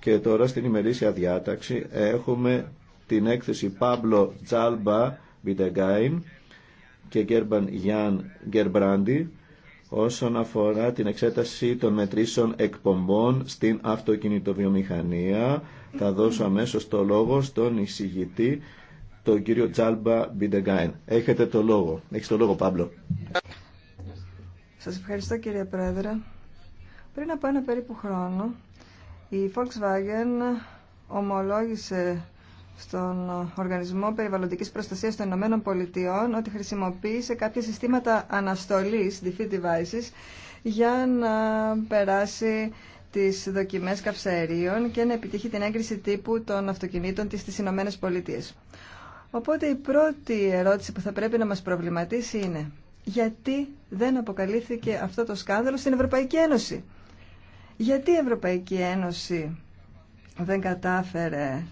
και τώρα στην ημερήσια διάταξη έχουμε την έκθεση Παμπλο Τζάλμπα Μπιντεγκάιν και Γκέρμπαν Γιάν Γκερμπράντι όσον αφορά την εξέταση των μετρήσεων εκπομπών στην αυτοκινητοβιομηχανία. Θα δώσω αμέσως το λόγο στον εισηγητή, τον κύριο Τζάλμπα Μπιντεγκάιν. Έχετε το λόγο. Έχεις το λόγο, Παμπλο Σας ευχαριστώ κύριε Πρόεδρε. Πριν από ένα περίπου χρόνο, η Volkswagen ομολόγησε στον Οργανισμό Περιβαλλοντικής Προστασίας των Ηνωμένων Πολιτειών ότι χρησιμοποίησε κάποια συστήματα αναστολής, defeat devices, για να περάσει τις δοκιμές καυσαερίων και να επιτύχει την έγκριση τύπου των αυτοκινήτων της στις Ηνωμένε Πολιτείε. Οπότε η πρώτη ερώτηση που θα πρέπει να μας προβληματίσει είναι γιατί δεν αποκαλύφθηκε αυτό το σκάνδαλο στην Ευρωπαϊκή Ένωση. Γιατί η Ευρωπαϊκή Ένωση δεν κατάφερε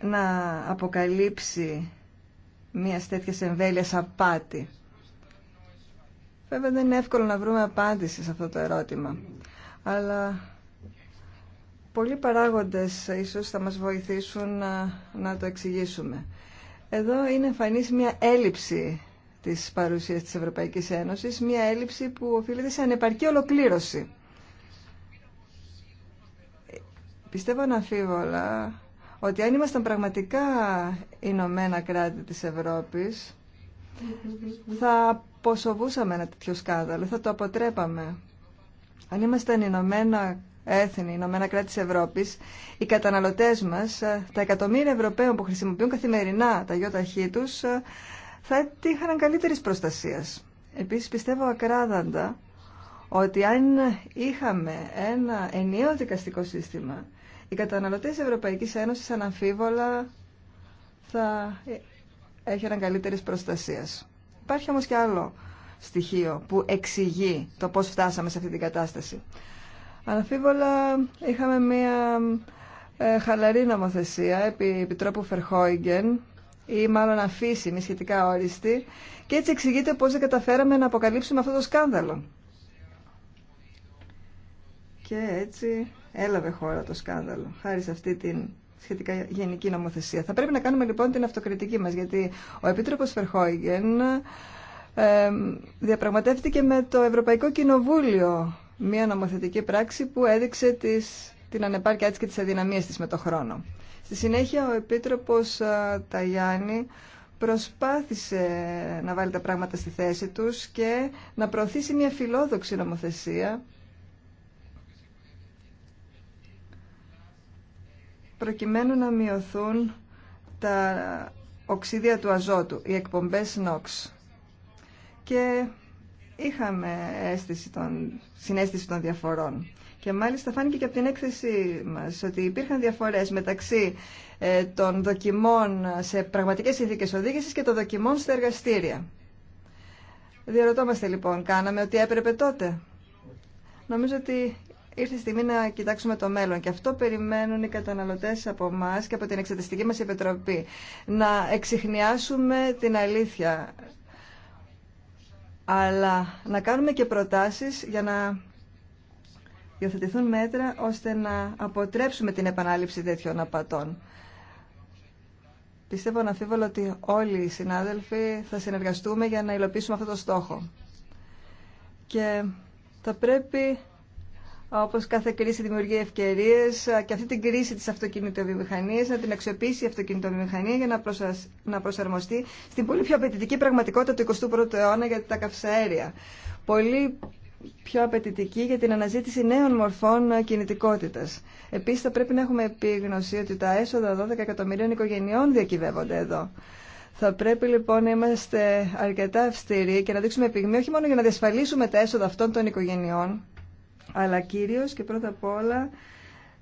να αποκαλύψει μια τέτοια εμβέλεια απάτη. Βέβαια δεν είναι εύκολο να βρούμε απάντηση σε αυτό το ερώτημα. Αλλά πολλοί παράγοντες ίσως θα μας βοηθήσουν να, το εξηγήσουμε. Εδώ είναι εμφανής μια έλλειψη της παρουσίας της Ευρωπαϊκής Ένωσης, μια έλλειψη που οφείλεται σε ανεπαρκή ολοκλήρωση. Πιστεύω αναφίβολα ότι αν ήμασταν πραγματικά Ηνωμένα κράτη της Ευρώπης θα αποσοβούσαμε ένα τέτοιο σκάνδαλο, θα το αποτρέπαμε. Αν ήμασταν Ηνωμένα έθνη, Ηνωμένα κράτη της Ευρώπης, οι καταναλωτές μας, τα εκατομμύρια Ευρωπαίων που χρησιμοποιούν καθημερινά τα γιοταχή τους, θα είχαν καλύτερης προστασίας. Επίσης πιστεύω ακράδαντα ότι αν είχαμε ένα ενιαίο δικαστικό σύστημα οι καταναλωτές της Ευρωπαϊκής Ένωσης αναμφίβολα θα έχουν καλύτερη προστασία. Υπάρχει όμως και άλλο στοιχείο που εξηγεί το πώς φτάσαμε σε αυτή την κατάσταση. Αναμφίβολα είχαμε μια ε, χαλαρή νομοθεσία επί Επιτρόπου Φερχόιγγεν ή μάλλον αφήσιμη σχετικά όριστη και έτσι εξηγείται πώς δεν καταφέραμε να αποκαλύψουμε αυτό το σκάνδαλο. Και έτσι έλαβε χώρα το σκάνδαλο, χάρη σε αυτή την σχετικά γενική νομοθεσία. Θα πρέπει να κάνουμε λοιπόν την αυτοκριτική μας, γιατί ο Επίτροπος Φερχόγεν διαπραγματεύτηκε με το Ευρωπαϊκό Κοινοβούλιο μια νομοθετική πράξη που έδειξε τις, την ανεπάρκειά της και τις αδυναμίες της με το χρόνο. Στη συνέχεια ο Επίτροπος ε, Ταγιάννη προσπάθησε να βάλει τα πράγματα στη θέση τους και να προωθήσει μια φιλόδοξη νομοθεσία προκειμένου να μειωθούν τα οξύδια του αζότου, οι εκπομπές NOx. Και είχαμε αίσθηση των, συνέστηση των διαφορών. Και μάλιστα φάνηκε και από την έκθεσή μας ότι υπήρχαν διαφορές μεταξύ ε, των δοκιμών σε πραγματικές συνθήκες οδήγησης και των δοκιμών στα εργαστήρια. Διαρωτόμαστε λοιπόν, κάναμε ότι έπρεπε τότε. Νομίζω ότι ήρθε η στιγμή να κοιτάξουμε το μέλλον και αυτό περιμένουν οι καταναλωτές από εμά και από την εξεταστική μας επιτροπή. Να εξηχνιάσουμε την αλήθεια, αλλά να κάνουμε και προτάσεις για να υιοθετηθούν μέτρα ώστε να αποτρέψουμε την επανάληψη τέτοιων απατών. Πιστεύω αναφίβολα ότι όλοι οι συνάδελφοι θα συνεργαστούμε για να υλοποιήσουμε αυτό το στόχο. Και θα πρέπει όπω κάθε κρίση δημιουργεί ευκαιρίε και αυτή την κρίση της αυτοκινητοβιομηχανίας να την αξιοποιήσει η αυτοκινητοβιομηχανία για να προσαρμοστεί στην πολύ πιο απαιτητική πραγματικότητα του 21ου αιώνα για τα καυσαέρια. Πολύ πιο απαιτητική για την αναζήτηση νέων μορφών κινητικότητα. Επίση θα πρέπει να έχουμε επίγνωση ότι τα έσοδα 12 εκατομμυρίων οικογενειών διακυβεύονται εδώ. Θα πρέπει λοιπόν να είμαστε αρκετά αυστηροί και να δείξουμε πυγμή όχι μόνο για να διασφαλίσουμε τα έσοδα αυτών των οικογενειών, αλλά κυρίως και πρώτα απ' όλα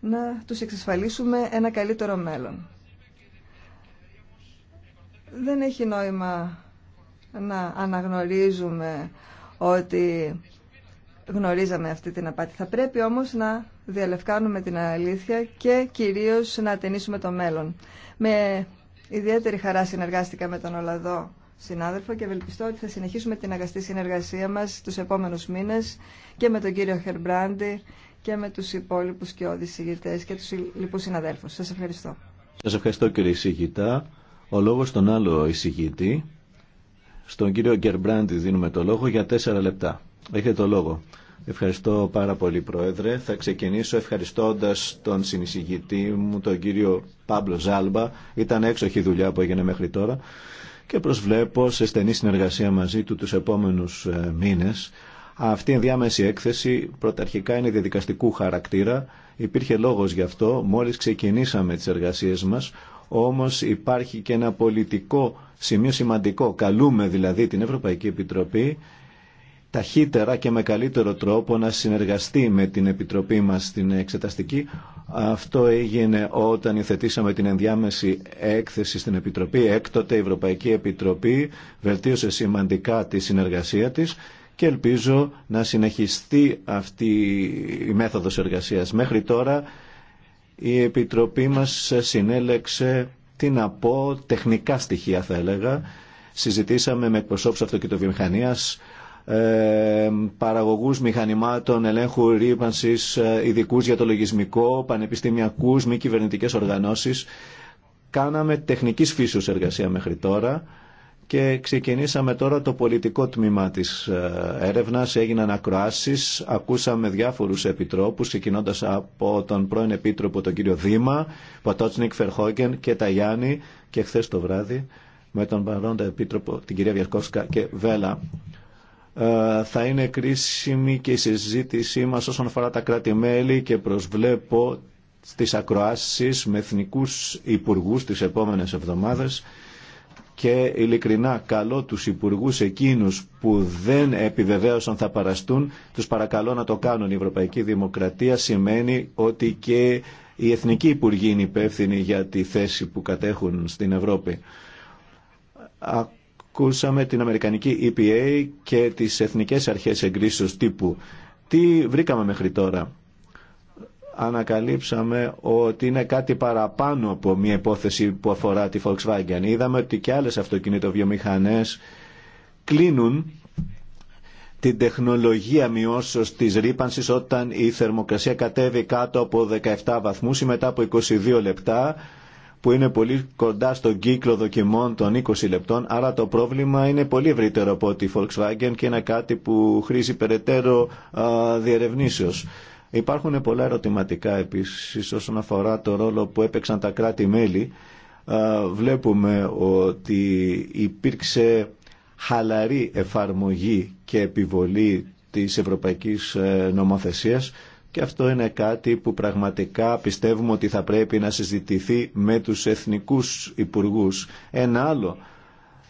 να τους εξασφαλίσουμε ένα καλύτερο μέλλον. Δεν έχει νόημα να αναγνωρίζουμε ότι γνωρίζαμε αυτή την απάτη. Θα πρέπει όμως να διαλευκάνουμε την αλήθεια και κυρίως να ατενίσουμε το μέλλον. Με ιδιαίτερη χαρά συνεργάστηκα με τον Ολαδό συνάδελφο και ευελπιστώ ότι θα συνεχίσουμε την αγαστή συνεργασία μας τους επόμενους μήνες και με τον κύριο Χερμπράντη και με τους υπόλοιπους και ηγητές και τους λοιπούς συναδέλφους. Σας ευχαριστώ. Σας ευχαριστώ κύριε εισηγητά. Ο λόγος στον άλλο εισηγητή. Στον κύριο Γκερμπράντη δίνουμε το λόγο για τέσσερα λεπτά. Έχετε το λόγο. Ευχαριστώ πάρα πολύ Πρόεδρε. Θα ξεκινήσω ευχαριστώντας τον συνεισηγητή μου, τον κύριο Πάμπλο Ζάλμπα. Ήταν έξοχη δουλειά που έγινε μέχρι τώρα και προσβλέπω σε στενή συνεργασία μαζί του τους επόμενους ε, μήνες. Αυτή η διάμεση έκθεση πρωταρχικά είναι διαδικαστικού χαρακτήρα. Υπήρχε λόγος γι' αυτό μόλις ξεκινήσαμε τις εργασίες μας, όμως υπάρχει και ένα πολιτικό σημείο σημαντικό. Καλούμε δηλαδή την Ευρωπαϊκή Επιτροπή ταχύτερα και με καλύτερο τρόπο να συνεργαστεί με την Επιτροπή μας στην Εξεταστική αυτό έγινε όταν υθετήσαμε την ενδιάμεση έκθεση στην Επιτροπή. Έκτοτε η Ευρωπαϊκή Επιτροπή βελτίωσε σημαντικά τη συνεργασία της και ελπίζω να συνεχιστεί αυτή η μέθοδος εργασίας. Μέχρι τώρα η Επιτροπή μας συνέλεξε, τι να τεχνικά στοιχεία θα έλεγα. Συζητήσαμε με εκπροσώπους αυτοκινητοβιομηχανίας, ε, παραγωγούς μηχανημάτων ελέγχου ρήπανσης, ε, ειδικού για το λογισμικό, πανεπιστημιακούς, μη κυβερνητικέ οργανώσεις. Κάναμε τεχνικής φύσεως εργασία μέχρι τώρα και ξεκινήσαμε τώρα το πολιτικό τμήμα της ε, έρευνας. Έγιναν ακροάσεις, ακούσαμε διάφορους επιτρόπους, ξεκινώντα από τον πρώην επίτροπο τον κύριο Δήμα, Πατοτσνίκ Φερχόγγεν και Ταγιάννη και χθε το βράδυ με τον παρόντα επίτροπο την κυρία Βιαρκόφσκα και Βέλα. Ε, θα είναι κρίσιμη και η συζήτησή μας όσον αφορά τα κράτη-μέλη και προσβλέπω στις ακροάσεις με εθνικούς υπουργούς τις επόμενες εβδομάδες και ειλικρινά καλώ τους υπουργούς εκείνους που δεν επιβεβαίωσαν θα παραστούν, τους παρακαλώ να το κάνουν. Η Ευρωπαϊκή Δημοκρατία σημαίνει ότι και η εθνική υπουργοί είναι υπεύθυνοι για τη θέση που κατέχουν στην Ευρώπη Ακούσαμε την Αμερικανική EPA και τις Εθνικές Αρχές Εγκρίσεως Τύπου. Τι βρήκαμε μέχρι τώρα. Ανακαλύψαμε ότι είναι κάτι παραπάνω από μια υπόθεση που αφορά τη Volkswagen. Είδαμε ότι και άλλες αυτοκινητοβιομηχανές κλείνουν την τεχνολογία μειώσεως της ρήπανσης όταν η θερμοκρασία κατέβει κάτω από 17 βαθμούς ή μετά από 22 λεπτά που είναι πολύ κοντά στον κύκλο δοκιμών των 20 λεπτών, άρα το πρόβλημα είναι πολύ ευρύτερο από τη Volkswagen και είναι κάτι που χρήζει περαιτέρω διερευνήσεως. Υπάρχουν πολλά ερωτηματικά επίσης όσον αφορά το ρόλο που έπαιξαν τα κράτη-μέλη. Βλέπουμε ότι υπήρξε χαλαρή εφαρμογή και επιβολή της ευρωπαϊκής ε, νομοθεσίας και αυτό είναι κάτι που πραγματικά πιστεύουμε ότι θα πρέπει να συζητηθεί με τους εθνικούς υπουργούς. Ένα άλλο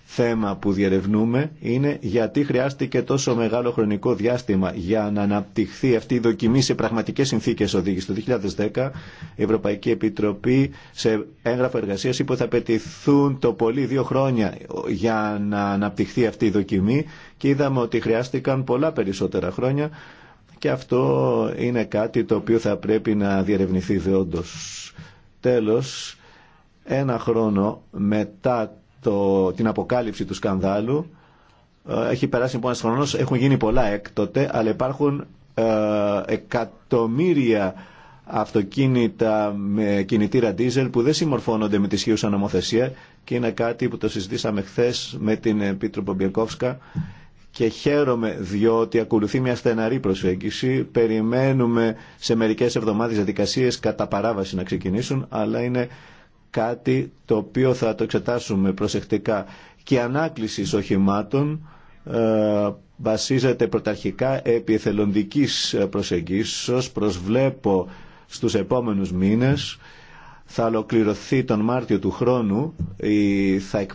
θέμα που διερευνούμε είναι γιατί χρειάστηκε τόσο μεγάλο χρονικό διάστημα για να αναπτυχθεί αυτή η δοκιμή σε πραγματικές συνθήκες οδήγηση. Το 2010 η Ευρωπαϊκή Επιτροπή σε έγγραφο εργασίας είπε ότι θα πετηθούν το πολύ δύο χρόνια για να αναπτυχθεί αυτή η δοκιμή και είδαμε ότι χρειάστηκαν πολλά περισσότερα χρόνια και αυτό είναι κάτι το οποίο θα πρέπει να διερευνηθεί δεόντως. Τέλος, ένα χρόνο μετά το, την αποκάλυψη του σκανδάλου, ε, έχει περάσει από λοιπόν ένας χρόνος, έχουν γίνει πολλά έκτοτε, αλλά υπάρχουν ε, εκατομμύρια αυτοκίνητα με κινητήρα diesel που δεν συμμορφώνονται με τη σχήουσα νομοθεσία και είναι κάτι που το συζητήσαμε χθε με την Επίτροπο Μπιερκόφσκα και χαίρομαι διότι ακολουθεί μια στεναρή προσέγγιση. Περιμένουμε σε μερικές εβδομάδες διαδικασίες κατά παράβαση να ξεκινήσουν, αλλά είναι κάτι το οποίο θα το εξετάσουμε προσεκτικά. Και η ανάκληση οχημάτων ε, βασίζεται πρωταρχικά επί εθελοντικής προσεγγίσεως. Προσβλέπω στους επόμενους μήνες θα ολοκληρωθεί τον Μάρτιο του χρόνου, η, θα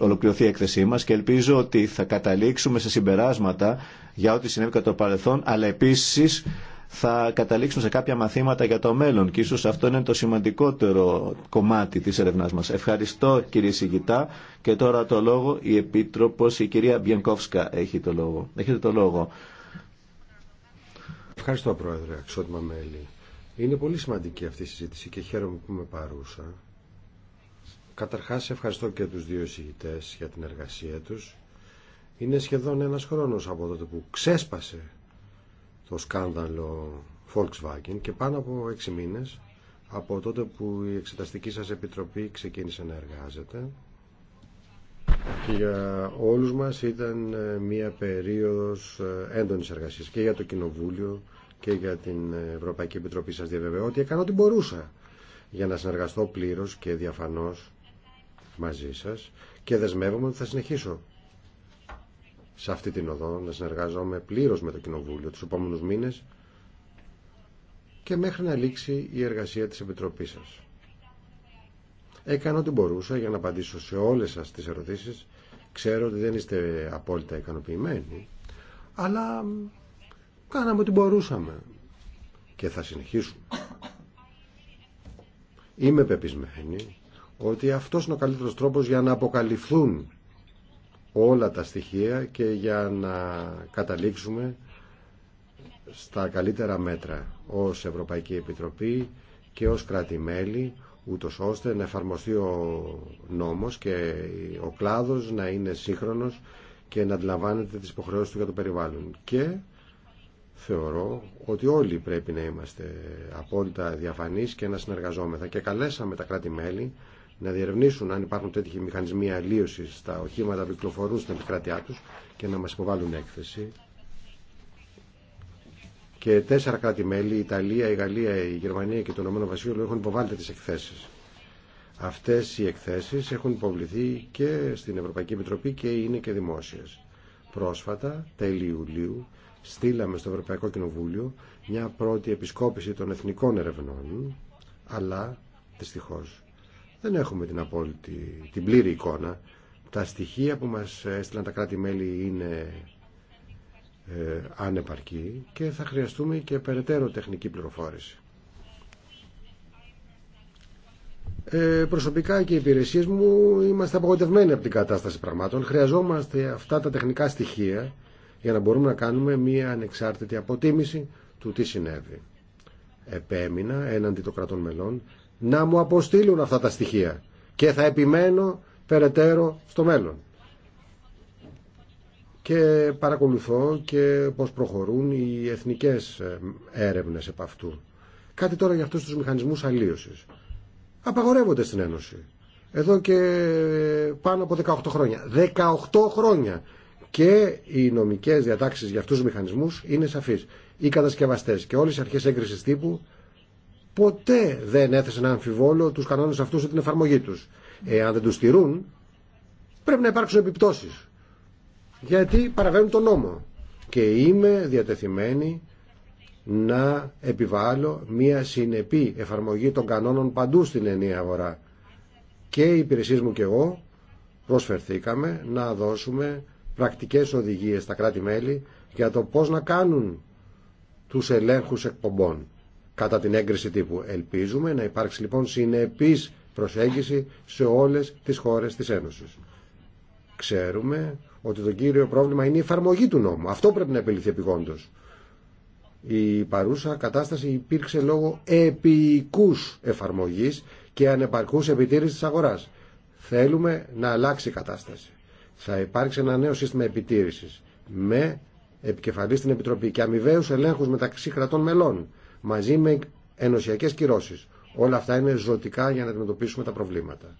ολοκληρωθεί η έκθεσή μα και ελπίζω ότι θα καταλήξουμε σε συμπεράσματα για ό,τι συνέβη κατά το παρελθόν, αλλά επίσης θα καταλήξουμε σε κάποια μαθήματα για το μέλλον και ίσως αυτό είναι το σημαντικότερο κομμάτι της ερευνάς μας. Ευχαριστώ κύριε Σιγητά και τώρα το λόγο η Επίτροπος, η κυρία Μπιενκόφσκα έχει το λόγο. Έχετε το λόγο. Ευχαριστώ Πρόεδρε, αξιότιμα μέλη. Είναι πολύ σημαντική αυτή η συζήτηση και χαίρομαι που είμαι παρούσα Καταρχάς ευχαριστώ και τους δύο εισηγητές για την εργασία τους. Είναι σχεδόν ένας χρόνος από τότε που ξέσπασε το σκάνδαλο Volkswagen και πάνω από έξι μήνες από τότε που η εξεταστική σας επιτροπή ξεκίνησε να εργάζεται και για όλους μας ήταν ε, μια περίοδος ε, έντονης εργασίας και για το Κοινοβούλιο και για την Ευρωπαϊκή Επιτροπή σας διαβεβαιώ ότι έκανα ό,τι μπορούσα για να συνεργαστώ πλήρως και διαφανώς μαζί σας και δεσμεύομαι ότι θα συνεχίσω σε αυτή την οδό να συνεργάζομαι πλήρως με το Κοινοβούλιο τους επόμενους μήνες και μέχρι να λήξει η εργασία της Επιτροπής σας. Έκανα ό,τι μπορούσα για να απαντήσω σε όλες σας τις ερωτήσεις. Ξέρω ότι δεν είστε απόλυτα ικανοποιημένοι, αλλά κάναμε ό,τι μπορούσαμε και θα συνεχίσουμε. Είμαι πεπισμένη ότι αυτός είναι ο καλύτερος τρόπος για να αποκαλυφθούν όλα τα στοιχεία και για να καταλήξουμε στα καλύτερα μέτρα ως Ευρωπαϊκή Επιτροπή και ως κράτη-μέλη ώστε να εφαρμοστεί ο νόμος και ο κλάδος να είναι σύγχρονος και να αντιλαμβάνεται τις υποχρεώσεις του για το περιβάλλον. Και θεωρώ ότι όλοι πρέπει να είμαστε απόλυτα διαφανείς και να συνεργαζόμεθα. Και καλέσαμε τα κράτη-μέλη να διερευνήσουν αν υπάρχουν τέτοιοι μηχανισμοί αλλίωση στα οχήματα που κυκλοφορούν στην επικράτειά του και να μα υποβάλουν έκθεση. Και τέσσερα κράτη-μέλη, η Ιταλία, η Γαλλία, η Γερμανία και το Ηνωμένο Βασίλειο έχουν υποβάλει τι εκθέσει. Αυτέ οι εκθέσει έχουν υποβληθεί και στην Ευρωπαϊκή Επιτροπή και είναι και δημόσιε. Πρόσφατα, τέλη Ιουλίου, στείλαμε στο Ευρωπαϊκό Κοινοβούλιο μια πρώτη επισκόπηση των εθνικών ερευνών, αλλά δυστυχώ δεν έχουμε την απόλυτη, την πλήρη εικόνα. Τα στοιχεία που μας έστειλαν τα κράτη-μέλη είναι ε, ανεπαρκή και θα χρειαστούμε και περαιτέρω τεχνική πληροφόρηση. Ε, προσωπικά και οι υπηρεσίες μου είμαστε απογοητευμένοι από την κατάσταση πραγμάτων. Χρειαζόμαστε αυτά τα τεχνικά στοιχεία για να μπορούμε να κάνουμε μία ανεξάρτητη αποτίμηση του τι συνέβη. Επέμεινα έναντι των κρατών μελών να μου αποστείλουν αυτά τα στοιχεία και θα επιμένω περαιτέρω στο μέλλον. Και παρακολουθώ και πώς προχωρούν οι εθνικές ε, έρευνες επ' αυτού. Κάτι τώρα για αυτούς τους μηχανισμούς αλλίωσης. Απαγορεύονται στην Ένωση. Εδώ και ε, πάνω από 18 χρόνια. 18 χρόνια! Και οι νομικές διατάξεις για αυτούς τους μηχανισμούς είναι σαφείς. Οι κατασκευαστές και όλες οι αρχές έγκρισης τύπου ποτέ δεν έθεσε να αμφιβόλο τους κανόνες αυτούς στην την εφαρμογή τους. Εάν δεν τους στηρούν, πρέπει να υπάρξουν επιπτώσεις. Γιατί παραβαίνουν τον νόμο. Και είμαι διατεθειμένη να επιβάλλω μια συνεπή εφαρμογή των κανόνων παντού στην ενία αγορά. Και οι υπηρεσίε μου και εγώ προσφερθήκαμε να δώσουμε πρακτικές οδηγίες στα κράτη-μέλη για το πώς να κάνουν τους ελέγχους εκπομπών κατά την έγκριση τύπου. Ελπίζουμε να υπάρξει λοιπόν συνεπής προσέγγιση σε όλες τις χώρες της Ένωσης. Ξέρουμε ότι το κύριο πρόβλημα είναι η εφαρμογή του νόμου. Αυτό πρέπει να επιληθεί επιγόντως. Η παρούσα κατάσταση υπήρξε λόγω επικούς εφαρμογής και ανεπαρκούς επιτήρησης της αγοράς. Θέλουμε να αλλάξει η κατάσταση. Θα υπάρξει ένα νέο σύστημα επιτήρησης με επικεφαλή στην Επιτροπή και αμοιβαίους ελέγχου μεταξύ κρατών μελών μαζί με ενωσιακέ κυρώσει. Όλα αυτά είναι ζωτικά για να αντιμετωπίσουμε τα προβλήματα.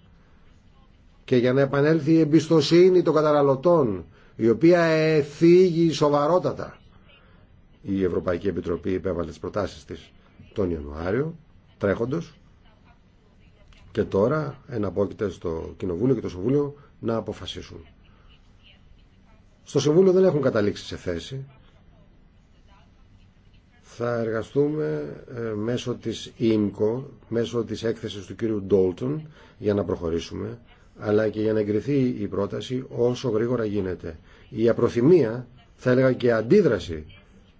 Και για να επανέλθει η εμπιστοσύνη των καταναλωτών, η οποία θίγει σοβαρότατα. Η Ευρωπαϊκή Επιτροπή υπέβαλε τις προτάσεις της τον Ιανουάριο, τρέχοντος, και τώρα εναπόκειται στο Κοινοβούλιο και το Συμβούλιο να αποφασίσουν. Στο Συμβούλιο δεν έχουν καταλήξει σε θέση θα εργαστούμε ε, μέσω της ΙΜΚΟ, μέσω της έκθεσης του κύριου Ντόλτον για να προχωρήσουμε, αλλά και για να εγκριθεί η πρόταση όσο γρήγορα γίνεται. Η απροθυμία, θα έλεγα και αντίδραση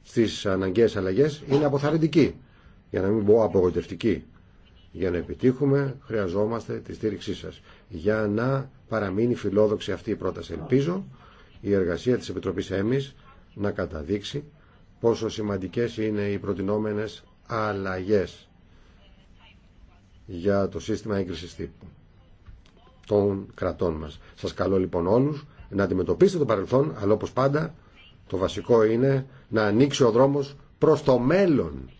στις αναγκαίες αλλαγές είναι αποθαρρυντική, για να μην πω απογοητευτική. Για να επιτύχουμε χρειαζόμαστε τη στήριξή σας, για να παραμείνει φιλόδοξη αυτή η πρόταση. Ελπίζω η εργασία της Επιτροπής ΕΜΙΣ να καταδείξει πόσο σημαντικές είναι οι προτινόμενες αλλαγές για το σύστημα έγκρισης τύπου των κρατών μας. Σας καλώ λοιπόν όλους να αντιμετωπίσετε το παρελθόν, αλλά όπως πάντα το βασικό είναι να ανοίξει ο δρόμος προς το μέλλον.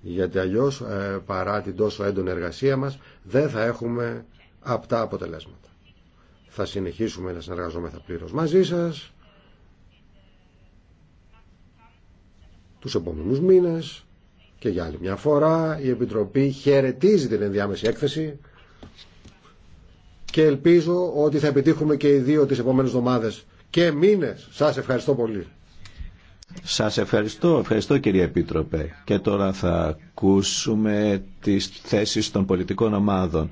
Γιατί αλλιώς ε, παρά την τόσο έντονη εργασία μας δεν θα έχουμε απτά αποτελέσματα. Θα συνεχίσουμε να συνεργαζόμεθα πλήρως μαζί σας τους επόμενους μήνες και για άλλη μια φορά η Επιτροπή χαιρετίζει την ενδιάμεση έκθεση και ελπίζω ότι θα επιτύχουμε και οι δύο τις επόμενες εβδομάδες και μήνες. Σας ευχαριστώ πολύ. Σας ευχαριστώ, ευχαριστώ κύριε Επίτροπε. Και τώρα θα ακούσουμε τις θέσεις των πολιτικών ομάδων.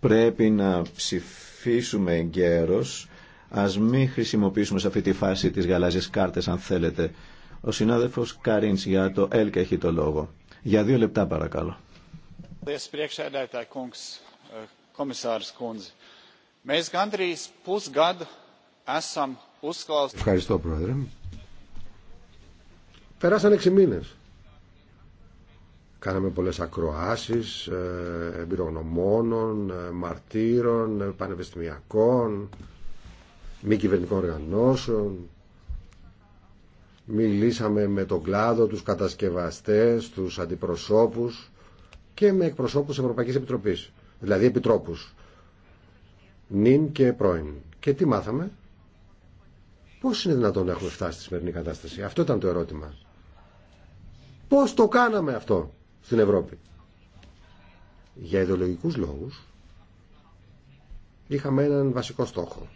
Πρέπει να ψηφίσουμε εγκαίρως. Ας μην χρησιμοποιήσουμε σε αυτή τη φάση τις γαλάζιες κάρτες αν θέλετε. Ο συνάδελφος Καρίν για το ΕΛΚ έχει το λόγο. Για δύο λεπτά παρακαλώ. Ε, Ευχαριστώ πρόεδρε. Περάσαν έξι μήνε. Κάναμε πολλέ ακροάσει, ε, εμπειρογνωμόνων, ε, μαρτύρων, πανεπιστημιακών, μη κυβερνητικών οργανώσεων, Μιλήσαμε με τον κλάδο, τους κατασκευαστές, τους αντιπροσώπους και με εκπροσώπους Ευρωπαϊκής Επιτροπής, δηλαδή επιτρόπους, νυν και πρώην. Και τι μάθαμε, πώς είναι δυνατόν να έχουμε φτάσει στη σημερινή κατάσταση. Αυτό ήταν το ερώτημα. Πώς το κάναμε αυτό στην Ευρώπη. Για ιδεολογικούς λόγους είχαμε έναν βασικό στόχο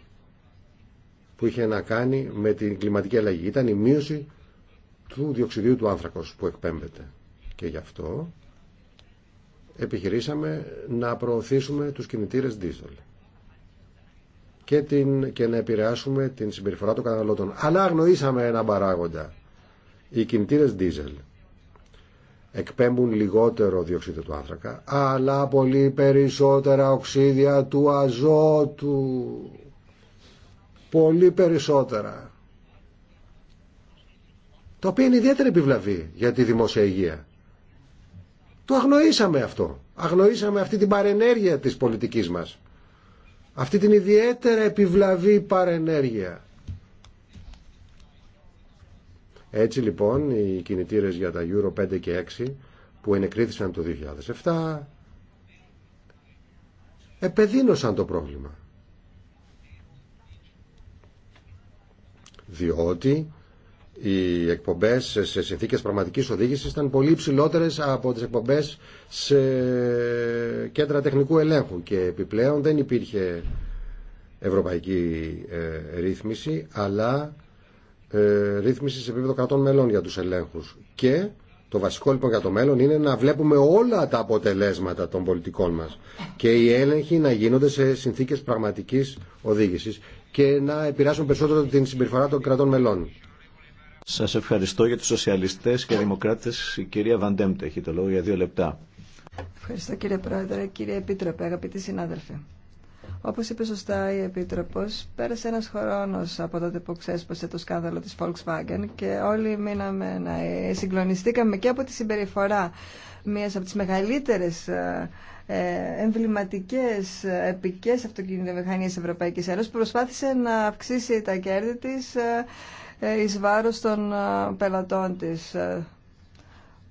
που είχε να κάνει με την κλιματική αλλαγή. Ήταν η μείωση του διοξιδίου του άνθρακος που εκπέμπεται. Και γι' αυτό επιχειρήσαμε να προωθήσουμε τους κινητήρες diesel και, την, και να επηρεάσουμε την συμπεριφορά των καταναλωτών. Αλλά αγνοήσαμε ένα παράγοντα. Οι κινητήρες diesel εκπέμπουν λιγότερο διοξείδιο του άνθρακα, αλλά πολύ περισσότερα οξύδια του αζότου πολύ περισσότερα. Το οποίο είναι ιδιαίτερη επιβλαβή για τη δημόσια υγεία. Το αγνοήσαμε αυτό. Αγνοήσαμε αυτή την παρενέργεια της πολιτικής μας. Αυτή την ιδιαίτερα επιβλαβή παρενέργεια. Έτσι λοιπόν οι κινητήρες για τα Euro 5 και 6 που ενεκρίθησαν το 2007 επεδίνωσαν το πρόβλημα. διότι οι εκπομπές σε συνθήκες πραγματικής οδήγησης ήταν πολύ ψηλότερες από τις εκπομπές σε κέντρα τεχνικού ελέγχου και επιπλέον δεν υπήρχε ευρωπαϊκή ε, ρύθμιση αλλά ε, ρύθμιση σε επίπεδο κρατών μελών για τους ελέγχους και το βασικό λοιπόν για το μέλλον είναι να βλέπουμε όλα τα αποτελέσματα των πολιτικών μας και οι έλεγχοι να γίνονται σε συνθήκες πραγματικής οδήγησης και να επηρεάσουν περισσότερο την συμπεριφορά των κρατών μελών. Σα ευχαριστώ για του Σοσιαλιστέ και δημοκράτε. Η κυρία Βαντέμπτε έχει το λόγο για δύο λεπτά. Ευχαριστώ κύριε Πρόεδρε, κύριε Επίτροπε, αγαπητοί συνάδελφοι. Όπω είπε σωστά η Επίτροπο, πέρασε ένα χρόνο από τότε που ξέσπασε το σκάνδαλο τη Volkswagen και όλοι μείναμε να συγκλονιστήκαμε και από τη συμπεριφορά μια από τι μεγαλύτερε ε, ε, εμβληματικές ε, επικές τη Ευρωπαϊκής Ένωσης προσπάθησε να αυξήσει τα κέρδη της ε, εις βάρος των πελατών της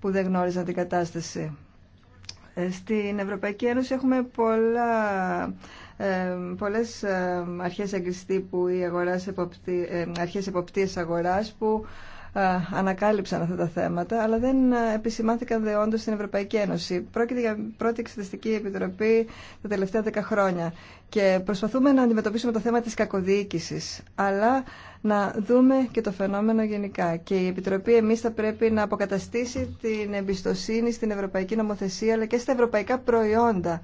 που δεν γνώριζαν την κατάσταση. Στην Ευρωπαϊκή Ένωση έχουμε πολλά, πολλές αρχές εγκριστή που οι αγοράς, αρχές εποπτείας αγοράς που ανακάλυψαν αυτά τα θέματα, αλλά δεν επισημάνθηκαν δεόντω στην Ευρωπαϊκή Ένωση. Πρόκειται για πρώτη εξεταστική επιτροπή τα τελευταία δέκα χρόνια και προσπαθούμε να αντιμετωπίσουμε το θέμα της κακοδιοίκηση, αλλά να δούμε και το φαινόμενο γενικά. Και η Επιτροπή εμείς θα πρέπει να αποκαταστήσει την εμπιστοσύνη στην Ευρωπαϊκή Νομοθεσία, αλλά και στα ευρωπαϊκά προϊόντα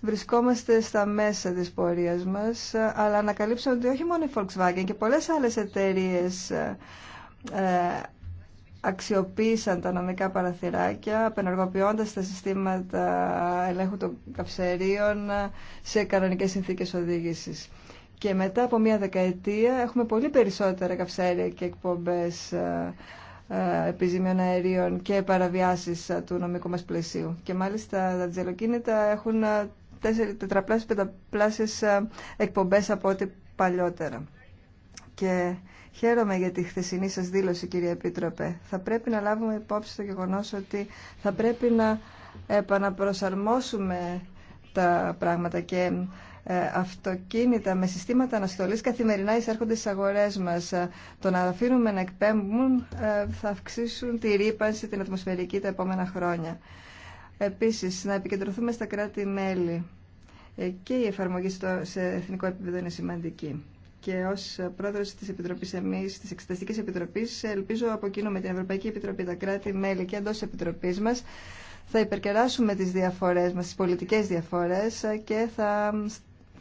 βρισκόμαστε στα μέσα της πορείας μας, αλλά ανακαλύψαμε ότι όχι μόνο η Volkswagen και πολλές άλλες εταιρείες ε, αξιοποίησαν τα νομικά παραθυράκια, απενεργοποιώντας τα συστήματα ελέγχου των καυσερίων σε κανονικές συνθήκες οδήγησης. Και μετά από μία δεκαετία έχουμε πολύ περισσότερα καυσαέρια και εκπομπές ε, ε, επιζημιών αερίων και παραβιάσεις του νομικού μας πλαισίου. Και μάλιστα τα τζελοκίνητα έχουν τετραπλάσιες πενταπλάσιες εκπομπές από ό,τι παλιότερα και χαίρομαι για τη χθεσινή σας δήλωση κύριε Επίτροπε. Θα πρέπει να λάβουμε υπόψη το γεγονός ότι θα πρέπει να επαναπροσαρμόσουμε τα πράγματα και ε, αυτοκίνητα με συστήματα αναστολής καθημερινά εισέρχονται στις αγορές μας. Το να αφήνουμε να εκπέμπουν ε, θα αυξήσουν τη ρήπανση την ατμοσφαιρική τα επόμενα χρόνια. Επίσης, να επικεντρωθούμε στα κράτη-μέλη ε, και η εφαρμογή στο, σε εθνικό επίπεδο είναι σημαντική και ω πρόεδρος τη Επιτροπή Εμεί, τη Εξεταστική Επιτροπή, ελπίζω από κοινού με την Ευρωπαϊκή Επιτροπή, τα κράτη, μέλη και εντό επιτροπή μα θα υπερκεράσουμε τι διαφορέ μα, τι πολιτικέ διαφορέ, και θα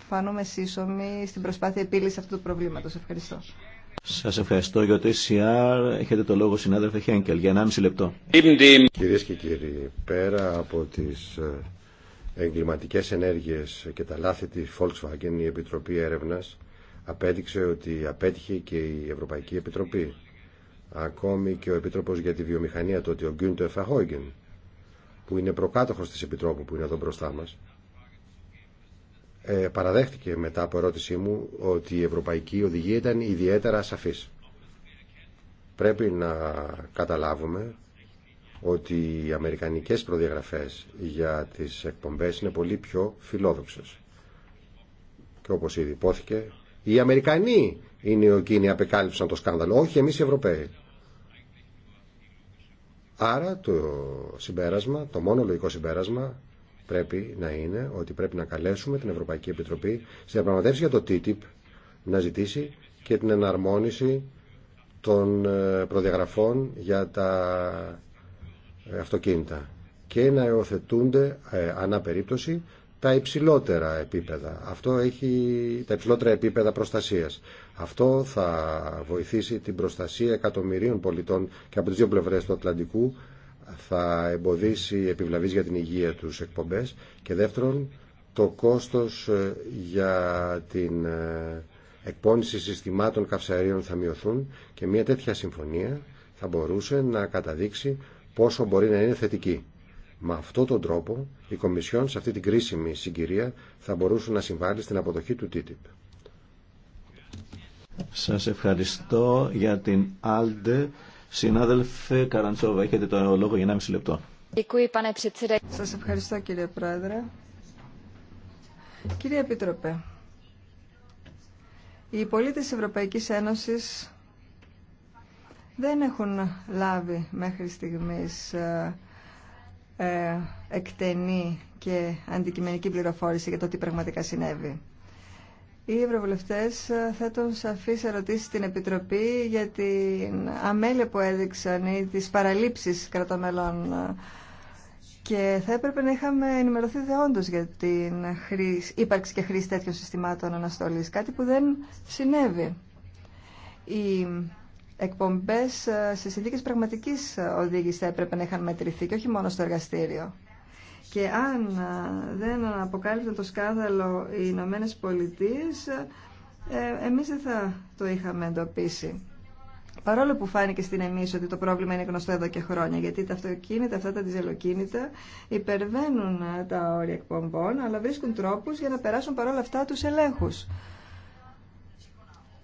φανούμε σύσσωμοι στην προσπάθεια επίλυση αυτού του προβλήματο. Ευχαριστώ. Σα ευχαριστώ για το ECR. Έχετε το λόγο συνάδελφε Χένκελ για 1,5 λεπτό. Κυρίε και κύριοι, πέρα από τι ε, εγκληματικέ ενέργειε και τα λάθη τη Volkswagen, η Επιτροπή έρευνα απέδειξε ότι απέτυχε και η Ευρωπαϊκή Επιτροπή. Ακόμη και ο Επίτροπος για τη Βιομηχανία, τότε ο Γκίντο Εφαχόγγεν, που είναι προκάτοχος της Επιτρόπου που είναι εδώ μπροστά μας, ε, παραδέχτηκε μετά από ερώτησή μου ότι η Ευρωπαϊκή Οδηγία ήταν ιδιαίτερα σαφής. Πρέπει να καταλάβουμε ότι οι αμερικανικές προδιαγραφές για τις εκπομπές είναι πολύ πιο φιλόδοξες. Και όπως ήδη υπόθηκε, οι Αμερικανοί είναι εκείνοι απεκάλυψαν το σκάνδαλο, όχι εμείς οι Ευρωπαίοι. Άρα το συμπέρασμα, το μόνο λογικό συμπέρασμα πρέπει να είναι ότι πρέπει να καλέσουμε την Ευρωπαϊκή Επιτροπή στη διαπραγματεύση για το TTIP να ζητήσει και την εναρμόνιση των ε, προδιαγραφών για τα ε, αυτοκίνητα και να υιοθετούνται ε, ανά περίπτωση τα υψηλότερα επίπεδα. Αυτό έχει τα υψηλότερα επίπεδα προστασίας. Αυτό θα βοηθήσει την προστασία εκατομμυρίων πολιτών και από τις δύο πλευρές του Ατλαντικού θα εμποδίσει επιβλαβής για την υγεία τους εκπομπές και δεύτερον το κόστος ε, για την ε, εκπόνηση συστημάτων καυσαερίων θα μειωθούν και μια τέτοια συμφωνία θα μπορούσε να καταδείξει πόσο μπορεί να είναι θετική. Με αυτόν τον τρόπο η Κομισιόν σε αυτή την κρίσιμη συγκυρία θα μπορούσε να συμβάλλει στην αποδοχή του TTIP. Σας ευχαριστώ για την Άλντε. Συνάδελφε Καραντσόβα, έχετε το λόγο για 1,5 λεπτό. Σας ευχαριστώ κύριε Πρόεδρε. Κύριε Επίτροπε, οι πολίτες Ευρωπαϊκής Ένωσης δεν έχουν λάβει μέχρι στιγμής ε, ε, εκτενή και αντικειμενική πληροφόρηση για το τι πραγματικά συνέβη. Οι ευρωβουλευτέ ε, θέτουν σαφεί ερωτήσει στην Επιτροπή για την αμέλεια που έδειξαν ή τι παραλήψει κρατομελών. Και θα έπρεπε να είχαμε ενημερωθεί δεόντω για την ύπαρξη και χρήση τέτοιων συστημάτων αναστολή. Κάτι που δεν συνέβη. Η εκπομπές ε, σε συνθήκες πραγματική οδήγηση θα έπρεπε να είχαν μετρηθεί και όχι μόνο στο εργαστήριο. Και αν ε, δεν αποκάλυπταν το σκάνδαλο οι Ηνωμένε Πολιτείε, ε, εμείς δεν θα το είχαμε εντοπίσει. Παρόλο που φάνηκε στην εμείς ότι το πρόβλημα είναι γνωστό εδώ και χρόνια, γιατί τα αυτοκίνητα, αυτά τα διζελοκίνητα υπερβαίνουν τα όρια εκπομπών, αλλά βρίσκουν τρόπους για να περάσουν παρόλα αυτά τους ελέγχους.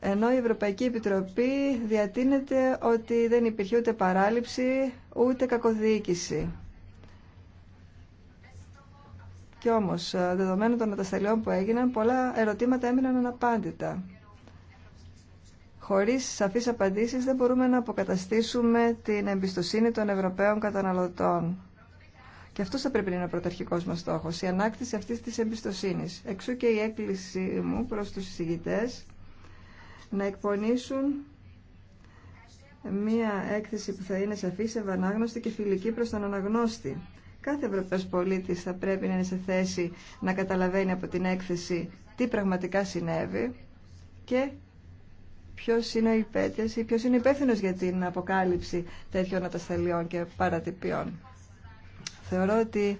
Ενώ η Ευρωπαϊκή Επιτροπή διατείνεται ότι δεν υπήρχε ούτε παράληψη, ούτε κακοδιοίκηση. Κι όμως, δεδομένου των ατασταλιών που έγιναν, πολλά ερωτήματα έμειναν αναπάντητα. Χωρίς σαφείς απαντήσεις δεν μπορούμε να αποκαταστήσουμε την εμπιστοσύνη των Ευρωπαίων καταναλωτών. Και αυτό θα πρέπει να είναι ο πρωταρχικό μα στόχο, η ανάκτηση αυτή τη εμπιστοσύνη. Εξού και η έκκληση μου προ του συζητητέ να εκπονήσουν μία έκθεση που θα είναι σαφή, ευανάγνωστη και φιλική προς τον αναγνώστη. Κάθε Ευρωπαίος πολίτης θα πρέπει να είναι σε θέση να καταλαβαίνει από την έκθεση τι πραγματικά συνέβη και ποιος είναι ο υπέτειας ή ποιος είναι υπεύθυνος για την αποκάλυψη τέτοιων ατασταλιών και παρατυπιών. Θεωρώ ότι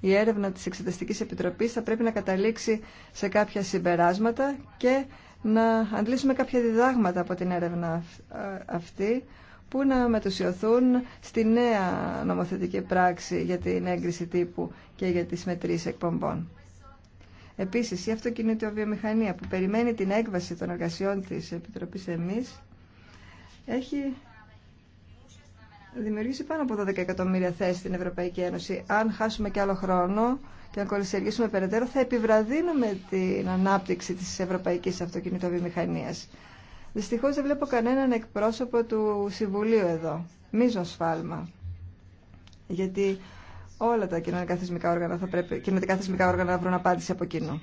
η έρευνα της Εξεταστικής Επιτροπής θα πρέπει να καταλήξει σε κάποια συμπεράσματα και να αντλήσουμε κάποια διδάγματα από την έρευνα αυτή που να μετουσιωθούν στη νέα νομοθετική πράξη για την έγκριση τύπου και για τις μετρήσεις εκπομπών. Επίσης, η βιομηχανία που περιμένει την έκβαση των εργασιών της Επιτροπής ΕΜΗΣ έχει δημιουργήσει πάνω από 12 εκατομμύρια θέσεις στην Ευρωπαϊκή Ένωση. Αν χάσουμε και άλλο χρόνο, και αν κολυσιεργήσουμε περαιτέρω θα επιβραδύνουμε την ανάπτυξη της ευρωπαϊκής αυτοκινητοβιομηχανίας. Δυστυχώς δεν βλέπω κανέναν εκπρόσωπο του Συμβουλίου εδώ. Μίζω σφάλμα. Γιατί όλα τα κοινωνικά θεσμικά όργανα θα πρέπει, κοινωνικά θεσμικά όργανα να βρουν απάντηση από κοινού.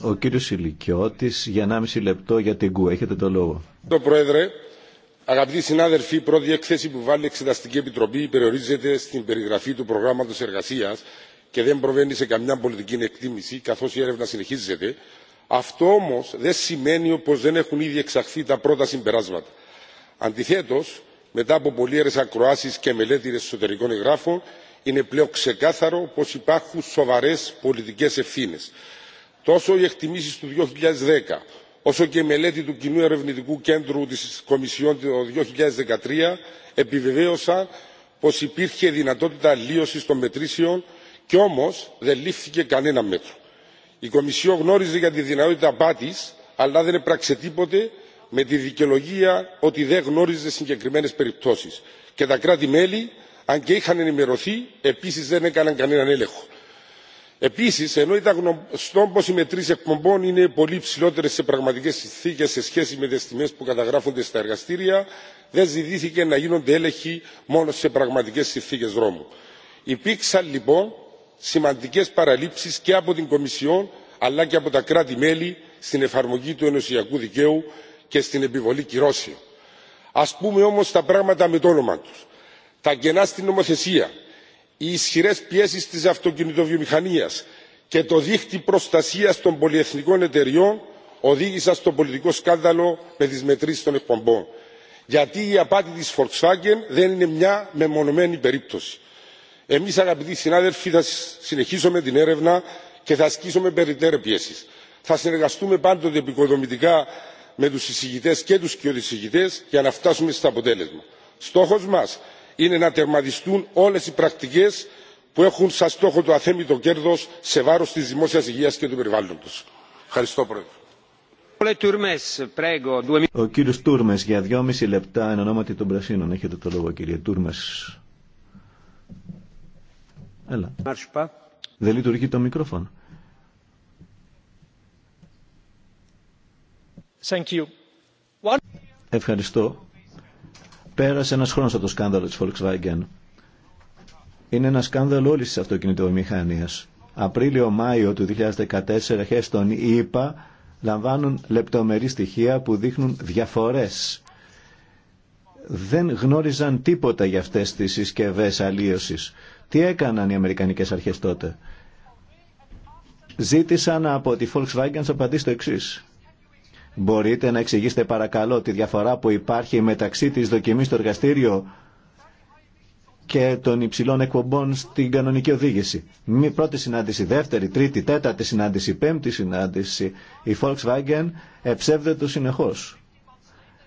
Ο κύριος Ηλικιώτης για 1,5 λεπτό για την ΚΟΥ. Έχετε το λόγο. Το Πρόεδρε, αγαπητοί συνάδελφοι, η πρώτη έκθεση που βάλει η Εξεταστική Επιτροπή περιορίζεται στην περιγραφή του προγράμματος εργασίας και δεν προβαίνει σε καμιά πολιτική εκτίμηση καθώ η έρευνα συνεχίζεται. Αυτό όμω δεν σημαίνει πω δεν έχουν ήδη εξαχθεί τα πρώτα συμπεράσματα. Αντιθέτω, μετά από πολλέ ακροάσει και μελέτη εσωτερικών εγγράφων, είναι πλέον ξεκάθαρο πω υπάρχουν σοβαρέ πολιτικέ ευθύνε. Τόσο οι εκτιμήσει του 2010, όσο και η μελέτη του Κοινού Ερευνητικού Κέντρου τη Κομισιόν το 2013 επιβεβαίωσαν πω υπήρχε δυνατότητα αλλίωση των μετρήσεων κι όμω δεν λήφθηκε κανένα μέτρο. Η Κομισιόν γνώριζε για τη δυνατότητα απάτη, αλλά δεν έπραξε τίποτε με τη δικαιολογία ότι δεν γνώριζε συγκεκριμένε περιπτώσει. Και τα κράτη-μέλη, αν και είχαν ενημερωθεί, επίση δεν έκαναν κανέναν έλεγχο. Επίση, ενώ ήταν γνωστό πω οι μετρήσει εκπομπών είναι πολύ ψηλότερε σε πραγματικέ συνθήκε σε σχέση με τι τιμέ που καταγράφονται στα εργαστήρια, δεν ζητήθηκε να γίνονται έλεγχοι μόνο σε πραγματικέ συνθήκε δρόμου. Υπήρξαν λοιπόν σημαντικές παραλήψεις και από την κομισιόν αλλά και από τα κράτη μέλη στην εφαρμογή του ενωσιακού δικαίου και στην επιβολή κυρώσεων. ας πούμε όμως τα πράγματα με το όνομα τους τα κενά στην νομοθεσία οι ισχυρές πιέσεις της αυτοκινητοβιομηχανίας και το δίχτυ προστασίας των πολυεθνικών εταιριών οδήγησαν στο πολιτικό σκάνδαλο με τις μετρήσεις των εκπομπών. γιατί η απάτη της volkswagen δεν είναι μια μεμονωμένη περίπτωση. Εμεί, αγαπητοί συνάδελφοι, θα συνεχίσουμε την έρευνα και θα ασκήσουμε περαιτέρω πιέσει. Θα συνεργαστούμε πάντοτε επικοδομητικά με του συζητητέ και του κοιοδησηγητέ για να φτάσουμε στο αποτέλεσμα. Στόχο μα είναι να τερματιστούν όλε οι πρακτικέ που έχουν σαν στόχο το αθέμητο κέρδο σε βάρο τη δημόσια υγεία και του περιβάλλοντο. Ευχαριστώ, Πρόεδρε. Ο κύριος Τούρμες για δυόμιση λεπτά εν ονόματι των Πρασίνων. Έχετε το λόγο κύριε Τούρμες. Δεν λειτουργεί το μικρόφωνο. Thank you. Ευχαριστώ. Πέρασε ένας χρόνος από το σκάνδαλο της Volkswagen. Είναι ένα σκάνδαλο όλη τη αυτοκινητομηχανίας. Απρίλιο-Μάιο του 2014 χέστον ΙΠΑ λαμβάνουν λεπτομερή στοιχεία που δείχνουν διαφορές. Δεν γνώριζαν τίποτα για αυτές τις συσκευές αλλίωσης τι έκαναν οι Αμερικανικές αρχές τότε. Ζήτησαν από τη Volkswagen να απαντήσει το εξή. Μπορείτε να εξηγήσετε παρακαλώ τη διαφορά που υπάρχει μεταξύ της δοκιμής στο εργαστήριο και των υψηλών εκπομπών στην κανονική οδήγηση. Μη πρώτη συνάντηση, δεύτερη, τρίτη, τέταρτη συνάντηση, πέμπτη συνάντηση. Η Volkswagen εψεύδεται συνεχώς.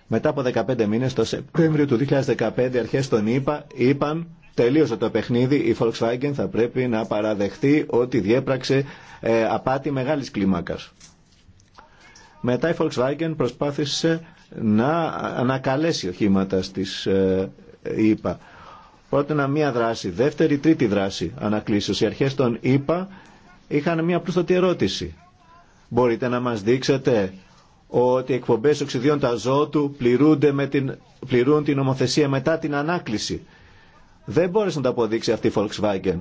Μετά από 15 μήνες, το Σεπτέμβριο του 2015, αρχές των ΗΠΑ είπαν τελείωσε το παιχνίδι, η Volkswagen θα πρέπει να παραδεχτεί ότι διέπραξε ε, απάτη μεγάλης κλίμακας. Μετά η Volkswagen προσπάθησε να ανακαλέσει οχήματα στις ΙΠΑ. Ε, ε, να μία δράση, δεύτερη, τρίτη δράση ανακλήσεως. Οι αρχές των ΙΠΑ είχαν μία πλούστοτη ερώτηση. Μπορείτε να μας δείξετε ότι οι εκπομπές οξυδίων του αζότου με την, πληρούν την νομοθεσία μετά την ανάκληση δεν μπόρεσε να τα αποδείξει αυτή η Volkswagen.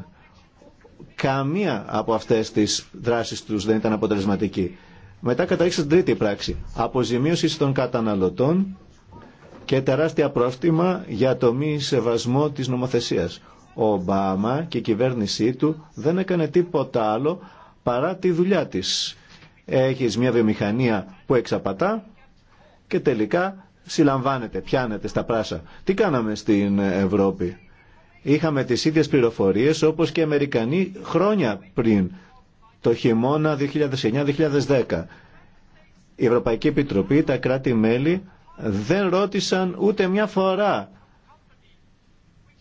Καμία από αυτές τις δράσεις τους δεν ήταν αποτελεσματική. Μετά καταλήξε στην τρίτη πράξη. Αποζημίωση των καταναλωτών και τεράστια πρόστιμα για το μη σεβασμό της νομοθεσίας. Ο Ομπάμα και η κυβέρνησή του δεν έκανε τίποτα άλλο παρά τη δουλειά της. Έχεις μια βιομηχανία που εξαπατά και τελικά συλλαμβάνεται, πιάνεται στα πράσα. Τι κάναμε στην Ευρώπη είχαμε τις ίδιες πληροφορίες όπως και οι Αμερικανοί χρόνια πριν, το χειμώνα 2009-2010. Η Ευρωπαϊκή Επιτροπή, τα κράτη-μέλη δεν ρώτησαν ούτε μια φορά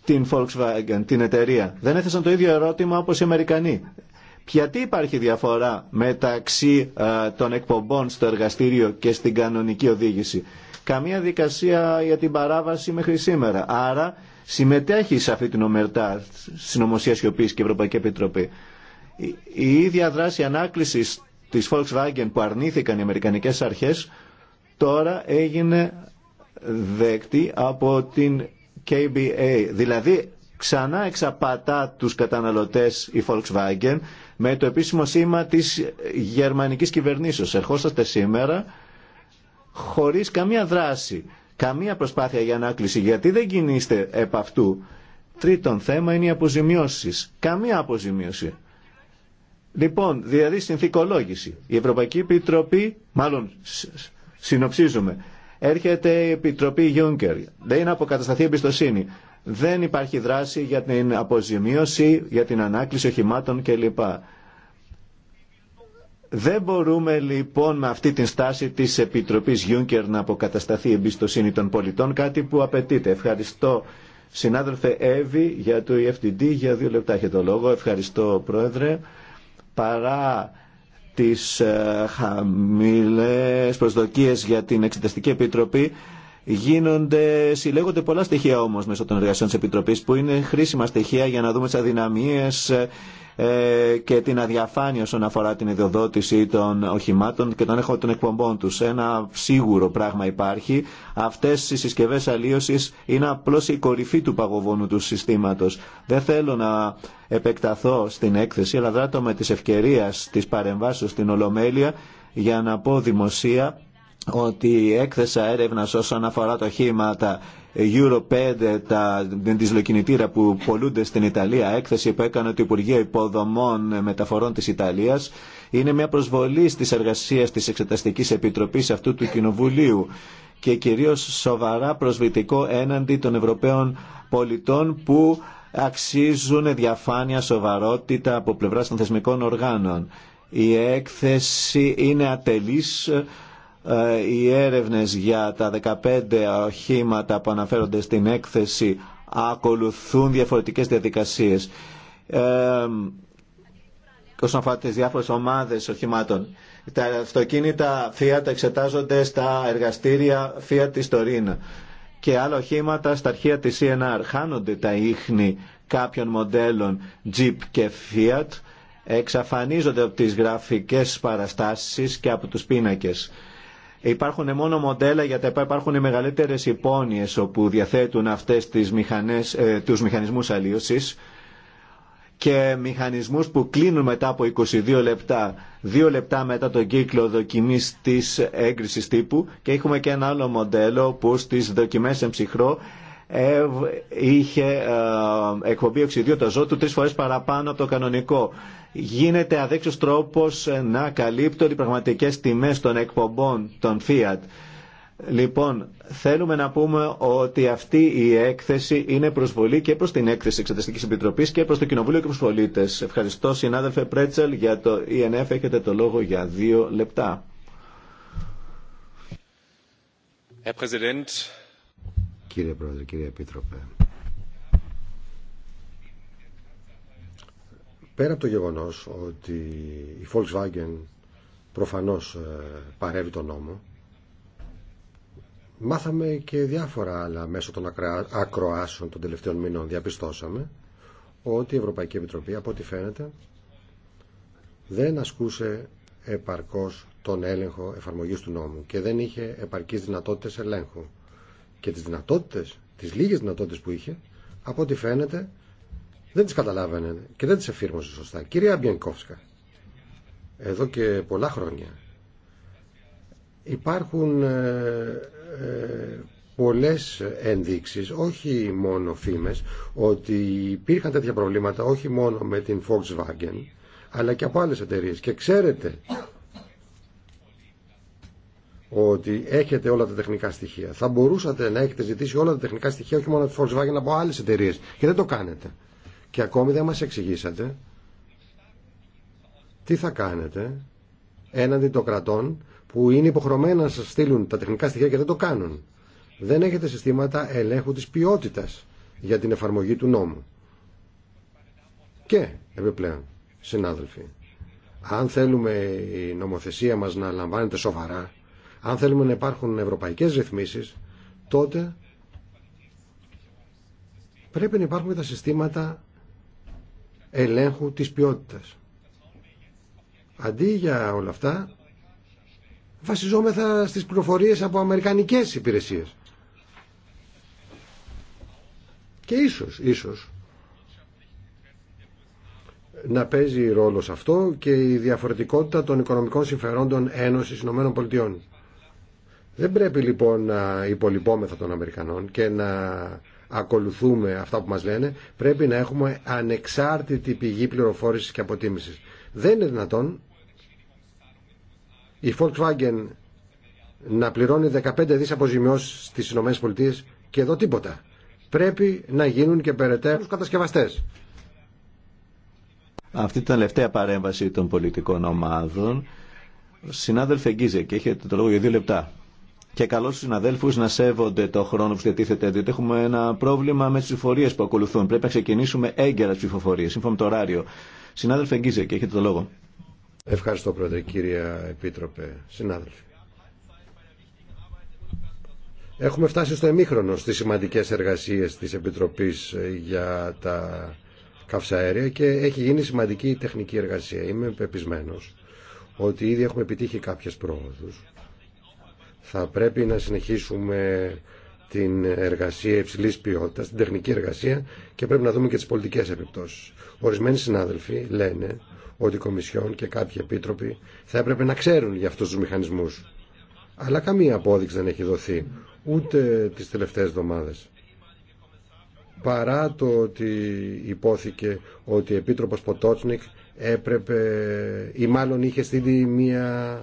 την Volkswagen, την εταιρεία. Δεν έθεσαν το ίδιο ερώτημα όπως οι Αμερικανοί. τι υπάρχει διαφορά μεταξύ των εκπομπών στο εργαστήριο και στην κανονική οδήγηση. Καμία δικασία για την παράβαση μέχρι σήμερα. Άρα συμμετέχει σε αυτή την ομερτά συνωμοσία σιωπή και Ευρωπαϊκή Επιτροπή. Η ίδια δράση ανάκληση τη Volkswagen που αρνήθηκαν οι Αμερικανικέ αρχέ τώρα έγινε δέκτη από την KBA. Δηλαδή ξανά εξαπατά τους καταναλωτές η Volkswagen με το επίσημο σήμα της γερμανικής κυβερνήσεως. Ερχόσαστε σήμερα χωρίς καμία δράση καμία προσπάθεια για ανάκληση. Γιατί δεν κινείστε επ' αυτού. Τρίτον θέμα είναι οι αποζημιώσεις. Καμία αποζημίωση. Λοιπόν, δηλαδή συνθηκολόγηση. Η Ευρωπαϊκή Επιτροπή, μάλλον συνοψίζουμε, έρχεται η Επιτροπή Juncker. Δεν είναι αποκατασταθεί εμπιστοσύνη. Δεν υπάρχει δράση για την αποζημίωση, για την ανάκληση οχημάτων κλπ. Δεν μπορούμε λοιπόν με αυτή την στάση της Επιτροπής Γιούνκερ να αποκατασταθεί η εμπιστοσύνη των πολιτών, κάτι που απαιτείται. Ευχαριστώ συνάδελφε Εύη για το EFTD, για δύο λεπτά έχετε το λόγο. Ευχαριστώ πρόεδρε. Παρά τις ε, χαμηλές προσδοκίες για την Εξεταστική Επιτροπή, Γίνονται, συλλέγονται πολλά στοιχεία όμω μέσω των εργασιών τη Επιτροπή, που είναι χρήσιμα στοιχεία για να δούμε τις ε, και την αδιαφάνεια όσον αφορά την ιδιοδότηση των οχημάτων και τον έχω των εκπομπών του. Ένα σίγουρο πράγμα υπάρχει. Αυτές οι συσκευέ αλλίωση είναι απλώ η κορυφή του παγωβόνου του συστήματο. Δεν θέλω να επεκταθώ στην έκθεση, αλλά δράτω με τις ευκαιρία τη παρεμβάσεω στην Ολομέλεια για να πω δημοσία ότι έκθεση έρευνα όσον αφορά τα οχήματα Euro 5, τα δυσλοκινητήρα που πολλούνται στην Ιταλία, έκθεση που έκανε το Υπουργείο Υποδομών Μεταφορών της Ιταλίας, είναι μια προσβολή στις εργασίες της Εξεταστικής Επιτροπής αυτού του Κοινοβουλίου και κυρίως σοβαρά προσβλητικό έναντι των Ευρωπαίων πολιτών που αξίζουν διαφάνεια, σοβαρότητα από πλευράς των θεσμικών οργάνων. Η έκθεση είναι ατελής ε, οι έρευνες για τα 15 οχήματα που αναφέρονται στην έκθεση ακολουθούν διαφορετικές διαδικασίες ε, όσον αφορά τις διάφορες ομάδες οχημάτων. Τα αυτοκίνητα Fiat εξετάζονται στα εργαστήρια Fiat της Τωρίνα και άλλα οχήματα στα αρχεία της CNR. Χάνονται τα ίχνη κάποιων μοντέλων Jeep και Fiat, εξαφανίζονται από τις γραφικές παραστάσεις και από τους πίνακες. Υπάρχουν μόνο μοντέλα για τα ΕΠΑ, υπάρχουν οι μεγαλύτερε υπόνοιε όπου διαθέτουν αυτέ ε, του μηχανισμού αλλίωση και μηχανισμούς που κλείνουν μετά από 22 λεπτά, 2 λεπτά μετά τον κύκλο δοκιμής της έγκρισης τύπου και έχουμε και ένα άλλο μοντέλο που στις δοκιμές εμψυχρό ε, είχε ε, εκπομπή οξυδίου του τρεις φορές παραπάνω από το κανονικό. Γίνεται αδέξιος τρόπος ε, να καλύπτουν οι πραγματικές τιμές των εκπομπών των Fiat. Λοιπόν, θέλουμε να πούμε ότι αυτή η έκθεση είναι προσβολή και προς την έκθεση Εξεταστικής Επιτροπής και προς το Κοινοβούλιο και προς πολίτες. Ευχαριστώ συνάδελφε Πρέτσελ για το ΕΝΕΦ. E Έχετε το λόγο για δύο λεπτά κύριε Πρόεδρε, κύριε Επίτροπε. Πέρα από το γεγονός ότι η Volkswagen προφανώς ε, παρεύει τον νόμο, μάθαμε και διάφορα άλλα μέσω των ακροάσεων των τελευταίων μήνων διαπιστώσαμε ότι η Ευρωπαϊκή Επιτροπή, από ό,τι φαίνεται, δεν ασκούσε επαρκώς τον έλεγχο εφαρμογής του νόμου και δεν είχε επαρκείς δυνατότητες ελέγχου και τις δυνατότητες, τις λίγες δυνατότητες που είχε, από ό,τι φαίνεται δεν τις καταλάβαινε και δεν τις εφήρμοσε σωστά. Κυρία Μπιενκόφσκα, εδώ και πολλά χρόνια υπάρχουν ε, ε, πολλές ενδείξεις, όχι μόνο φήμες, ότι υπήρχαν τέτοια προβλήματα όχι μόνο με την Volkswagen, αλλά και από άλλες εταιρείες. Και ξέρετε ότι έχετε όλα τα τεχνικά στοιχεία. Θα μπορούσατε να έχετε ζητήσει όλα τα τεχνικά στοιχεία, όχι μόνο από τη Volkswagen, από άλλε εταιρείε. Και δεν το κάνετε. Και ακόμη δεν μα εξηγήσατε τι θα κάνετε έναντι των κρατών που είναι υποχρεωμένα να σα στείλουν τα τεχνικά στοιχεία και δεν το κάνουν. Δεν έχετε συστήματα ελέγχου τη ποιότητα για την εφαρμογή του νόμου. Και επιπλέον, συνάδελφοι, αν θέλουμε η νομοθεσία μας να λαμβάνεται σοβαρά, αν θέλουμε να υπάρχουν ευρωπαϊκές ρυθμίσεις, τότε πρέπει να υπάρχουν τα συστήματα ελέγχου της ποιότητας. Αντί για όλα αυτά, βασιζόμεθα στις πληροφορίες από αμερικανικές υπηρεσίες. Και ίσως, ίσως, να παίζει ρόλο σε αυτό και η διαφορετικότητα των οικονομικών συμφερόντων Ένωσης ΗΠΑ. Δεν πρέπει λοιπόν να υπολοιπόμεθα των Αμερικανών και να ακολουθούμε αυτά που μας λένε. Πρέπει να έχουμε ανεξάρτητη πηγή πληροφόρησης και αποτίμησης. Δεν είναι δυνατόν η Volkswagen να πληρώνει 15 δις αποζημιώσεις στις ΗΠΑ και εδώ τίποτα. Πρέπει να γίνουν και περαιτέρω κατασκευαστές. Αυτή η τελευταία παρέμβαση των πολιτικών ομάδων, συνάδελφε Γκίζε, και έχετε το λόγο για δύο λεπτά και καλώ του συναδέλφου να σέβονται το χρόνο που διατίθεται, διότι έχουμε ένα πρόβλημα με τι ψηφοφορίε που ακολουθούν. Πρέπει να ξεκινήσουμε έγκαιρα τι ψηφοφορίε, σύμφωνα με το ωράριο. Συνάδελφε Γκίζε, έχετε το λόγο. Ευχαριστώ, Πρόεδρε, κύριε Επίτροπε. Συνάδελφοι. Έχουμε φτάσει στο εμίχρονο στις σημαντικές εργασίες της Επιτροπής για τα καυσαέρια και έχει γίνει σημαντική τεχνική εργασία. Είμαι πεπισμένο ότι ήδη έχουμε επιτύχει κάποιες πρόοδους θα πρέπει να συνεχίσουμε την εργασία υψηλή ποιότητα, την τεχνική εργασία και πρέπει να δούμε και τι πολιτικέ επιπτώσει. Ορισμένοι συνάδελφοι λένε ότι η Κομισιόν και κάποιοι επίτροποι θα έπρεπε να ξέρουν για αυτού του μηχανισμού. Αλλά καμία απόδειξη δεν έχει δοθεί ούτε τις τελευταίες εβδομάδε. Παρά το ότι υπόθηκε ότι η Επίτροπος Ποτότσνικ έπρεπε ή μάλλον είχε στείλει μια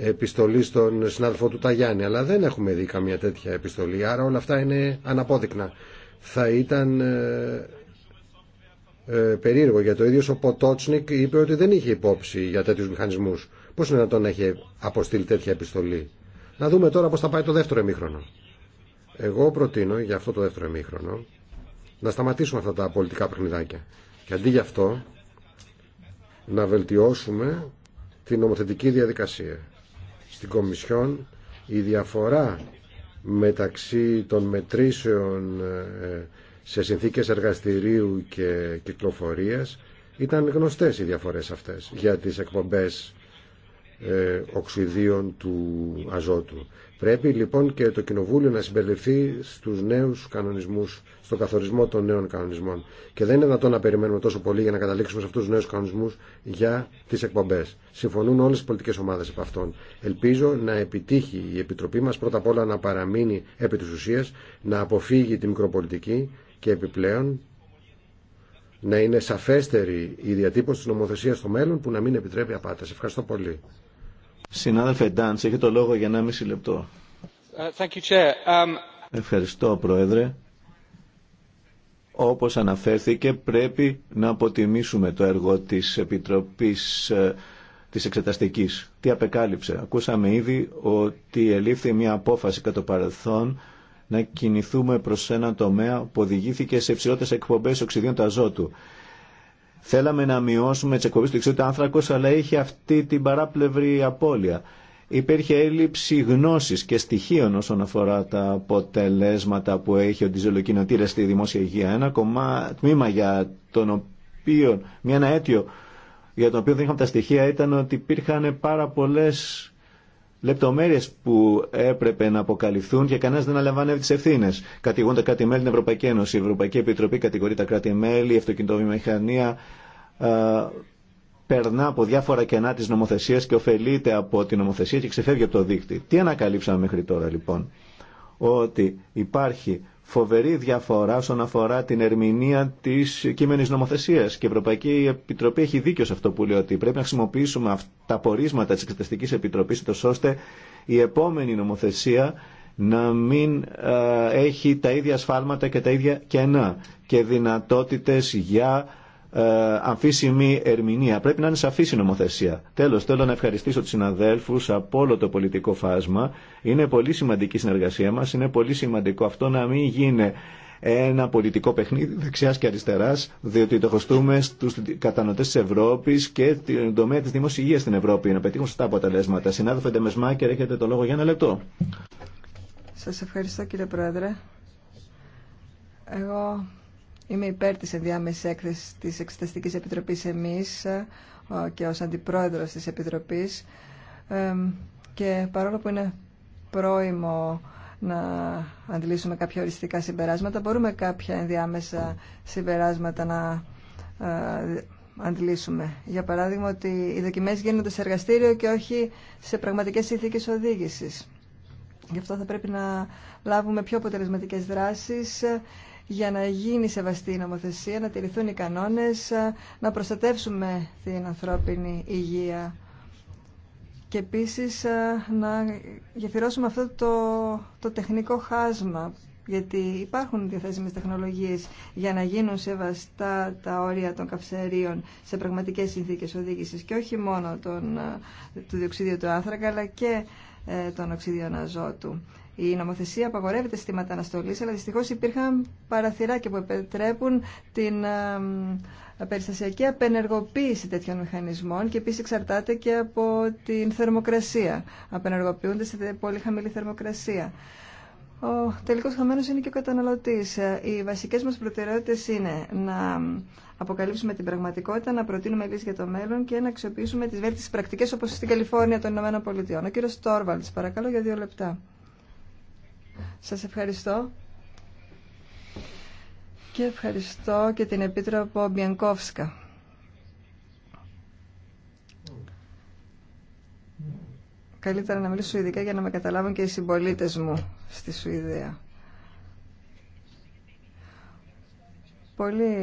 επιστολή στον συνάδελφο του Ταγιάννη, αλλά δεν έχουμε δει καμία τέτοια επιστολή, άρα όλα αυτά είναι αναπόδεικνα. Θα ήταν ε, ε περίεργο για το ίδιο ο Ποτότσνικ είπε ότι δεν είχε υπόψη για τέτοιου μηχανισμού. Πώ είναι να τον έχει αποστείλει τέτοια επιστολή. Να δούμε τώρα πώ θα πάει το δεύτερο εμίχρονο. Εγώ προτείνω για αυτό το δεύτερο εμίχρονο να σταματήσουμε αυτά τα πολιτικά παιχνιδάκια. Και αντί γι' αυτό να βελτιώσουμε την νομοθετική διαδικασία στην Κομισιόν η διαφορά μεταξύ των μετρήσεων ε, σε συνθήκες εργαστηρίου και κυκλοφορίας ήταν γνωστές οι διαφορές αυτές για τις εκπομπές ε, οξυδίων του αζότου. Πρέπει λοιπόν και το Κοινοβούλιο να συμπεριληφθεί στου νέου κανονισμού, στο καθορισμό των νέων κανονισμών. Και δεν είναι δυνατόν να περιμένουμε τόσο πολύ για να καταλήξουμε σε αυτού του νέου κανονισμού για τι εκπομπέ. Συμφωνούν όλε οι πολιτικέ ομάδε επ' αυτών. Ελπίζω να επιτύχει η Επιτροπή μα πρώτα απ' όλα να παραμείνει επί τη ουσία, να αποφύγει τη μικροπολιτική και επιπλέον να είναι σαφέστερη η διατύπωση τη νομοθεσία στο μέλλον που να μην επιτρέπει απάτε. Ευχαριστώ πολύ. Συνάδελφε Ντάντς, έχει το λόγο για μισή λεπτό. Ε, um, Ευχαριστώ, Πρόεδρε. Όπως αναφέρθηκε, πρέπει να αποτιμήσουμε το έργο της Επιτροπής ε, της Εξεταστικής. Τι απεκάλυψε. Ακούσαμε ήδη ότι ελήφθη μια απόφαση κατά το παρελθόν να κινηθούμε προς ένα τομέα που οδηγήθηκε σε υψηλότερες εκπομπές οξυδίων του Θέλαμε να μειώσουμε τι εκπομπέ του εξωτερικού άνθρακο, αλλά είχε αυτή την παράπλευρη απώλεια. Υπήρχε έλλειψη γνώση και στοιχείων όσον αφορά τα αποτελέσματα που έχει ο διζελοκινητήρα στη δημόσια υγεία. Ένα κομμά, τμήμα για τον οποίο, μια ένα αίτιο για τον οποίο δεν είχαμε τα στοιχεία ήταν ότι υπήρχαν πάρα πολλές λεπτομέρειες που έπρεπε να αποκαλυφθούν και κανένας δεν αναλαμβάνει τις ευθύνες. Κατηγούνται κάτι μέλη την Ευρωπαϊκή Ένωση, η Ευρωπαϊκή Επιτροπή κατηγορεί τα κράτη-μέλη, η αυτοκινητοβιομηχανία ε, περνά από διάφορα κενά της νομοθεσίας και ωφελείται από την νομοθεσία και ξεφεύγει από το δίκτυο. Τι ανακαλύψαμε μέχρι τώρα λοιπόν, ότι υπάρχει φοβερή διαφορά όσον αφορά την ερμηνεία τη κείμενη νομοθεσία. Και η Ευρωπαϊκή Επιτροπή έχει δίκιο σε αυτό που λέει ότι πρέπει να χρησιμοποιήσουμε τα πορίσματα τη Εξεταστική Επιτροπή, ώστε η επόμενη νομοθεσία να μην ε, έχει τα ίδια σφάλματα και τα ίδια κενά και δυνατότητες για ε, αμφίσιμη ερμηνεία. Πρέπει να είναι σαφή η νομοθεσία. Τέλο, θέλω να ευχαριστήσω του συναδέλφου από όλο το πολιτικό φάσμα. Είναι πολύ σημαντική η συνεργασία μα. Είναι πολύ σημαντικό αυτό να μην γίνει ένα πολιτικό παιχνίδι δεξιά και αριστερά, διότι το χωστούμε στου κατανοτέ τη Ευρώπη και την τομέα τη δημόσια στην Ευρώπη. Να πετύχουν σωστά αποτελέσματα. Συνάδελφε Ντεμεσμάκερ, έχετε το λόγο για ένα λεπτό. Σα ευχαριστώ κύριε Πρόεδρε. Εγώ Είμαι υπέρ της ενδιάμεσης έκθεσης της Εξεταστικής Επιτροπής εμείς ε, και ως αντιπρόεδρος της Επιτροπής και παρόλο που είναι πρόημο να αντιλήσουμε κάποια οριστικά συμπεράσματα, μπορούμε κάποια ενδιάμεσα συμπεράσματα να ε, αντιλήσουμε. Για παράδειγμα ότι οι δοκιμές γίνονται σε εργαστήριο και όχι σε πραγματικές ηθίκες οδήγησης. Γι' αυτό θα πρέπει να λάβουμε πιο αποτελεσματικές δράσεις για να γίνει σεβαστή η νομοθεσία, να τηρηθούν οι κανόνες, να προστατεύσουμε την ανθρώπινη υγεία και επίσης να γεφυρώσουμε αυτό το, τεχνικό χάσμα γιατί υπάρχουν διαθέσιμες τεχνολογίες για να γίνουν σεβαστά τα όρια των καυσαερίων σε πραγματικές συνθήκες οδήγησης και όχι μόνο τον, του διοξιδίου του άνθρακα αλλά και ε, των οξυδιών αζότου. Η νομοθεσία απαγορεύεται στήματα αναστολή, αλλά δυστυχώ υπήρχαν παραθυράκια που επιτρέπουν την περιστασιακή απενεργοποίηση τέτοιων μηχανισμών και επίση εξαρτάται και από την θερμοκρασία. Απενεργοποιούνται σε πολύ χαμηλή θερμοκρασία. Ο τελικός χαμένος είναι και ο καταναλωτής. Οι βασικές μας προτεραιότητες είναι να αποκαλύψουμε την πραγματικότητα, να προτείνουμε λύσεις για το μέλλον και να αξιοποιήσουμε τις βέλτιστες πρακτικές όπως στην Καλιφόρνια των Ηνωμένων Πολιτειών. Ο κύριος Τόρβαλτς, παρακαλώ για δύο λεπτά. Σας ευχαριστώ. Και ευχαριστώ και την Επίτροπο Μπιανκόφσκα. Καλύτερα να μιλήσω ειδικά για να με καταλάβουν και οι συμπολίτε μου στη Σουηδία. Πολύ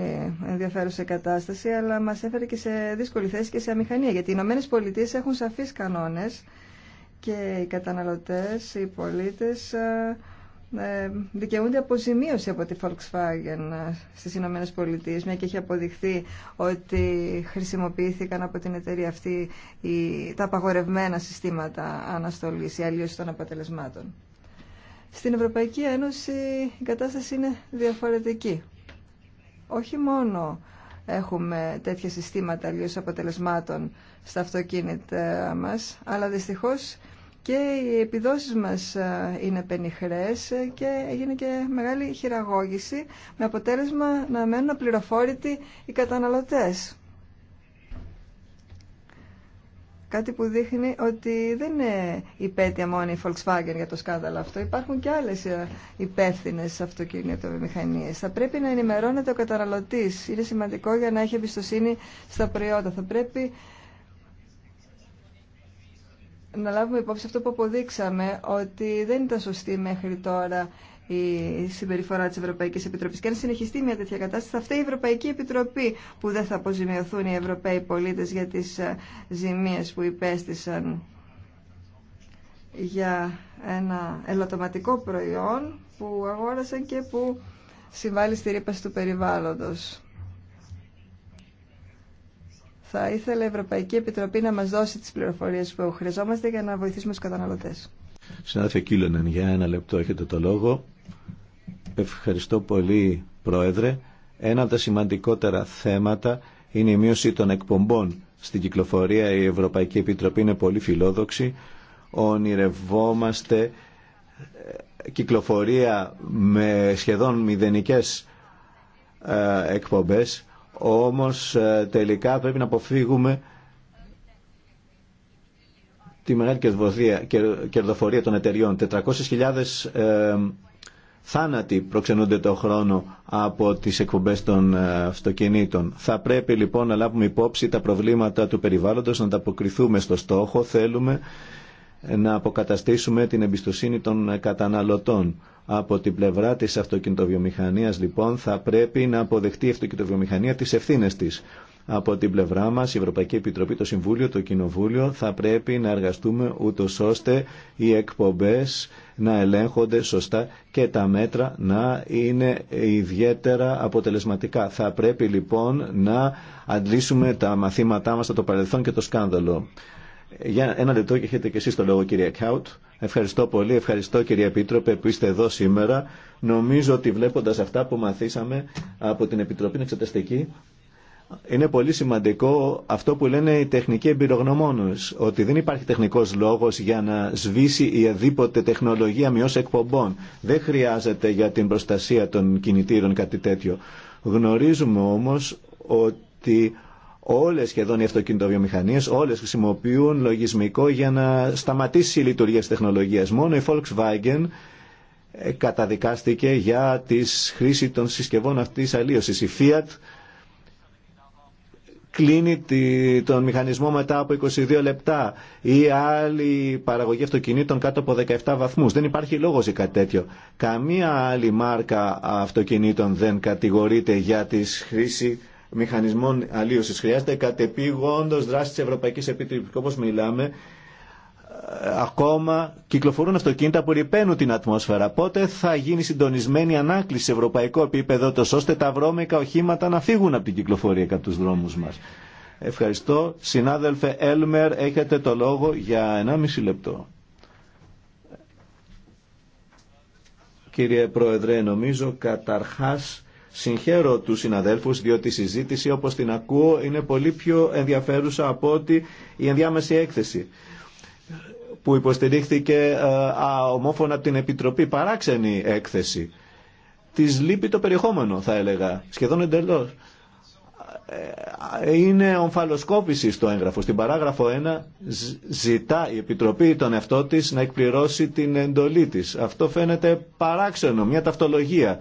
ενδιαφέρουσα η κατάσταση, αλλά μας έφερε και σε δύσκολη θέση και σε αμηχανία, γιατί οι Ηνωμένε Πολιτείε έχουν σαφείς κανόνες και οι καταναλωτές, οι πολίτες ε, ε, δικαιούνται αποζημίωση από τη Volkswagen ε, στις Ηνωμένες Πολιτείες, μια και έχει αποδειχθεί ότι χρησιμοποιήθηκαν από την εταιρεία αυτή τα απαγορευμένα συστήματα αναστολής ή αλλίωση των αποτελεσμάτων. Στην Ευρωπαϊκή Ένωση η κατάσταση είναι διαφορετική. Όχι μόνο έχουμε τέτοια συστήματα αλλίωση αποτελεσμάτων στα αυτοκίνητα μας, αλλά δυστυχώς και οι επιδόσεις μας ε, είναι πενιχρές και έγινε και μεγάλη χειραγώγηση με αποτέλεσμα να μένουν απληροφόρητοι οι καταναλωτές. Κάτι που δείχνει ότι δεν είναι υπέτεια μόνο η Volkswagen για το σκάνδαλο αυτό. Υπάρχουν και άλλες ε, υπεύθυνε αυτοκινητοβιομηχανίες. Θα πρέπει να ενημερώνεται ο καταναλωτής. Είναι σημαντικό για να έχει εμπιστοσύνη στα προϊόντα. Θα πρέπει να λάβουμε υπόψη αυτό που αποδείξαμε, ότι δεν ήταν σωστή μέχρι τώρα η συμπεριφορά της Ευρωπαϊκής Επιτροπής. Και αν συνεχιστεί μια τέτοια κατάσταση, θα φταίει η Ευρωπαϊκή Επιτροπή που δεν θα αποζημιωθούν οι Ευρωπαίοι πολίτες για τις ε, ζημίες που υπέστησαν για ένα ελαττωματικό προϊόν που αγόρασαν και που συμβάλλει στη ρήπαση του περιβάλλοντος. Θα ήθελε η Ευρωπαϊκή Επιτροπή να μας δώσει τις πληροφορίες που χρειαζόμαστε για να βοηθήσουμε τους καταναλωτές. Συνάδελφε Κίλωνεν, για ένα λεπτό έχετε το λόγο. Ευχαριστώ πολύ, Πρόεδρε. Ένα από τα σημαντικότερα θέματα είναι η μείωση των εκπομπών. Στην κυκλοφορία η Ευρωπαϊκή Επιτροπή είναι πολύ φιλόδοξη. Ονειρευόμαστε ε, κυκλοφορία με σχεδόν μηδενικές ε, εκπομπές όμως ε, τελικά πρέπει να αποφύγουμε τη μεγάλη κερδοφορία των εταιριών. 400.000 ε, θάνατοι προξενούνται το χρόνο από τις εκπομπές των ε, αυτοκινήτων. Θα πρέπει λοιπόν να λάβουμε υπόψη τα προβλήματα του περιβάλλοντος, να ανταποκριθούμε στο στόχο. Θέλουμε να αποκαταστήσουμε την εμπιστοσύνη των καταναλωτών. Από την πλευρά της αυτοκινητοβιομηχανίας λοιπόν θα πρέπει να αποδεχτεί η αυτοκινητοβιομηχανία τις ευθύνες της. Από την πλευρά μας η Ευρωπαϊκή Επιτροπή, το Συμβούλιο, το Κοινοβούλιο θα πρέπει να εργαστούμε ούτω ώστε οι εκπομπές να ελέγχονται σωστά και τα μέτρα να είναι ιδιαίτερα αποτελεσματικά. Θα πρέπει λοιπόν να αντλήσουμε τα μαθήματά μας από το παρελθόν και το σκάνδαλο. Για ένα λεπτό και έχετε και εσείς το λόγο κύριε Κάουτ. Ευχαριστώ πολύ, ευχαριστώ κύριε Επίτροπε που είστε εδώ σήμερα. Νομίζω ότι βλέποντας αυτά που μαθήσαμε από την Επιτροπή Εξεταστική, είναι πολύ σημαντικό αυτό που λένε οι τεχνικοί εμπειρογνωμόνες, ότι δεν υπάρχει τεχνικός λόγος για να σβήσει η αδίποτε τεχνολογία μειώς εκπομπών. Δεν χρειάζεται για την προστασία των κινητήρων κάτι τέτοιο. Γνωρίζουμε όμως ότι Όλες σχεδόν οι αυτοκινητοβιομηχανίες, όλες χρησιμοποιούν λογισμικό για να σταματήσει η λειτουργία της τεχνολογίας. Μόνο η Volkswagen ε, καταδικάστηκε για τη χρήση των συσκευών αυτής αλλίωση. Η Fiat κλείνει τον μηχανισμό μετά από 22 λεπτά ή άλλη παραγωγή αυτοκινήτων κάτω από 17 βαθμούς. Δεν υπάρχει λόγος για κάτι τέτοιο. Καμία άλλη μάρκα αυτοκινήτων δεν κατηγορείται για τη χρήση μηχανισμών αλλίωση. Χρειάζεται κατεπίγοντος δράση τη Ευρωπαϊκής Επιτροπής. όπω μιλάμε, ε, ακόμα κυκλοφορούν αυτοκίνητα που ρηπαίνουν την ατμόσφαιρα. Πότε θα γίνει συντονισμένη ανάκληση σε ευρωπαϊκό επίπεδο, τόσο ώστε τα βρώμικα οχήματα να φύγουν από την κυκλοφορία κατά του τους δρόμους μας. Ευχαριστώ. Συνάδελφε Έλμερ, έχετε το λόγο για 1,5 λεπτό. Κύριε Πρόεδρε, νομίζω καταρχάς Συγχαίρω τους συναδέλφους διότι η συζήτηση όπως την ακούω είναι πολύ πιο ενδιαφέρουσα από ότι η ενδιάμεση έκθεση που υποστηρίχθηκε ε, α, ομόφωνα από την Επιτροπή παράξενη έκθεση. Της λείπει το περιεχόμενο θα έλεγα, σχεδόν εντελώς. Ε, είναι ομφαλοσκόπηση στο έγγραφο. Στην παράγραφο 1 ζητά η Επιτροπή τον εαυτό της να εκπληρώσει την εντολή της. Αυτό φαίνεται παράξενο, μια ταυτολογία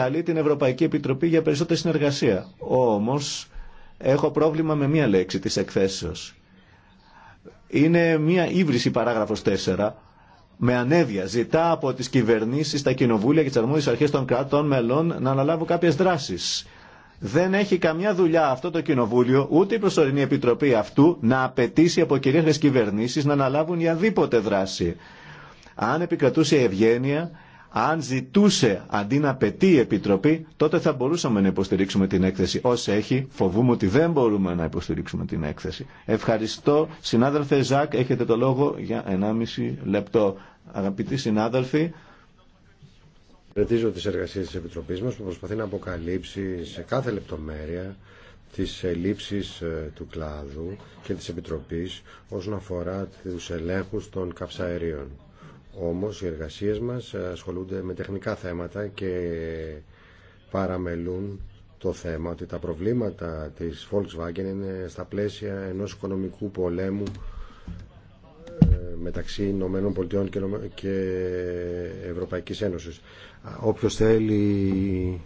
καλεί την Ευρωπαϊκή Επιτροπή για περισσότερη συνεργασία. Όμως έχω πρόβλημα με μία λέξη της εκθέσεως. Είναι μία ύβριση παράγραφος 4 με ανέβεια. ζητά από τις κυβερνήσεις, τα κοινοβούλια και τις αρμόδιες αρχές των κρατών μελών να αναλάβουν κάποιες δράσεις. Δεν έχει καμιά δουλειά αυτό το κοινοβούλιο, ούτε η προσωρινή επιτροπή αυτού, να απαιτήσει από κυρίαρχε κυβερνήσει να αναλάβουν οποιαδήποτε δράση. Αν επικρατούσε η ευγένεια, αν ζητούσε αντί να πετύχει η Επιτροπή, τότε θα μπορούσαμε να υποστηρίξουμε την έκθεση. Όσοι έχει, φοβούμαι ότι δεν μπορούμε να υποστηρίξουμε την έκθεση. Ευχαριστώ. Συνάδελφε Ζακ, έχετε το λόγο για 1,5 λεπτό. Αγαπητοί συνάδελφοι, Χαιρετίζω τι εργασίε τη Επιτροπή μα που προσπαθεί να αποκαλύψει σε κάθε λεπτομέρεια τι ελλείψει ε, του κλάδου και τη Επιτροπής όσον αφορά του ελέγχου των καυσαερίων. Όμως οι εργασίες μας ασχολούνται με τεχνικά θέματα και παραμελούν το θέμα ότι τα προβλήματα της Volkswagen είναι στα πλαίσια ενός οικονομικού πολέμου ε, μεταξύ Ηνωμένων Πολιτειών και Ευρωπαϊκής Ένωσης. Όποιος θέλει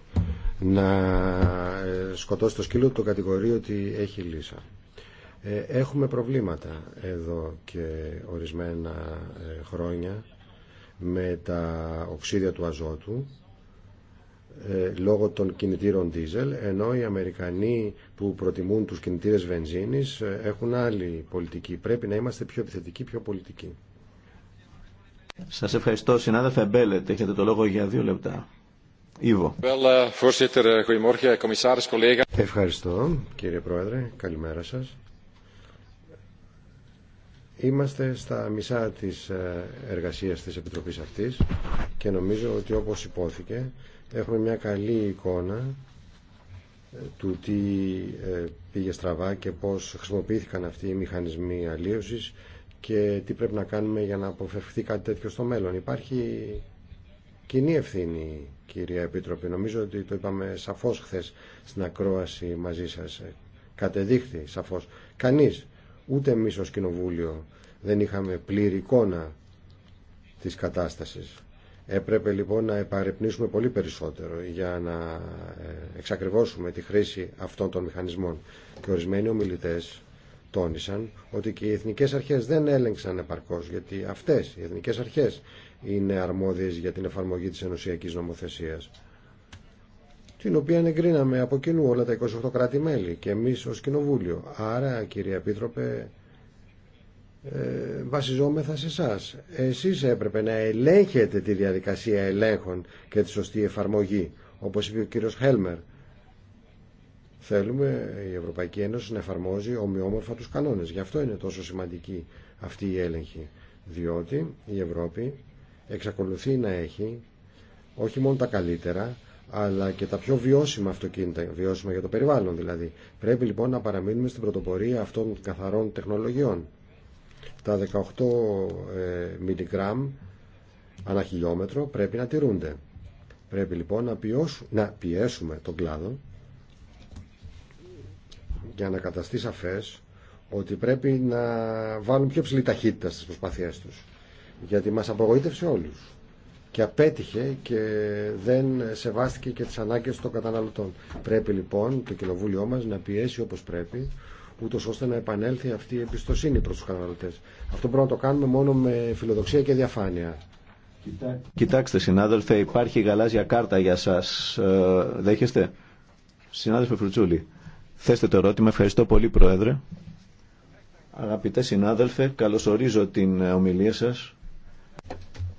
να ε, σκοτώσει το σκύλο το κατηγορεί ότι έχει λύσα. Ε, έχουμε προβλήματα εδώ και ορισμένα χρόνια με τα οξύδια του αζότου ε, λόγω των κινητήρων δίζελ ενώ οι Αμερικανοί που προτιμούν τους κινητήρες βενζίνης ε, έχουν άλλη πολιτική. Πρέπει να είμαστε πιο επιθετικοί, πιο πολιτικοί. Σας ευχαριστώ συνάδελφε Μπέλετ. Έχετε το λόγο για δύο λεπτά. Ήβο. Uh, uh, ευχαριστώ κύριε Πρόεδρε. Καλημέρα σας. Είμαστε στα μισά της ε, εργασίας της Επιτροπής αυτής και νομίζω ότι όπως υπόθηκε έχουμε μια καλή εικόνα ε, του τι ε, πήγε στραβά και πώς χρησιμοποιήθηκαν αυτοί οι μηχανισμοί αλλίωσης και τι πρέπει να κάνουμε για να αποφευχθεί κάτι τέτοιο στο μέλλον. Υπάρχει κοινή ευθύνη, κυρία Επίτροπη. Νομίζω ότι το είπαμε σαφώς χθες στην ακρόαση μαζί σας. Κατεδείχθη σαφώς. Κανείς Ούτε εμείς ως Κοινοβούλιο δεν είχαμε πλήρη εικόνα της κατάστασης. Έπρεπε λοιπόν να επαρρυπνήσουμε πολύ περισσότερο για να ε, εξακριβώσουμε τη χρήση αυτών των μηχανισμών. Και ορισμένοι ομιλητές τόνισαν ότι και οι εθνικές αρχές δεν έλεγξαν επαρκώς, γιατί αυτές οι εθνικές αρχές είναι αρμόδιες για την εφαρμογή της ενωσιακής νομοθεσίας την οποία εγκρίναμε από κοινού όλα τα 28 κράτη-μέλη και εμείς ως Κοινοβούλιο. Άρα, κύριε Επίτροπε, ε, βασιζόμεθα σε εσά. Εσείς έπρεπε να ελέγχετε τη διαδικασία ελέγχων και τη σωστή εφαρμογή, όπως είπε ο κύριος Χέλμερ. Θέλουμε η Ευρωπαϊκή Ένωση να εφαρμόζει ομοιόμορφα τους κανόνες. Γι' αυτό είναι τόσο σημαντική αυτή η έλεγχη. Διότι η Ευρώπη εξακολουθεί να έχει όχι μόνο τα καλύτερα, αλλά και τα πιο βιώσιμα αυτοκίνητα, βιώσιμα για το περιβάλλον δηλαδή. Πρέπει λοιπόν να παραμείνουμε στην πρωτοπορία αυτών των καθαρών τεχνολογιών. Τα 18 ε, μιλιγκράμμ ανά χιλιόμετρο πρέπει να τηρούνται. Πρέπει λοιπόν να, να πιέσουμε τον κλάδο για να καταστεί σαφές ότι πρέπει να βάλουν πιο ψηλή ταχύτητα στις προσπάθειές τους. Γιατί μας απογοήτευσε όλους και απέτυχε και δεν σεβάστηκε και τις ανάγκες των καταναλωτών. Πρέπει λοιπόν το κοινοβούλιο μας να πιέσει όπως πρέπει ούτω ώστε να επανέλθει αυτή η εμπιστοσύνη προς τους καταναλωτές. Αυτό πρέπει να το κάνουμε μόνο με φιλοδοξία και διαφάνεια. Κοιτάξτε συνάδελφε, υπάρχει γαλάζια κάρτα για σας. Ε, δέχεστε. Συνάδελφε Φρουτσούλη, θέστε το ερώτημα. Ευχαριστώ πολύ Πρόεδρε. Αγαπητέ συνάδελφε, καλωσορίζω την ομιλία σας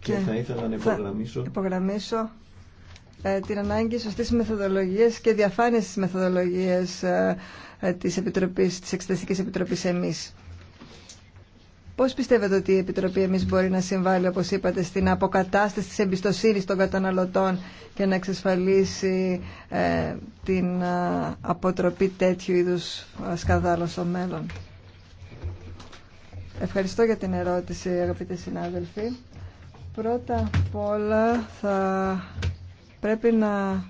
και, θα ήθελα να υπογραμμίσω, υπογραμμίσω ε, την ανάγκη σωστής μεθοδολογίας και διαφάνειας της μεθοδολογίας ε, ε, της, Επιτροπής, της Εξεταστικής Επιτροπής εμείς. Πώς πιστεύετε ότι η Επιτροπή εμείς μπορεί να συμβάλλει, όπως είπατε, στην αποκατάσταση της εμπιστοσύνης των καταναλωτών και να εξασφαλίσει ε, την αποτροπή τέτοιου είδους σκαδάλων στο μέλλον. Ευχαριστώ για την ερώτηση, αγαπητοί συνάδελφοι. Πρώτα απ' όλα θα πρέπει να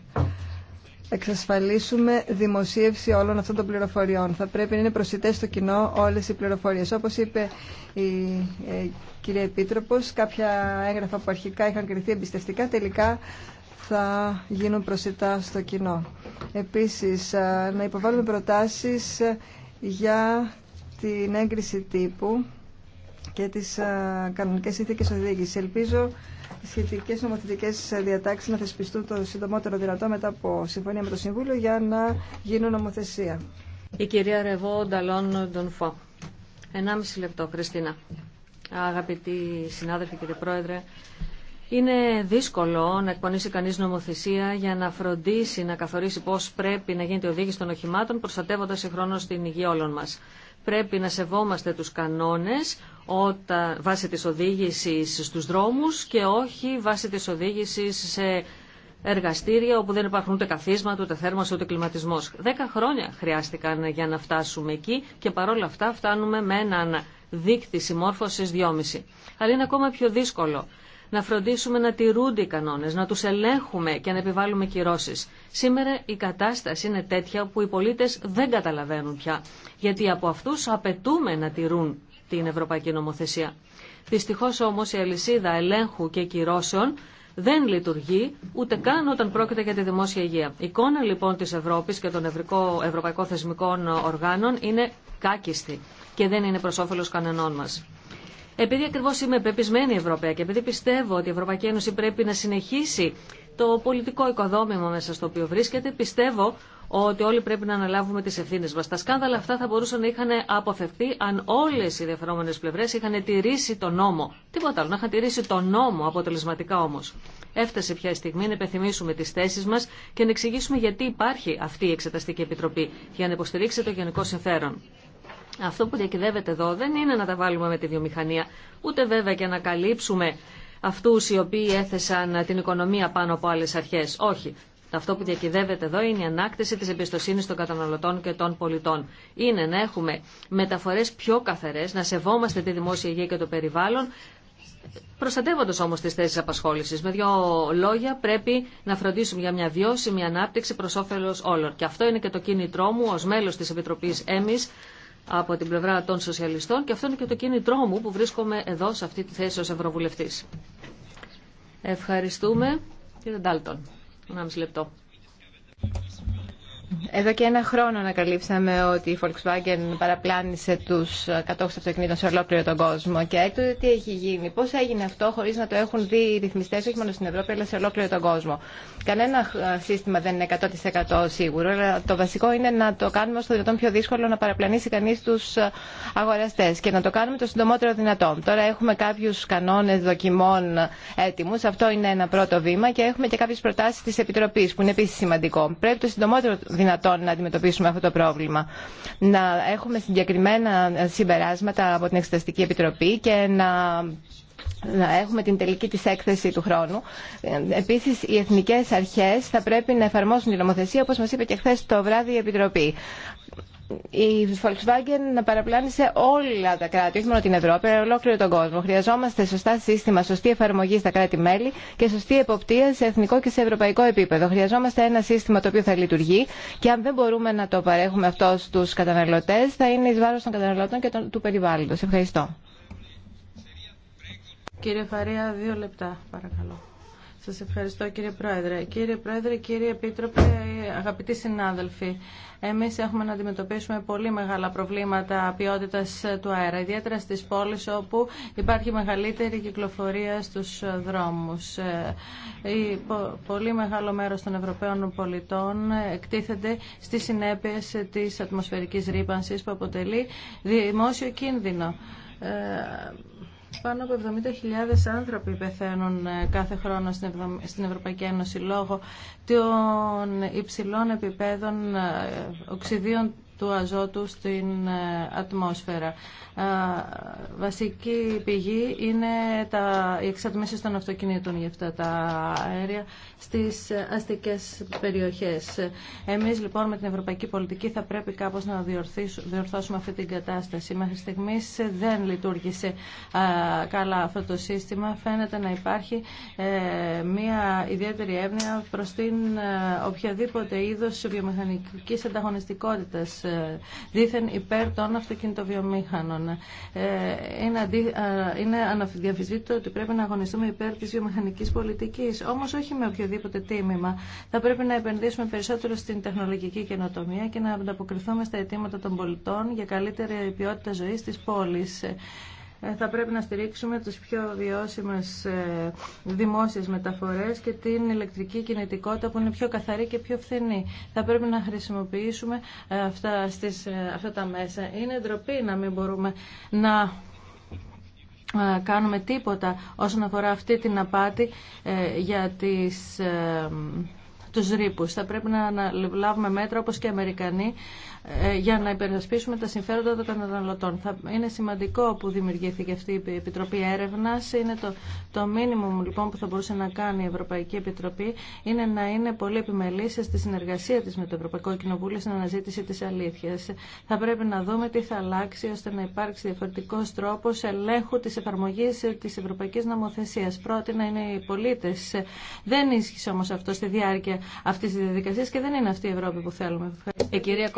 εξασφαλίσουμε δημοσίευση όλων αυτών των πληροφοριών. Θα πρέπει να είναι προσιτές στο κοινό όλες οι πληροφορίες. Όπως είπε η ε, κυρία Επίτροπος, κάποια έγγραφα που αρχικά είχαν κριθεί εμπιστευτικά τελικά θα γίνουν προσιτά στο κοινό. Επίσης, ε, να υποβάλουμε προτάσεις για την έγκριση τύπου και τι ε, κανονικέ ήθικες οδήγηση. Ελπίζω οι σχετικέ νομοθετικέ διατάξει να θεσπιστούν το συντομότερο δυνατό μετά από συμφωνία με το Συμβούλιο για να γίνουν νομοθεσία. Η κυρία Ρεβό Νταλόν Ντονφό. 1,5 λεπτό, Χριστίνα. Αγαπητοί συνάδελφοι, κύριε Πρόεδρε, είναι δύσκολο να εκπονήσει κανεί νομοθεσία για να φροντίσει, να καθορίσει πώ πρέπει να γίνεται η οδήγηση των οχημάτων, προστατεύοντα συγχρόνω την υγεία όλων μα. Πρέπει να σεβόμαστε του κανόνε βάσει της οδήγησης στους δρόμους και όχι βάσει της οδήγησης σε εργαστήρια όπου δεν υπάρχουν ούτε καθίσματα, ούτε θέρμανση, ούτε κλιματισμός. Δέκα χρόνια χρειάστηκαν για να φτάσουμε εκεί και παρόλα αυτά φτάνουμε με έναν δείκτη συμμόρφωσης 2,5. Αλλά είναι ακόμα πιο δύσκολο να φροντίσουμε να τηρούνται οι κανόνες, να τους ελέγχουμε και να επιβάλλουμε κυρώσεις. Σήμερα η κατάσταση είναι τέτοια που οι πολίτες δεν καταλαβαίνουν πια, γιατί από αυτούς απαιτούμε να τηρούν την Ευρωπαϊκή Νομοθεσία. Δυστυχώ όμω η αλυσίδα ελέγχου και κυρώσεων δεν λειτουργεί ούτε καν όταν πρόκειται για τη δημόσια υγεία. Η εικόνα λοιπόν τη Ευρώπη και των ευρωπαϊκών θεσμικών οργάνων είναι κάκιστη και δεν είναι προ όφελο κανενών μα. Επειδή ακριβώ είμαι πεπισμένη Ευρωπαία και επειδή πιστεύω ότι η Ευρωπαϊκή Ένωση πρέπει να συνεχίσει το πολιτικό οικοδόμημα μέσα στο οποίο βρίσκεται, πιστεύω ότι όλοι πρέπει να αναλάβουμε τι ευθύνε μα. Τα σκάνδαλα αυτά θα μπορούσαν να είχαν αποφευθεί αν όλε οι διαφερόμενε πλευρέ είχαν τηρήσει τον νόμο. Τίποτα άλλο, να είχαν τηρήσει τον νόμο αποτελεσματικά όμω. Έφτασε πια η στιγμή να υπενθυμίσουμε τι θέσει μα και να εξηγήσουμε γιατί υπάρχει αυτή η Εξεταστική Επιτροπή για να υποστηρίξει το γενικό συμφέρον. Αυτό που διακυδεύεται εδώ δεν είναι να τα βάλουμε με τη βιομηχανία, ούτε βέβαια και να καλύψουμε αυτού οι οποίοι έθεσαν την οικονομία πάνω από άλλε αρχέ. Όχι. Αυτό που διακυδεύεται εδώ είναι η ανάκτηση της εμπιστοσύνης των καταναλωτών και των πολιτών. Είναι να έχουμε μεταφορές πιο καθαρές, να σεβόμαστε τη δημόσια υγεία και το περιβάλλον, Προστατεύοντα όμω τι θέσει απασχόληση, με δύο λόγια, πρέπει να φροντίσουμε για μια βιώσιμη ανάπτυξη προ όφελο όλων. Και αυτό είναι και το κίνητρό μου ω μέλο τη Επιτροπή ΕΜΗ από την πλευρά των Σοσιαλιστών και αυτό είναι και το κίνητρό μου που βρίσκομαι εδώ σε αυτή τη θέση ω Ευρωβουλευτή. Ευχαριστούμε, κύριε Ντάλτον. Ευχαριστώ. λεπτό. Εδώ και ένα χρόνο ανακαλύψαμε ότι η Volkswagen παραπλάνησε του κατόχου αυτοκινήτων σε ολόκληρο τον κόσμο. Και έκτοτε τι έχει γίνει, Πώ έγινε αυτό χωρί να το έχουν δει οι ρυθμιστέ, όχι μόνο στην Ευρώπη αλλά σε ολόκληρο τον κόσμο. Κανένα σύστημα δεν είναι 100% σίγουρο, αλλά το βασικό είναι να το κάνουμε όσο δυνατόν πιο δύσκολο να παραπλανήσει κανεί του αγοραστέ και να το κάνουμε το συντομότερο δυνατόν. Τώρα έχουμε κάποιου κανόνε δοκιμών έτοιμου, αυτό είναι ένα πρώτο βήμα και έχουμε και κάποιε προτάσει τη επιτροπή, που είναι επίση σημαντικό. Πρέπει το συντομότερο δυνατόν να αντιμετωπίσουμε αυτό το πρόβλημα. Να έχουμε συγκεκριμένα συμπεράσματα από την Εξεταστική Επιτροπή και να να έχουμε την τελική της έκθεση του χρόνου. Επίσης, οι εθνικές αρχές θα πρέπει να εφαρμόσουν την νομοθεσία, όπως μας είπε και χθε το βράδυ η Επιτροπή η Volkswagen να παραπλάνησε όλα τα κράτη, όχι μόνο την Ευρώπη, αλλά ολόκληρο τον κόσμο. Χρειαζόμαστε σωστά σύστημα, σωστή εφαρμογή στα κράτη-μέλη και σωστή εποπτεία σε εθνικό και σε ευρωπαϊκό επίπεδο. Χρειαζόμαστε ένα σύστημα το οποίο θα λειτουργεί και αν δεν μπορούμε να το παρέχουμε αυτό στου καταναλωτέ, θα είναι ει βάρο των καταναλωτών και του περιβάλλοντο. Ευχαριστώ. Κύριε Φαρία, δύο λεπτά, παρακαλώ. Σας ευχαριστώ κύριε Πρόεδρε. Κύριε Πρόεδρε, κύριε Επίτροπε, αγαπητοί συνάδελφοι, εμείς έχουμε να αντιμετωπίσουμε πολύ μεγάλα προβλήματα ποιότητας του αέρα, ιδιαίτερα στις πόλεις όπου υπάρχει μεγαλύτερη κυκλοφορία στους δρόμους. Ε, πολύ μεγάλο μέρος των Ευρωπαίων πολιτών εκτίθεται στις συνέπειες της ατμοσφαιρικής ρήπανσης που αποτελεί δημόσιο κίνδυνο. Ε, πάνω από 70.000 άνθρωποι πεθαίνουν ε, κάθε χρόνο στην Ευρωπαϊκή Ένωση λόγω των υψηλών επιπέδων ε, οξυδίων του αζότου στην ε, ατμόσφαιρα. Βασική πηγή είναι τα, η εξατμίσεις των αυτοκινήτων για αυτά τα αέρια στις αστικές περιοχές. Εμείς λοιπόν με την ευρωπαϊκή πολιτική θα πρέπει κάπως να διορθώσουμε αυτή την κατάσταση. Μέχρι στιγμής δεν λειτουργήσε καλά αυτό το σύστημα. Φαίνεται να υπάρχει ε, μια ιδιαίτερη έμνοια προς την ε, οποιαδήποτε είδος βιομηχανικής ανταγωνιστικότητας ε, δήθεν υπέρ των αυτοκινητοβιομήχανων. Ε, είναι, ότι πρέπει να αγωνιστούμε υπέρ τη βιομηχανική πολιτική. όμως όχι με οποιοδήποτε τίμημα. Θα πρέπει να επενδύσουμε περισσότερο στην τεχνολογική καινοτομία και να ανταποκριθούμε στα αιτήματα των πολιτών για καλύτερη ποιότητα ζωής της πόλη. Ε, θα πρέπει να στηρίξουμε τις πιο βιώσιμες ε, δημόσιες μεταφορές και την ηλεκτρική κινητικότητα που είναι πιο καθαρή και πιο φθηνή. Θα πρέπει να χρησιμοποιήσουμε ε, αυτά, στις, αυτά τα μέσα. Είναι ντροπή να μην μπορούμε να κάνουμε τίποτα όσον αφορά αυτή την απάτη για τις, τους ρήπους. Θα πρέπει να λάβουμε μέτρα όπως και οι Αμερικανοί ε, για να υπερασπίσουμε τα συμφέροντα των καταναλωτών. Θα είναι σημαντικό που δημιουργήθηκε αυτή η Επιτροπή Έρευνα. Είναι το, το μήνυμο λοιπόν που θα μπορούσε να κάνει η Ευρωπαϊκή Επιτροπή είναι να είναι πολύ επιμελή στη συνεργασία τη με το Ευρωπαϊκό Κοινοβούλιο στην αναζήτηση τη αλήθεια. Θα πρέπει να δούμε τι θα αλλάξει ώστε να υπάρξει διαφορετικό τρόπο ελέγχου τη εφαρμογή τη Ευρωπαϊκή Νομοθεσία. Πρώτη να είναι οι πολίτε. Δεν ίσχυσε όμω αυτό στη διάρκεια αυτή τη διαδικασία και δεν είναι αυτή η Ευρώπη που θέλουμε. Ε, κυρία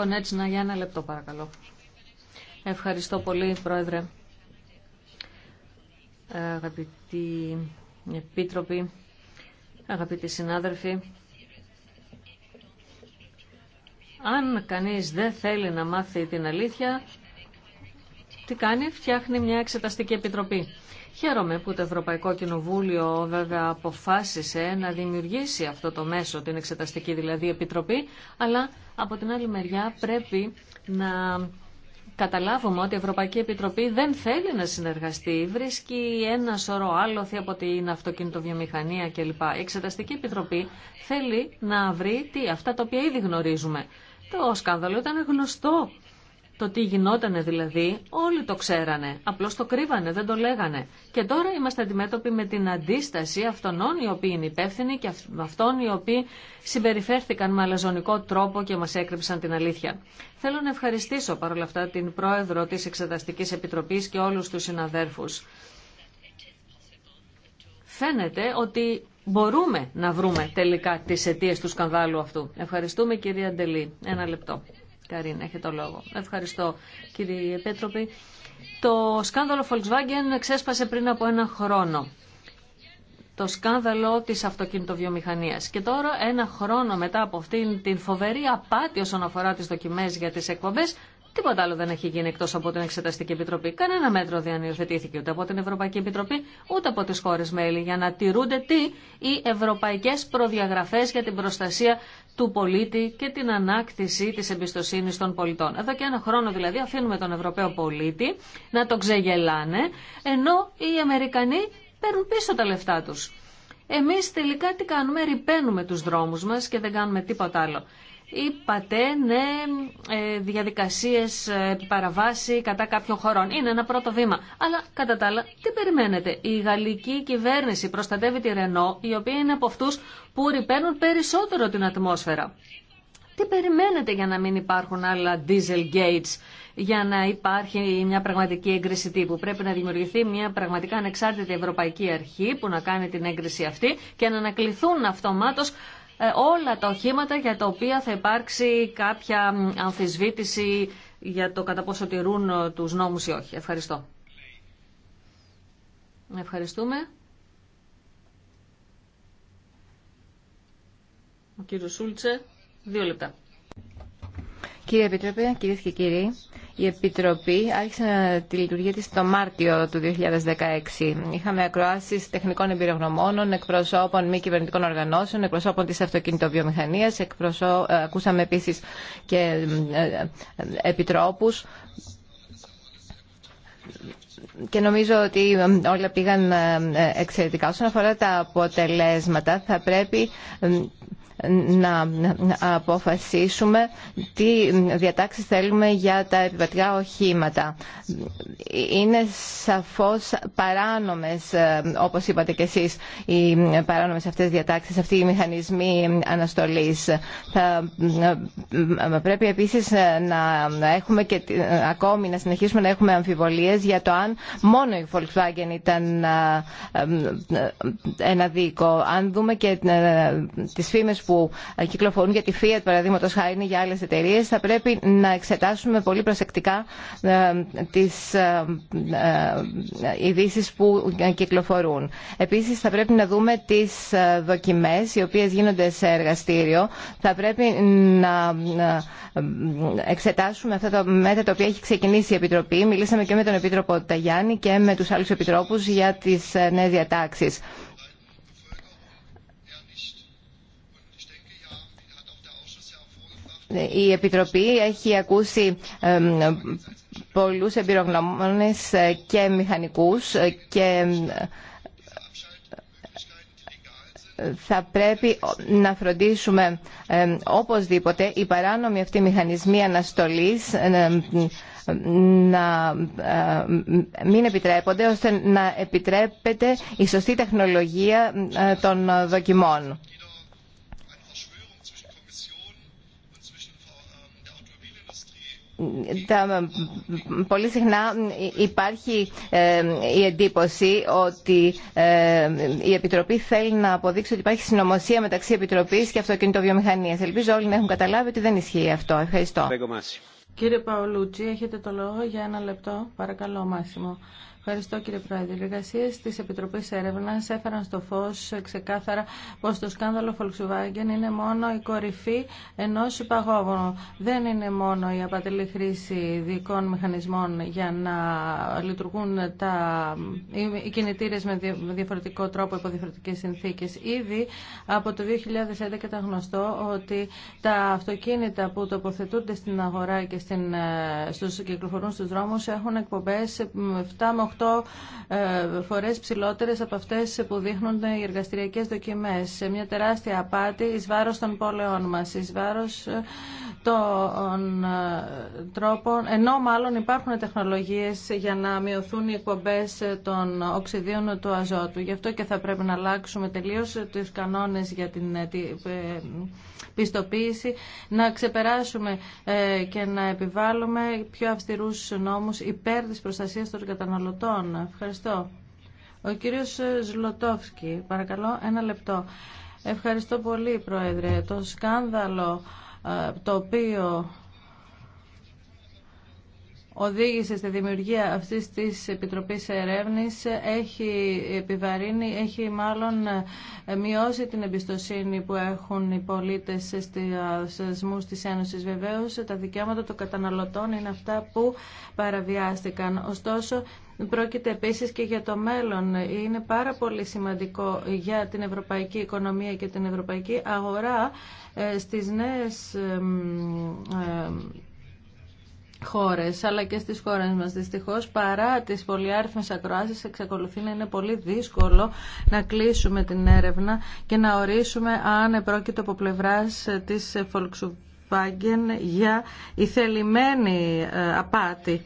για λεπτό παρακαλώ. Ευχαριστώ πολύ Πρόεδρε. Αγαπητοί Επίτροποι, αγαπητοί συνάδελφοι, αν κανείς δεν θέλει να μάθει την αλήθεια, τι κάνει, φτιάχνει μια εξεταστική επιτροπή. Χαίρομαι που το Ευρωπαϊκό Κοινοβούλιο βέβαια αποφάσισε να δημιουργήσει αυτό το μέσο, την εξεταστική δηλαδή επιτροπή, αλλά από την άλλη μεριά πρέπει να καταλάβουμε ότι η Ευρωπαϊκή Επιτροπή δεν θέλει να συνεργαστεί. Βρίσκει ένα σωρό άλοθη από την αυτοκινητοβιομηχανία κλπ. Η Εξεταστική Επιτροπή θέλει να βρει τι, αυτά τα οποία ήδη γνωρίζουμε. Το σκάνδαλο ήταν γνωστό το τι γινότανε δηλαδή, όλοι το ξέρανε, απλώς το κρύβανε, δεν το λέγανε. Και τώρα είμαστε αντιμέτωποι με την αντίσταση αυτών οι οποίοι είναι υπεύθυνοι και αυτών οι οποίοι συμπεριφέρθηκαν με αλαζονικό τρόπο και μας έκρυψαν την αλήθεια. Θέλω να ευχαριστήσω παρόλα αυτά την Πρόεδρο της Εξεταστικής Επιτροπής και όλους τους συναδέρφους. Φαίνεται ότι μπορούμε να βρούμε τελικά τις αιτίες του σκανδάλου αυτού. Ευχαριστούμε κυρία Ντελή. Ένα λεπτό. Καρίν, έχετε το λόγο. Ευχαριστώ κύριε Επέτροπη. Το σκάνδαλο Volkswagen ξέσπασε πριν από ένα χρόνο. Το σκάνδαλο της αυτοκινητοβιομηχανίας. Και τώρα ένα χρόνο μετά από αυτήν την φοβερή απάτη όσον αφορά τις δοκιμές για τις εκπομπές Τίποτα άλλο δεν έχει γίνει εκτό από την Εξεταστική Επιτροπή. Κανένα μέτρο δεν υιοθετήθηκε ούτε από την Ευρωπαϊκή Επιτροπή ούτε από τι χώρε μέλη για να τηρούνται τι οι ευρωπαϊκέ προδιαγραφέ για την προστασία του πολίτη και την ανάκτηση της εμπιστοσύνης των πολιτών. Εδώ και ένα χρόνο δηλαδή αφήνουμε τον Ευρωπαίο πολίτη να τον ξεγελάνε, ενώ οι Αμερικανοί παίρνουν πίσω τα λεφτά τους. Εμείς τελικά τι κάνουμε, ρηπαίνουμε τους δρόμους μας και δεν κάνουμε τίποτα άλλο είπατε ναι ε, διαδικασίες ε, παραβάση κατά κάποιων χωρών. Είναι ένα πρώτο βήμα. Αλλά κατά τα άλλα τι περιμένετε. Η γαλλική κυβέρνηση προστατεύει τη Ρενό η οποία είναι από αυτούς που ρηπαίνουν περισσότερο την ατμόσφαιρα. Τι περιμένετε για να μην υπάρχουν άλλα diesel gates για να υπάρχει μια πραγματική έγκριση τύπου. Πρέπει να δημιουργηθεί μια πραγματικά ανεξάρτητη ευρωπαϊκή αρχή που να κάνει την έγκριση αυτή και να ανακληθούν αυτομάτως ε, όλα τα οχήματα για τα οποία θα υπάρξει κάποια αμφισβήτηση για το κατά πόσο τηρούν ε, τους νόμους ή όχι. Ευχαριστώ. Ευχαριστούμε. Ο κύριος Σούλτσε, δύο λεπτά. Κύριε Επιτροπέ, κυρίες και κύριοι, η Επιτροπή άρχισε τη λειτουργία της το Μάρτιο του 2016. Είχαμε ακροάσεις τεχνικών εμπειρογνωμόνων, εκπροσώπων μη κυβερνητικών οργανώσεων, εκπροσώπων της αυτοκινητοβιομηχανίας, εκπροσώ... Ε, ακούσαμε επίσης και ε, ε, επιτρόπους και νομίζω ότι όλα πήγαν εξαιρετικά. Όσον αφορά τα αποτελέσματα, θα πρέπει να αποφασίσουμε τι διατάξεις θέλουμε για τα επιβατικά οχήματα. Είναι σαφώς παράνομες, ε, όπως είπατε και εσείς, οι παράνομες αυτές διατάξεις, αυτοί οι μηχανισμοί αναστολής. Θα ε, πρέπει επίσης ε, να έχουμε και ακόμη να συνεχίσουμε να έχουμε αμφιβολίες για το αν μόνο η Volkswagen ήταν ένα δίκο. Αν δούμε και τις φήμες που που ε, κυκλοφορούν για τη Fiat, παραδείγματο χάρη είναι για άλλε εταιρείε, θα πρέπει να εξετάσουμε πολύ προσεκτικά ε, τι ε, ειδήσει που κυκλοφορούν. Επίση, θα πρέπει να δούμε τι δοκιμέ οι οποίε γίνονται σε εργαστήριο. Θα πρέπει να εξετάσουμε αυτά τα μέτρα τα οποία έχει ξεκινήσει η Επιτροπή. Μιλήσαμε και με τον Επίτροπο Ταγιάννη και με του άλλου επιτρόπου για τι νέε διατάξει. Η Επιτροπή έχει ακούσει πολλούς εμπειρογνώμονες και μηχανικούς και ε, θα πρέπει να φροντίσουμε οπωσδήποτε οι παράνομοι αυτοί μηχανισμοί αναστολής να ε, μην επιτρέπονται ώστε να επιτρέπεται η σωστή τεχνολογία ε, των δοκιμών. πολύ συχνά υπάρχει ε, η εντύπωση ότι ε, η Επιτροπή θέλει να αποδείξει ότι υπάρχει συνωμοσία μεταξύ Επιτροπής και αυτοκινητοβιομηχανίας. Ελπίζω όλοι να έχουν καταλάβει ότι δεν ισχύει αυτό. Ευχαριστώ. Κύριε Παολούτσι, έχετε το λόγο για ένα λεπτό. Παρακαλώ, Μάσιμο. Ευχαριστώ κύριε Πρόεδρε. Οι εργασίε τη Επιτροπή Έρευνα έφεραν στο φω ξεκάθαρα πω το σκάνδαλο Volkswagen είναι μόνο η κορυφή ενό υπαγόγονου. Δεν είναι μόνο η απατελή χρήση δικών μηχανισμών για να λειτουργούν τα... οι κινητήρε με διαφορετικό τρόπο υπό διαφορετικέ συνθήκε. Ήδη από το 2011 ήταν γνωστό ότι τα αυτοκίνητα που τοποθετούνται στην αγορά και στην... Ε, στους κυκλοφορούν στου δρόμου έχουν εκπομπέ 7 με ε, φορές ψηλότερες από αυτές που δείχνουν οι εργαστηριακές δοκιμές. Μια τεράστια απάτη εις βάρος των πόλεων μας, εις βάρος ε, των ε, τρόπων, ενώ μάλλον υπάρχουν τεχνολογίες για να μειωθούν οι εκπομπέ των οξυδίων του αζότου. Γι' αυτό και θα πρέπει να αλλάξουμε τελείως του κανόνες για την πιστοποίηση, να ξεπεράσουμε και να επιβάλλουμε πιο αυστηρούς νόμους υπέρ της προστασίας των καταναλωτών. Ευχαριστώ. Ο κύριος Ζλωτόφσκι, παρακαλώ, ένα λεπτό. Ευχαριστώ πολύ, Πρόεδρε. Το σκάνδαλο ε, το οποίο οδήγησε στη δημιουργία αυτής της Επιτροπής Ερεύνης έχει επιβαρύνει, έχει μάλλον ε, μειώσει την εμπιστοσύνη που έχουν οι πολίτες στις σμούς της Ένωσης. Βεβαίως τα δικαιώματα των καταναλωτών είναι αυτά που παραβιάστηκαν. Ωστόσο, Πρόκειται επίσης και για το μέλλον. Είναι πάρα πολύ σημαντικό για την ευρωπαϊκή οικονομία και την ευρωπαϊκή αγορά ε, στις νέες ε, χώρες αλλά και στις χώρες μας. Δυστυχώς παρά τις πολυάριθμες ακροάσεις εξακολουθεί να είναι πολύ δύσκολο να κλείσουμε την έρευνα και να ορίσουμε αν επρόκειτο από πλευράς της Volkswagen για η θελημένη ε, απάτη.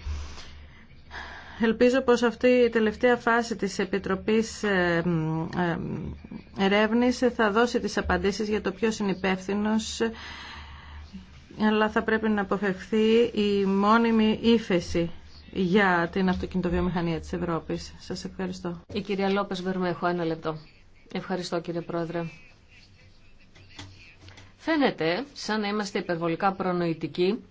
Ελπίζω πως αυτή η τελευταία φάση της Επιτροπής ε, ε, Ερεύνης θα δώσει τις απαντήσεις για το ποιος είναι αλλά θα πρέπει να αποφευχθεί η μόνιμη ύφεση για την αυτοκινητοβιομηχανία της Ευρώπης. Σας ευχαριστώ. Η κυρία Λόπες Βερμέχο, ένα λεπτό. Ευχαριστώ κύριε Πρόεδρε. Φαίνεται σαν να είμαστε υπερβολικά προνοητικοί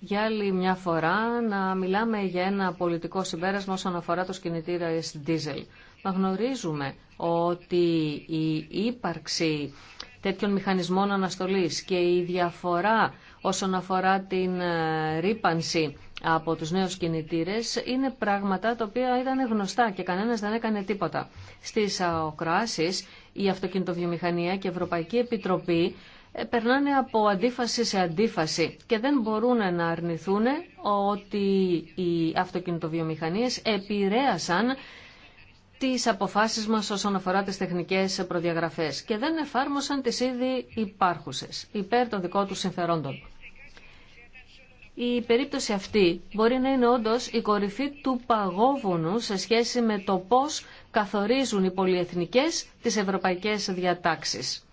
για άλλη μια φορά να μιλάμε για ένα πολιτικό συμπέρασμα όσον αφορά το κινητήρα diesel. Μα γνωρίζουμε ότι η ύπαρξη τέτοιων μηχανισμών αναστολής και η διαφορά όσον αφορά την ε, ρήπανση από τους νέους κινητήρες είναι πράγματα τα οποία ήταν γνωστά και κανένας δεν έκανε τίποτα. Στις αοκράσεις η Αυτοκινητοβιομηχανία και η Ευρωπαϊκή Επιτροπή ε, περνάνε από αντίφαση σε αντίφαση και δεν μπορούν να αρνηθούν ότι οι αυτοκινητοβιομηχανίες επηρέασαν τις αποφάσεις μας όσον αφορά τις τεχνικές προδιαγραφές και δεν εφάρμοσαν τις ήδη υπάρχουσες υπέρ των δικών τους συμφερόντων. Η περίπτωση αυτή μπορεί να είναι όντως η κορυφή του παγόβουνου σε σχέση με το πώς καθορίζουν οι πολυεθνικές τις ευρωπαϊκές διατάξεις.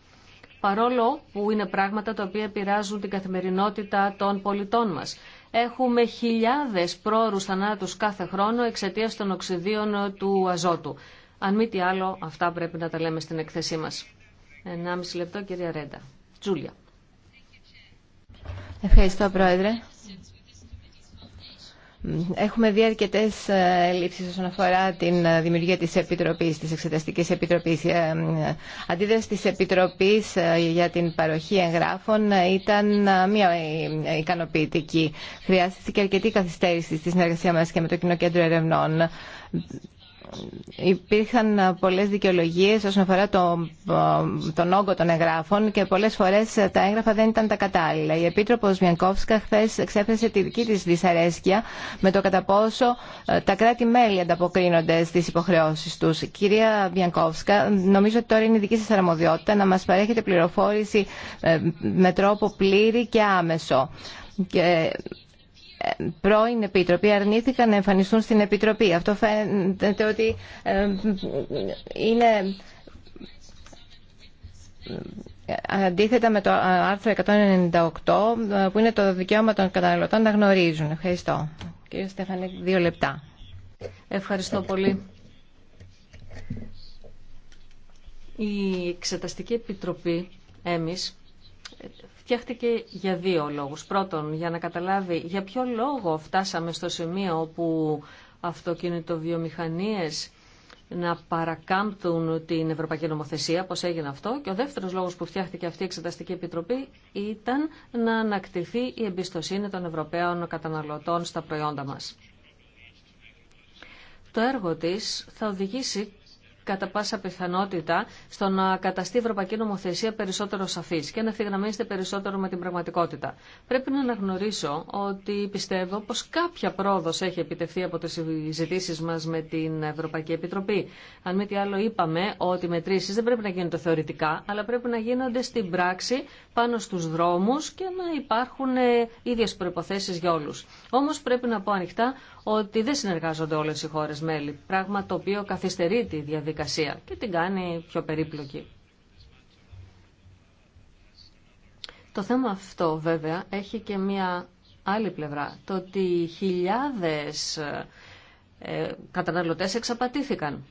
Παρόλο που είναι πράγματα τα οποία πειράζουν την καθημερινότητα των πολιτών μας. Έχουμε χιλιάδες πρόωρους θανάτους κάθε χρόνο εξαιτίας των οξυδίων του αζότου. Αν μη τι άλλο, αυτά πρέπει να τα λέμε στην εκθεσή μας. 1,5 λεπτό, κυρία Ρέντα. Τζούλια. Ευχαριστώ, Πρόεδρε. Έχουμε δει αρκετέ ε, λήψει όσον αφορά την ε, δημιουργία τη Επιτροπή, τη Εξεταστική Επιτροπή. Ε, αντίδραση τη Επιτροπή για την παροχή εγγράφων ήταν μία ικανοποιητική. Χρειάστηκε αρκετή καθυστέρηση στη συνεργασία μα και με το Κοινό Κέντρο Ερευνών υπήρχαν πολλές δικαιολογίες όσον αφορά το, τον όγκο των εγγράφων και πολλές φορές τα έγγραφα δεν ήταν τα κατάλληλα. Η Επίτροπος Μιανκόφσκα χθε εξέφρασε τη δική της δυσαρέσκεια με το κατά πόσο ε, τα κράτη-μέλη ανταποκρίνονται στις υποχρεώσεις τους. Κυρία Μιανκόφσκα, νομίζω ότι τώρα είναι η δική σα αρμοδιότητα να μας παρέχετε πληροφόρηση ε, με τρόπο πλήρη και άμεσο πρώην Επίτροπη αρνήθηκαν να εμφανιστούν στην Επιτροπή. Αυτό φαίνεται ότι ε, είναι αντίθετα με το άρθρο 198 που είναι το δικαίωμα των καταναλωτών να γνωρίζουν. Ευχαριστώ. Κύριε Στέφανε, δύο λεπτά. Ευχαριστώ πολύ. Η Εξεταστική Επιτροπή, εμείς, φτιάχτηκε για δύο λόγους. Πρώτον, για να καταλάβει για ποιο λόγο φτάσαμε στο σημείο όπου αυτοκινητοβιομηχανίες να παρακάμπτουν την Ευρωπαϊκή Νομοθεσία, πώς έγινε αυτό. Και ο δεύτερος λόγος που φτιάχτηκε αυτή η Εξεταστική Επιτροπή ήταν να ανακτηθεί η εμπιστοσύνη των Ευρωπαίων καταναλωτών στα προϊόντα μας. Το έργο της θα οδηγήσει κατά πάσα πιθανότητα στο να καταστεί η Ευρωπαϊκή Νομοθεσία περισσότερο σαφή και να ευθυγραμμίζεται περισσότερο με την πραγματικότητα. Πρέπει να αναγνωρίσω ότι πιστεύω πω κάποια πρόοδο έχει επιτευχθεί από τι συζητήσει μα με την Ευρωπαϊκή Επιτροπή. Αν μη τι άλλο, είπαμε ότι οι μετρήσει δεν πρέπει να γίνονται θεωρητικά, αλλά πρέπει να γίνονται στην πράξη πάνω στου δρόμου και να υπάρχουν ε, ίδιε προποθέσει για όλου. Όμω πρέπει να πω ανοιχτά ότι δεν συνεργάζονται όλες οι χώρες μέλη, πράγμα το οποίο καθυστερεί τη διαδικασία και την κάνει πιο περίπλοκη. Το θέμα αυτό βέβαια έχει και μία άλλη πλευρά, το ότι χιλιάδες ε, καταναλωτές εξαπατήθηκαν.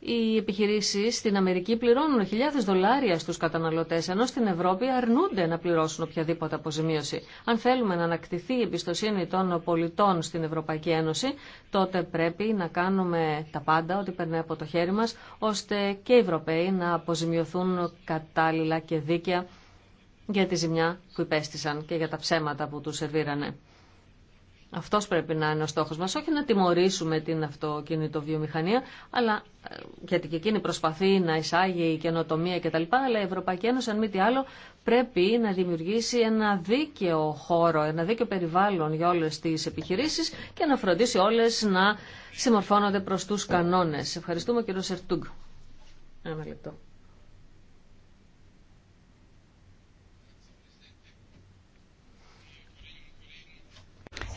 Οι επιχειρήσει στην Αμερική πληρώνουν χιλιάδε δολάρια στους καταναλωτές, ενώ στην Ευρώπη αρνούνται να πληρώσουν οποιαδήποτε αποζημίωση. Αν θέλουμε να ανακτηθεί η εμπιστοσύνη των πολιτών στην Ευρωπαϊκή Ένωση, τότε πρέπει να κάνουμε τα πάντα, ό,τι περνάει από το χέρι μα, ώστε και οι Ευρωπαίοι να αποζημιωθούν κατάλληλα και δίκαια για τη ζημιά που υπέστησαν και για τα ψέματα που του σερβίρανε. Αυτός πρέπει να είναι ο στόχος μας, όχι να τιμωρήσουμε την βιομηχανία αλλά ε, γιατί και εκείνη προσπαθεί να εισάγει καινοτομία κτλ. Αλλά η Ευρωπαϊκή Ένωση, αν μη τι άλλο, πρέπει να δημιουργήσει ένα δίκαιο χώρο, ένα δίκαιο περιβάλλον για όλες τις επιχειρήσεις και να φροντίσει όλες να συμμορφώνονται προς τους κανόνες. Ευχαριστούμε κύριο Σερτούγκ. Ένα λεπτό.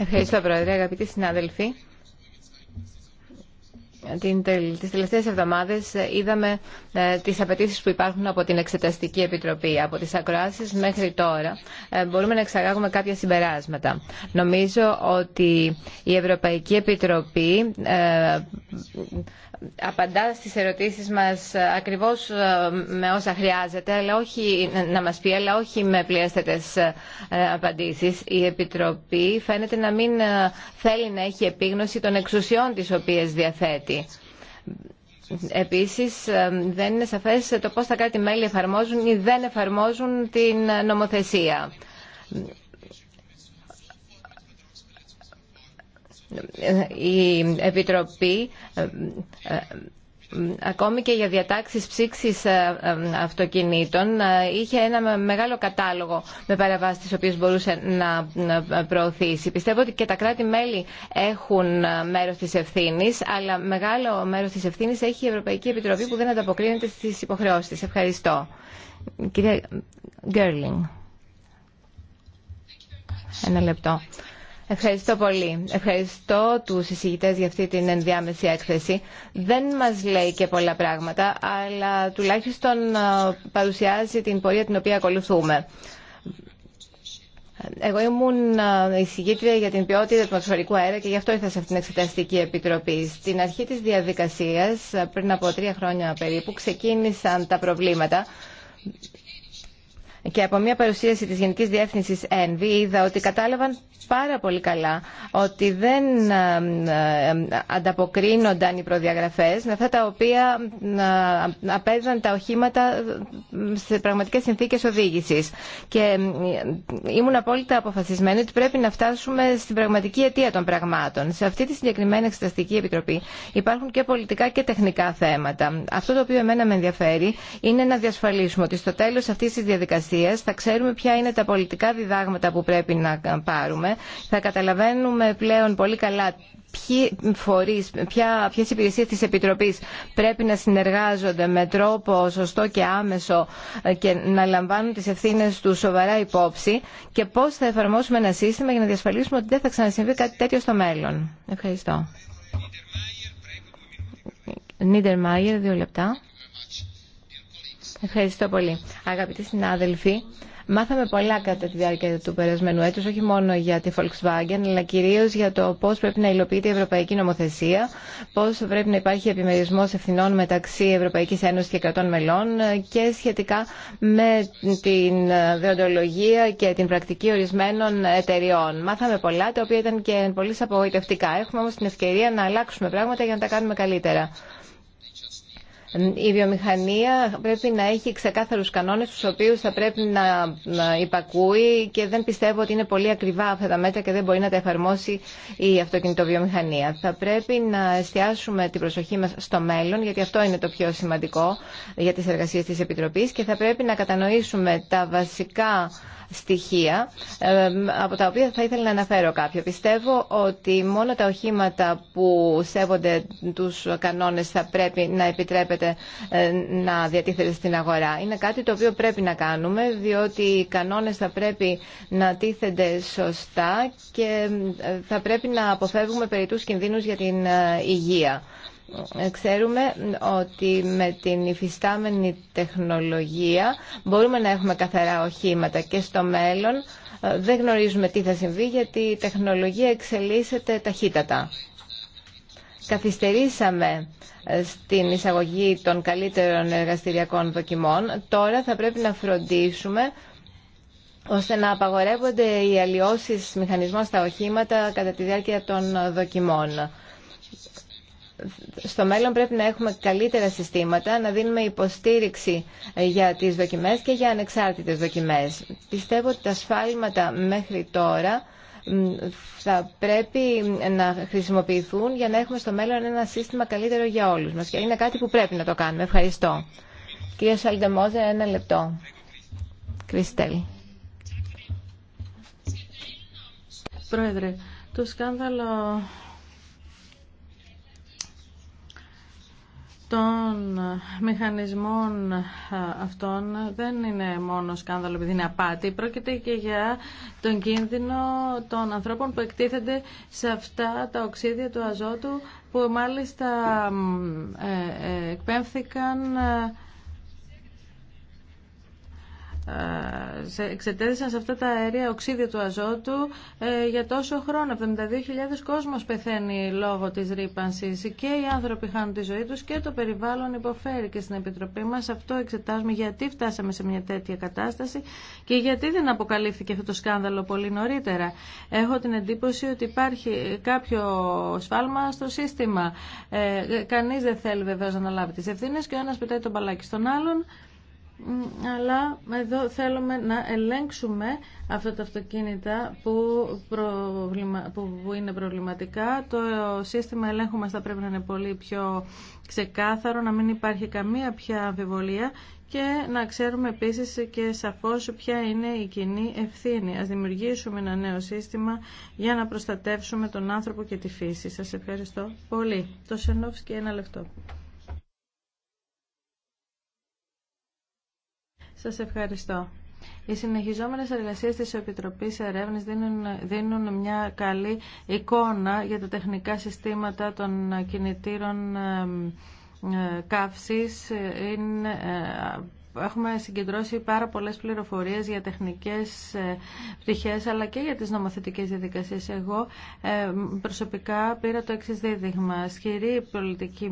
Ευχαριστώ, Πρόεδρε. Αγαπητοί συνάδελφοι, Τι τελευταίες εβδομάδες ε, είδαμε ε, τις απαιτήσει που υπάρχουν από την Εξεταστική Επιτροπή. Από τις ακροάσεις μέχρι τώρα ε, μπορούμε να εξαγάγουμε κάποια συμπεράσματα. Νομίζω ότι η Ευρωπαϊκή Επιτροπή απαντά στις ερωτήσεις μας ε, ακριβώς ε, με όσα χρειάζεται, αλλά όχι να μας πει, αλλά όχι με πλειέστατες ε, απαντήσεις. Η Επιτροπή φαίνεται να μην θέλει να έχει επίγνωση των εξουσιών τις οποίες διαθέτει. Επίσης, δεν είναι σαφές το πώς τα κράτη-μέλη εφαρμόζουν ή δεν εφαρμόζουν την νομοθεσία. η Επιτροπή ε, ε, ακόμη και για διατάξεις ψήξης ε, αυτοκινήτων είχε ένα μεγάλο κατάλογο με παραβάσεις τις οποίες μπορούσε να προωθήσει. Πιστεύω ότι και τα κράτη-μέλη έχουν μέρος της ευθύνης, αλλά μεγάλο μέρος της ευθύνης έχει η Ευρωπαϊκή Επιτροπή που δεν ανταποκρίνεται στις υποχρεώσεις της. Ευχαριστώ. Κυρία Γκέρλινγκ. Ένα λεπτό. Ευχαριστώ πολύ. Ευχαριστώ τους εισηγητές για αυτή την ενδιάμεση έκθεση. Δεν μας λέει και πολλά πράγματα, αλλά τουλάχιστον ε, παρουσιάζει την πορεία την οποία ακολουθούμε. Εγώ ήμουν ε, εισηγήτρια για την ποιότητα του ατμοσφαιρικού αέρα και γι' αυτό ήρθα σε αυτήν την εξεταστική επιτροπή. Στην αρχή της διαδικασίας, ε, πριν από τρία χρόνια περίπου, ξεκίνησαν τα προβλήματα και από μια παρουσίαση της Γενικής Διεύθυνσης ΕΝΒΗ είδα ότι κατάλαβαν πάρα πολύ καλά ότι δεν ε, ε, ανταποκρίνονταν οι προδιαγραφές με αυτά τα οποία ε, απέδιδαν τα οχήματα σε πραγματικές συνθήκες οδήγησης. Και ήμουν απόλυτα αποφασισμένη ότι πρέπει να φτάσουμε στην πραγματική αιτία των πραγμάτων. Σε αυτή τη συγκεκριμένη εξεταστική επιτροπή υπάρχουν και πολιτικά και τεχνικά θέματα. Αυτό το οποίο εμένα με ενδιαφέρει είναι να διασφαλίσουμε ότι στο τέλος αυτής της διαδικασίας θα ξέρουμε ποια είναι τα πολιτικά διδάγματα που πρέπει να πάρουμε, θα καταλαβαίνουμε πλέον πολύ καλά ποιοι φορείς, ποια, ποιες υπηρεσίες της Επιτροπής πρέπει να συνεργάζονται με τρόπο σωστό και άμεσο ε, και να λαμβάνουν τις ευθύνες του σοβαρά υπόψη και πώς θα εφαρμόσουμε ένα σύστημα για να διασφαλίσουμε ότι δεν θα ξανασυμβεί κάτι τέτοιο στο μέλλον. Ευχαριστώ. Νίτερ δύο λεπτά. Ευχαριστώ πολύ. Αγαπητοί συνάδελφοι, μάθαμε πολλά κατά τη διάρκεια του περασμένου έτους, όχι μόνο για τη Volkswagen, αλλά κυρίως για το πώς πρέπει να υλοποιείται η ευρωπαϊκή νομοθεσία, πώς πρέπει να υπάρχει επιμερισμός ευθυνών μεταξύ Ευρωπαϊκής Ένωσης και κρατών μελών και σχετικά με την δεοντολογία και την πρακτική ορισμένων εταιριών. Μάθαμε πολλά, τα οποία ήταν και πολύ απογοητευτικά. Έχουμε όμως την ευκαιρία να αλλάξουμε πράγματα για να τα κάνουμε καλύτερα. Η βιομηχανία πρέπει να έχει ξεκάθαρους κανόνες στους οποίους θα πρέπει να υπακούει και δεν πιστεύω ότι είναι πολύ ακριβά αυτά τα μέτρα και δεν μπορεί να τα εφαρμόσει η αυτοκινητοβιομηχανία. Θα πρέπει να εστιάσουμε την προσοχή μας στο μέλλον γιατί αυτό είναι το πιο σημαντικό για τις εργασίες της Επιτροπής και θα πρέπει να κατανοήσουμε τα βασικά στοιχεία από τα οποία θα ήθελα να αναφέρω κάποια. Πιστεύω ότι μόνο τα οχήματα που σέβονται τους κανόνες θα πρέπει να επιτρέπεται ε, να διατίθεται στην αγορά. Είναι κάτι το οποίο πρέπει να κάνουμε διότι οι κανόνες θα πρέπει να τίθενται σωστά και ε, θα πρέπει να αποφεύγουμε περί τους κινδύνους για την ε, υγεία. Ε, ξέρουμε ότι με την υφιστάμενη τεχνολογία μπορούμε να έχουμε καθαρά οχήματα και στο μέλλον. Ε, δεν γνωρίζουμε τι θα συμβεί γιατί η τεχνολογία εξελίσσεται ταχύτατα. Καθυστερήσαμε ε, στην εισαγωγή των καλύτερων εργαστηριακών δοκιμών. Τώρα θα πρέπει να φροντίσουμε ώστε να απαγορεύονται οι αλλοιώσεις μηχανισμών στα οχήματα κατά τη διάρκεια των δοκιμών στο μέλλον πρέπει να έχουμε καλύτερα συστήματα, να δίνουμε υποστήριξη ε, για τις δοκιμές και για ανεξάρτητες δοκιμές. Πιστεύω ότι τα σφάλματα μέχρι τώρα θα πρέπει να χρησιμοποιηθούν για να έχουμε στο μέλλον ένα σύστημα καλύτερο για όλους μας. Και είναι κάτι που πρέπει να το κάνουμε. Ευχαριστώ. Κύριε Σαλντεμόζε, ένα λεπτό. Κριστέλ. Πρόεδρε, το σκάνδαλο των μηχανισμών αυτών δεν είναι μόνο σκάνδαλο επειδή είναι απάτη, πρόκειται και για τον κίνδυνο των ανθρώπων που εκτίθενται σε αυτά τα οξύδια του αζότου που μάλιστα ε, ε, εκπέμφθηκαν ε, εξετέθησαν σε αυτά τα αερία οξύδια του αζότου ε, για τόσο χρόνο. 72.000 κόσμος πεθαίνει λόγω της ρήπανσης και οι άνθρωποι χάνουν τη ζωή τους και το περιβάλλον υποφέρει και στην Επιτροπή μας αυτό εξετάζουμε γιατί φτάσαμε σε μια τέτοια κατάσταση και γιατί δεν αποκαλύφθηκε αυτό το σκάνδαλο πολύ νωρίτερα. Έχω την εντύπωση ότι υπάρχει κάποιο σφάλμα στο σύστημα. Ε, κανείς δεν θέλει βεβαίως να αναλάβει τις ευθύνες και ο ένας πετάει τον παλάκι στον άλλον αλλά εδώ θέλουμε να ελέγξουμε αυτά τα αυτοκίνητα που, που είναι προβληματικά. Το σύστημα ελέγχου μας θα πρέπει να είναι πολύ πιο ξεκάθαρο, να μην υπάρχει καμία πια αμφιβολία και να ξέρουμε επίσης και σαφώς ποια είναι η κοινή ευθύνη. Ας δημιουργήσουμε ένα νέο σύστημα για να προστατεύσουμε τον άνθρωπο και τη φύση. Σας ευχαριστώ πολύ. Το και ένα λεπτό. Σας ευχαριστώ. Οι συνεχιζόμενες εργασίες της Επιτροπής Ερεύνης δίνουν, δίνουν μια καλή εικόνα για τα τεχνικά συστήματα των κινητήρων ε, καύσης. Είναι ε, έχουμε συγκεντρώσει πάρα πολλές πληροφορίες για τεχνικές ε, πτυχές αλλά και για τις νομοθετικές διαδικασίες. Εγώ ε, προσωπικά πήρα το εξής δίδυγμα. Σχηρή πολιτική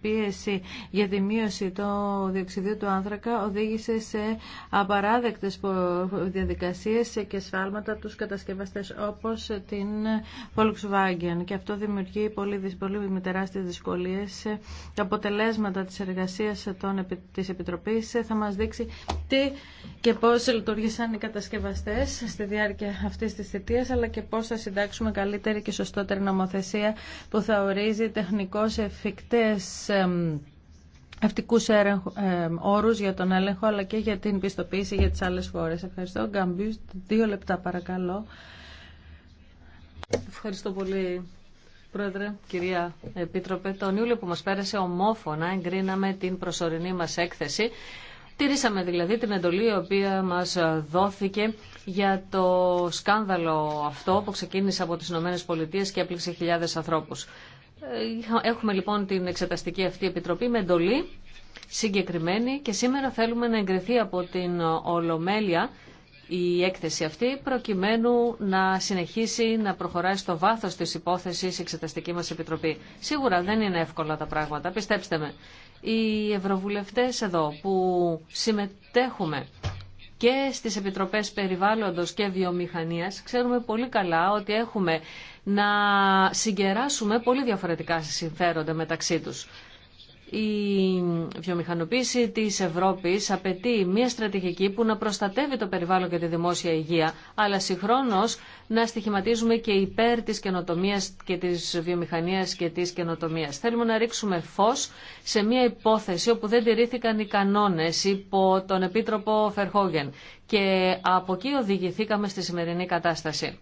πίεση για τη μείωση του διοξιδίου του άνθρακα οδήγησε σε απαράδεκτες διαδικασίες και σφάλματα τους κατασκευαστές όπως την Volkswagen και αυτό δημιουργεί πολύ, πολύ με τεράστιες δυσκολίες. Ε, τα αποτελέσματα της εργασίας της Επιτροπής θα μας δείξει τι και πώς λειτουργήσαν οι κατασκευαστές στη διάρκεια αυτής της θητείας, αλλά και πώς θα συντάξουμε καλύτερη και σωστότερη νομοθεσία που θα ορίζει τεχνικώς εφικτές εμ, όρους για τον έλεγχο αλλά και για την πιστοποίηση για τις άλλες χώρε. Ευχαριστώ. Γκαμπιού, δύο λεπτά παρακαλώ. Ευχαριστώ πολύ Πρόεδρε, κυρία Επίτροπε, τον Ιούλιο που μας πέρασε ομόφωνα εγκρίναμε την προσωρινή μας έκθεση. Τηρήσαμε δηλαδή την εντολή η οποία μας δόθηκε για το σκάνδαλο αυτό που ξεκίνησε από τις Ηνωμένες Πολιτείες και έπληξε χιλιάδες ανθρώπους. Έχουμε λοιπόν την εξεταστική αυτή επιτροπή με εντολή συγκεκριμένη και σήμερα θέλουμε να εγκριθεί από την Ολομέλεια η έκθεση αυτή προκειμένου να συνεχίσει να προχωράει στο βάθος της υπόθεσης η Εξεταστική μας Επιτροπή. Σίγουρα δεν είναι εύκολα τα πράγματα, πιστέψτε με. Οι ευρωβουλευτές εδώ που συμμετέχουμε και στις Επιτροπές Περιβάλλοντος και Βιομηχανίας ξέρουμε πολύ καλά ότι έχουμε να συγκεράσουμε πολύ διαφορετικά συμφέροντα μεταξύ τους. Η βιομηχανοποίηση της Ευρώπης απαιτεί μια στρατηγική που να προστατεύει το περιβάλλον και τη δημόσια υγεία, αλλά συγχρόνως να στοιχηματίζουμε και υπέρ της καινοτομίας και της βιομηχανίας και της καινοτομίας. Θέλουμε να ρίξουμε φως σε μια υπόθεση όπου δεν τηρήθηκαν οι κανόνες υπό τον Επίτροπο Φερχόγεν και από εκεί οδηγηθήκαμε στη σημερινή κατάσταση.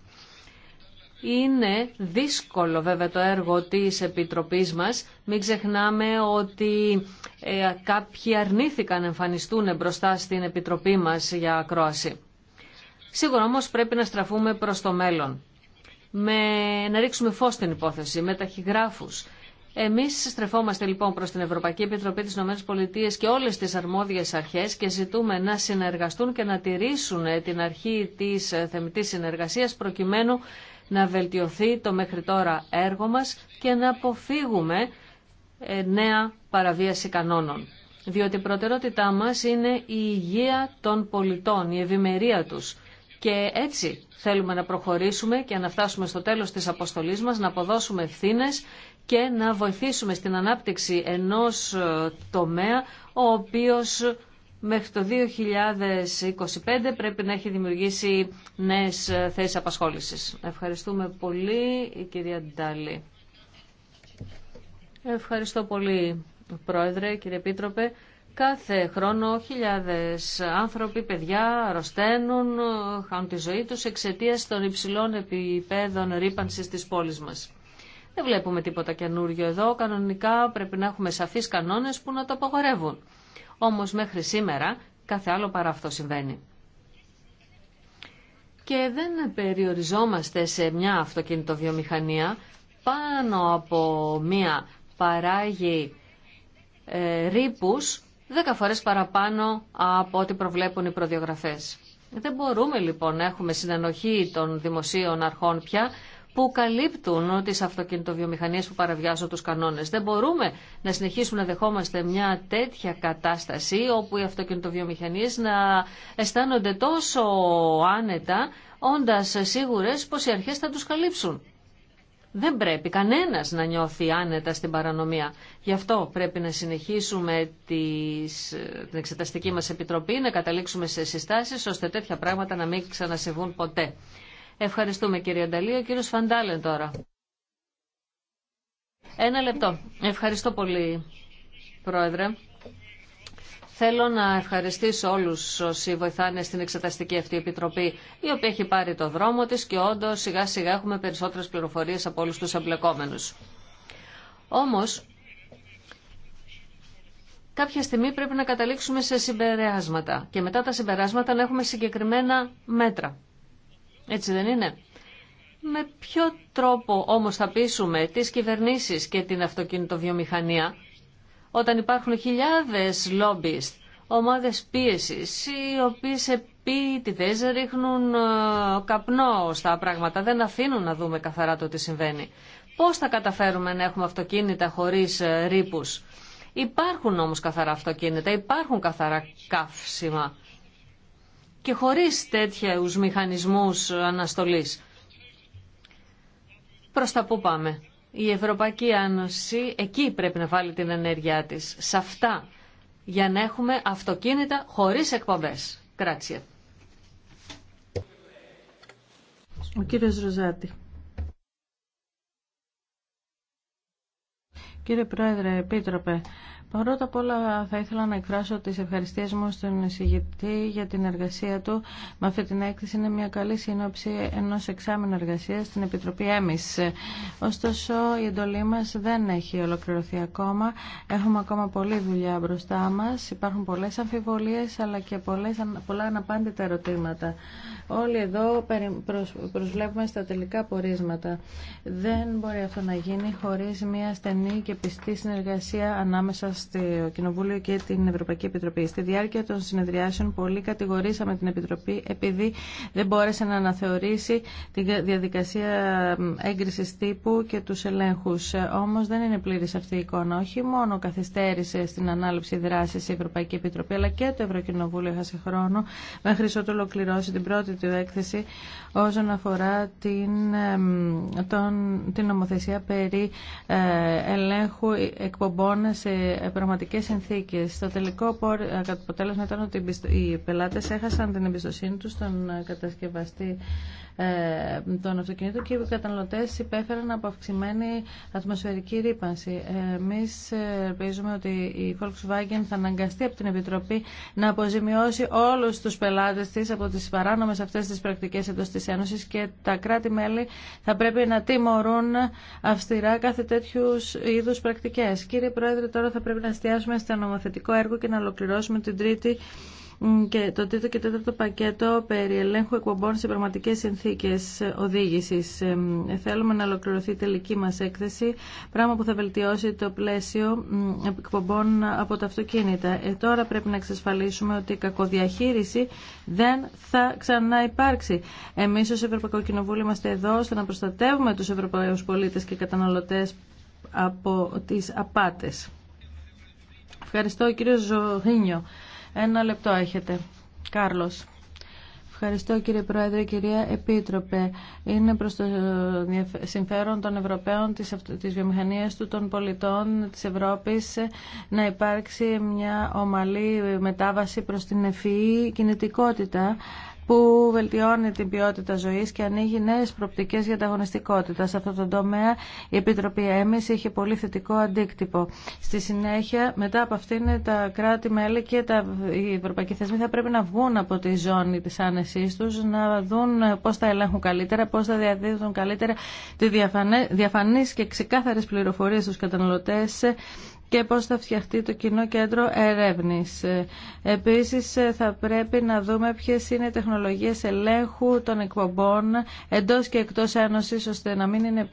Είναι δύσκολο βέβαια το έργο της Επιτροπής μας. Μην ξεχνάμε ότι ε, κάποιοι αρνήθηκαν να εμφανιστούν μπροστά στην Επιτροπή μας για ακρόαση. Σίγουρα όμως πρέπει να στραφούμε προς το μέλλον. Με, να ρίξουμε φως στην υπόθεση, με ταχυγράφους. Εμείς στρεφόμαστε λοιπόν προς την Ευρωπαϊκή Επιτροπή της ΗΠΑ και όλες τις αρμόδιες αρχές και ζητούμε να συνεργαστούν και να τηρήσουν ε, την αρχή της ε, θεμητής συνεργασίας προκειμένου να βελτιωθεί το μέχρι τώρα έργο μας και να αποφύγουμε ε, νέα παραβίαση κανόνων. Διότι η προτεραιότητά μας είναι η υγεία των πολιτών, η ευημερία τους. Και έτσι θέλουμε να προχωρήσουμε και να φτάσουμε στο τέλος της αποστολής μας, να αποδώσουμε ευθύνε και να βοηθήσουμε στην ανάπτυξη ενός ε, τομέα ο οποίος μέχρι το 2025 πρέπει να έχει δημιουργήσει νέες θέσεις απασχόλησης. Ευχαριστούμε πολύ, η κυρία Ντάλη. Ευχαριστώ πολύ, Πρόεδρε, κύριε Επίτροπε. Κάθε χρόνο χιλιάδες άνθρωποι, παιδιά, αρρωσταίνουν, χάνουν τη ζωή τους εξαιτίας των υψηλών επιπέδων ρήπανσης της πόλης μας. Δεν βλέπουμε τίποτα καινούριο εδώ. Κανονικά πρέπει να έχουμε σαφείς κανόνες που να το απαγορεύουν. Όμως μέχρι σήμερα κάθε άλλο παρά αυτό συμβαίνει. Και δεν περιοριζόμαστε σε μια αυτοκινητοβιομηχανία πάνω από μια παράγει ε, ρήπους 10 φορές παραπάνω από ό,τι προβλέπουν οι προδιογραφές. Δεν μπορούμε λοιπόν να έχουμε συνενοχή των δημοσίων αρχών πια που καλύπτουν τις αυτοκινητοβιομηχανίες που παραβιάζουν τους κανόνες. Δεν μπορούμε να συνεχίσουμε να δεχόμαστε μια τέτοια κατάσταση όπου οι αυτοκινητοβιομηχανίες να αισθάνονται τόσο άνετα όντας σίγουρες πως οι αρχές θα τους καλύψουν. Δεν πρέπει κανένας να νιώθει άνετα στην παρανομία. Γι' αυτό πρέπει να συνεχίσουμε τις, την εξεταστική μας επιτροπή, να καταλήξουμε σε συστάσεις ώστε τέτοια πράγματα να μην ξανασεβούν ποτέ. Ευχαριστούμε κύριε Ανταλή. Ο κύριος Φαντάλεν τώρα. Ένα λεπτό. Ευχαριστώ πολύ πρόεδρε. Θέλω να ευχαριστήσω όλου όσοι βοηθάνε στην εξεταστική αυτή επιτροπή, η οποία έχει πάρει το δρόμο τη και όντω σιγά σιγά έχουμε περισσότερε πληροφορίε από όλου του εμπλεκόμενου. Όμω, κάποια στιγμή πρέπει να καταλήξουμε σε συμπεράσματα και μετά τα συμπεράσματα να έχουμε συγκεκριμένα μέτρα. Έτσι δεν είναι. Με ποιο τρόπο όμως θα πείσουμε τις κυβερνήσεις και την αυτοκινητοβιομηχανία όταν υπάρχουν χιλιάδες λόμπιστ, ομάδες πίεσης, οι οποίες επίτηδες ρίχνουν ε, καπνό στα πράγματα, δεν αφήνουν να δούμε καθαρά το τι συμβαίνει. Πώς θα καταφέρουμε να έχουμε αυτοκίνητα χωρίς ε, ρήπους. Υπάρχουν όμως καθαρά αυτοκίνητα, υπάρχουν καθαρά καύσιμα και χωρίς τέτοιους μηχανισμούς αναστολής. Προς τα πού πάμε. Η Ευρωπαϊκή Άνωση εκεί πρέπει να βάλει την ενέργειά της. Σε αυτά για να έχουμε αυτοκίνητα χωρίς εκπομπές. Κράτσια. Ο κύριος Κύριε Πρόεδρε, Επίτροπε, Λοιπόν, πρώτα απ' όλα θα ήθελα να εκφράσω τις ευχαριστίες μου στον εισηγητή για την εργασία του. Με αυτή την έκθεση είναι μια καλή σύνοψη ενός εξάμεινου εργασίας στην Επιτροπή ΕΜΙΣ. Ωστόσο η εντολή μας δεν έχει ολοκληρωθεί ακόμα. Έχουμε ακόμα πολλή δουλειά μπροστά μας. Υπάρχουν πολλές αμφιβολίες αλλά και πολλές, πολλά αναπάντητα ερωτήματα. Όλοι εδώ προσβλέπουμε στα τελικά πορίσματα. Δεν μπορεί αυτό να γίνει χωρίς μια στενή και πιστή συνεργασία ανάμεσα στο Κοινοβούλιο και την Ευρωπαϊκή Επιτροπή. Στη διάρκεια των συνεδριάσεων πολύ κατηγορήσαμε την Επιτροπή επειδή δεν μπόρεσε να αναθεωρήσει τη διαδικασία έγκρισης τύπου και του ελέγχου. Όμως δεν είναι πλήρης αυτή η εικόνα. Όχι μόνο καθυστέρησε στην ανάληψη δράσης η Ευρωπαϊκή Επιτροπή αλλά και το Ευρωκοινοβούλιο έχασε χρόνο μέχρι ότου ολοκληρώσει την πρώτη του έκθεση όσον αφορά την, τον, την νομοθεσία περί ε, ελέγχου ε, εκπομπών σε πραγματικές συνθήκες. Το τελικό ε, αποτέλεσμα ήταν ότι οι πελάτες έχασαν την εμπιστοσύνη τους στον ε, κατασκευαστή ε, των αυτοκινήτων και οι καταναλωτέ υπέφεραν από αυξημένη ατμοσφαιρική ρήπανση. Εμεί ε, ελπίζουμε ότι η Volkswagen θα αναγκαστεί από την Επιτροπή να αποζημιώσει όλου του πελάτε τη από τι παράνομε αυτέ τι πρακτικέ εντός τη Ένωση και τα κράτη-μέλη θα πρέπει να τιμωρούν αυστηρά κάθε τέτοιου είδους πρακτικές. Κύριε Πρόεδρε, τώρα θα πρέπει να εστιάσουμε στο νομοθετικό έργο και να ολοκληρώσουμε την τρίτη και το τρίτο και τέταρτο πακέτο περί ελέγχου εκπομπών σε πραγματικές συνθήκες οδήγησης. Θέλουμε να ολοκληρωθεί η τελική μας έκθεση, πράγμα που θα βελτιώσει το πλαίσιο εκπομπών από τα αυτοκίνητα. Ε, τώρα πρέπει να εξασφαλίσουμε ότι η κακοδιαχείριση δεν θα ξανά υπάρξει. Εμείς ως Ευρωπαϊκό Κοινοβούλιο είμαστε εδώ ώστε να προστατεύουμε τους Ευρωπαίους πολίτες και καταναλωτές από τις απάτες. Ευχαριστώ κύριο Ζωγίνιο. Ένα λεπτό έχετε. Κάρλος. Ευχαριστώ κύριε Πρόεδρε, κυρία Επίτροπε. Είναι προς το συμφέρον των Ευρωπαίων, της, της βιομηχανίας του, των πολιτών της Ευρώπης να υπάρξει μια ομαλή μετάβαση προς την ευφυή κινητικότητα που βελτιώνει την ποιότητα ζωής και ανοίγει νέες προπτικές για ταγωνιστικότητα. Σε αυτό το τομέα η Επιτροπή ΕΜΕΣ είχε πολύ θετικό αντίκτυπο. Στη συνέχεια, μετά από αυτήν τα κράτη-μέλη και τα, οι ευρωπαϊκοί θεσμοί θα πρέπει να βγουν από τη ζώνη της άνεσής τους, να δουν πώς θα ελέγχουν καλύτερα, πώς θα διαδίδουν καλύτερα τη διαφανές και ξεκάθαρες πληροφορίες στους καταναλωτές και πώς θα φτιαχτεί το κοινό κέντρο ερεύνης. Επίσης θα πρέπει να δούμε ποιες είναι οι τεχνολογίες ελέγχου των εκπομπών εντός και εκτός Ένωσης ώστε να μην είναι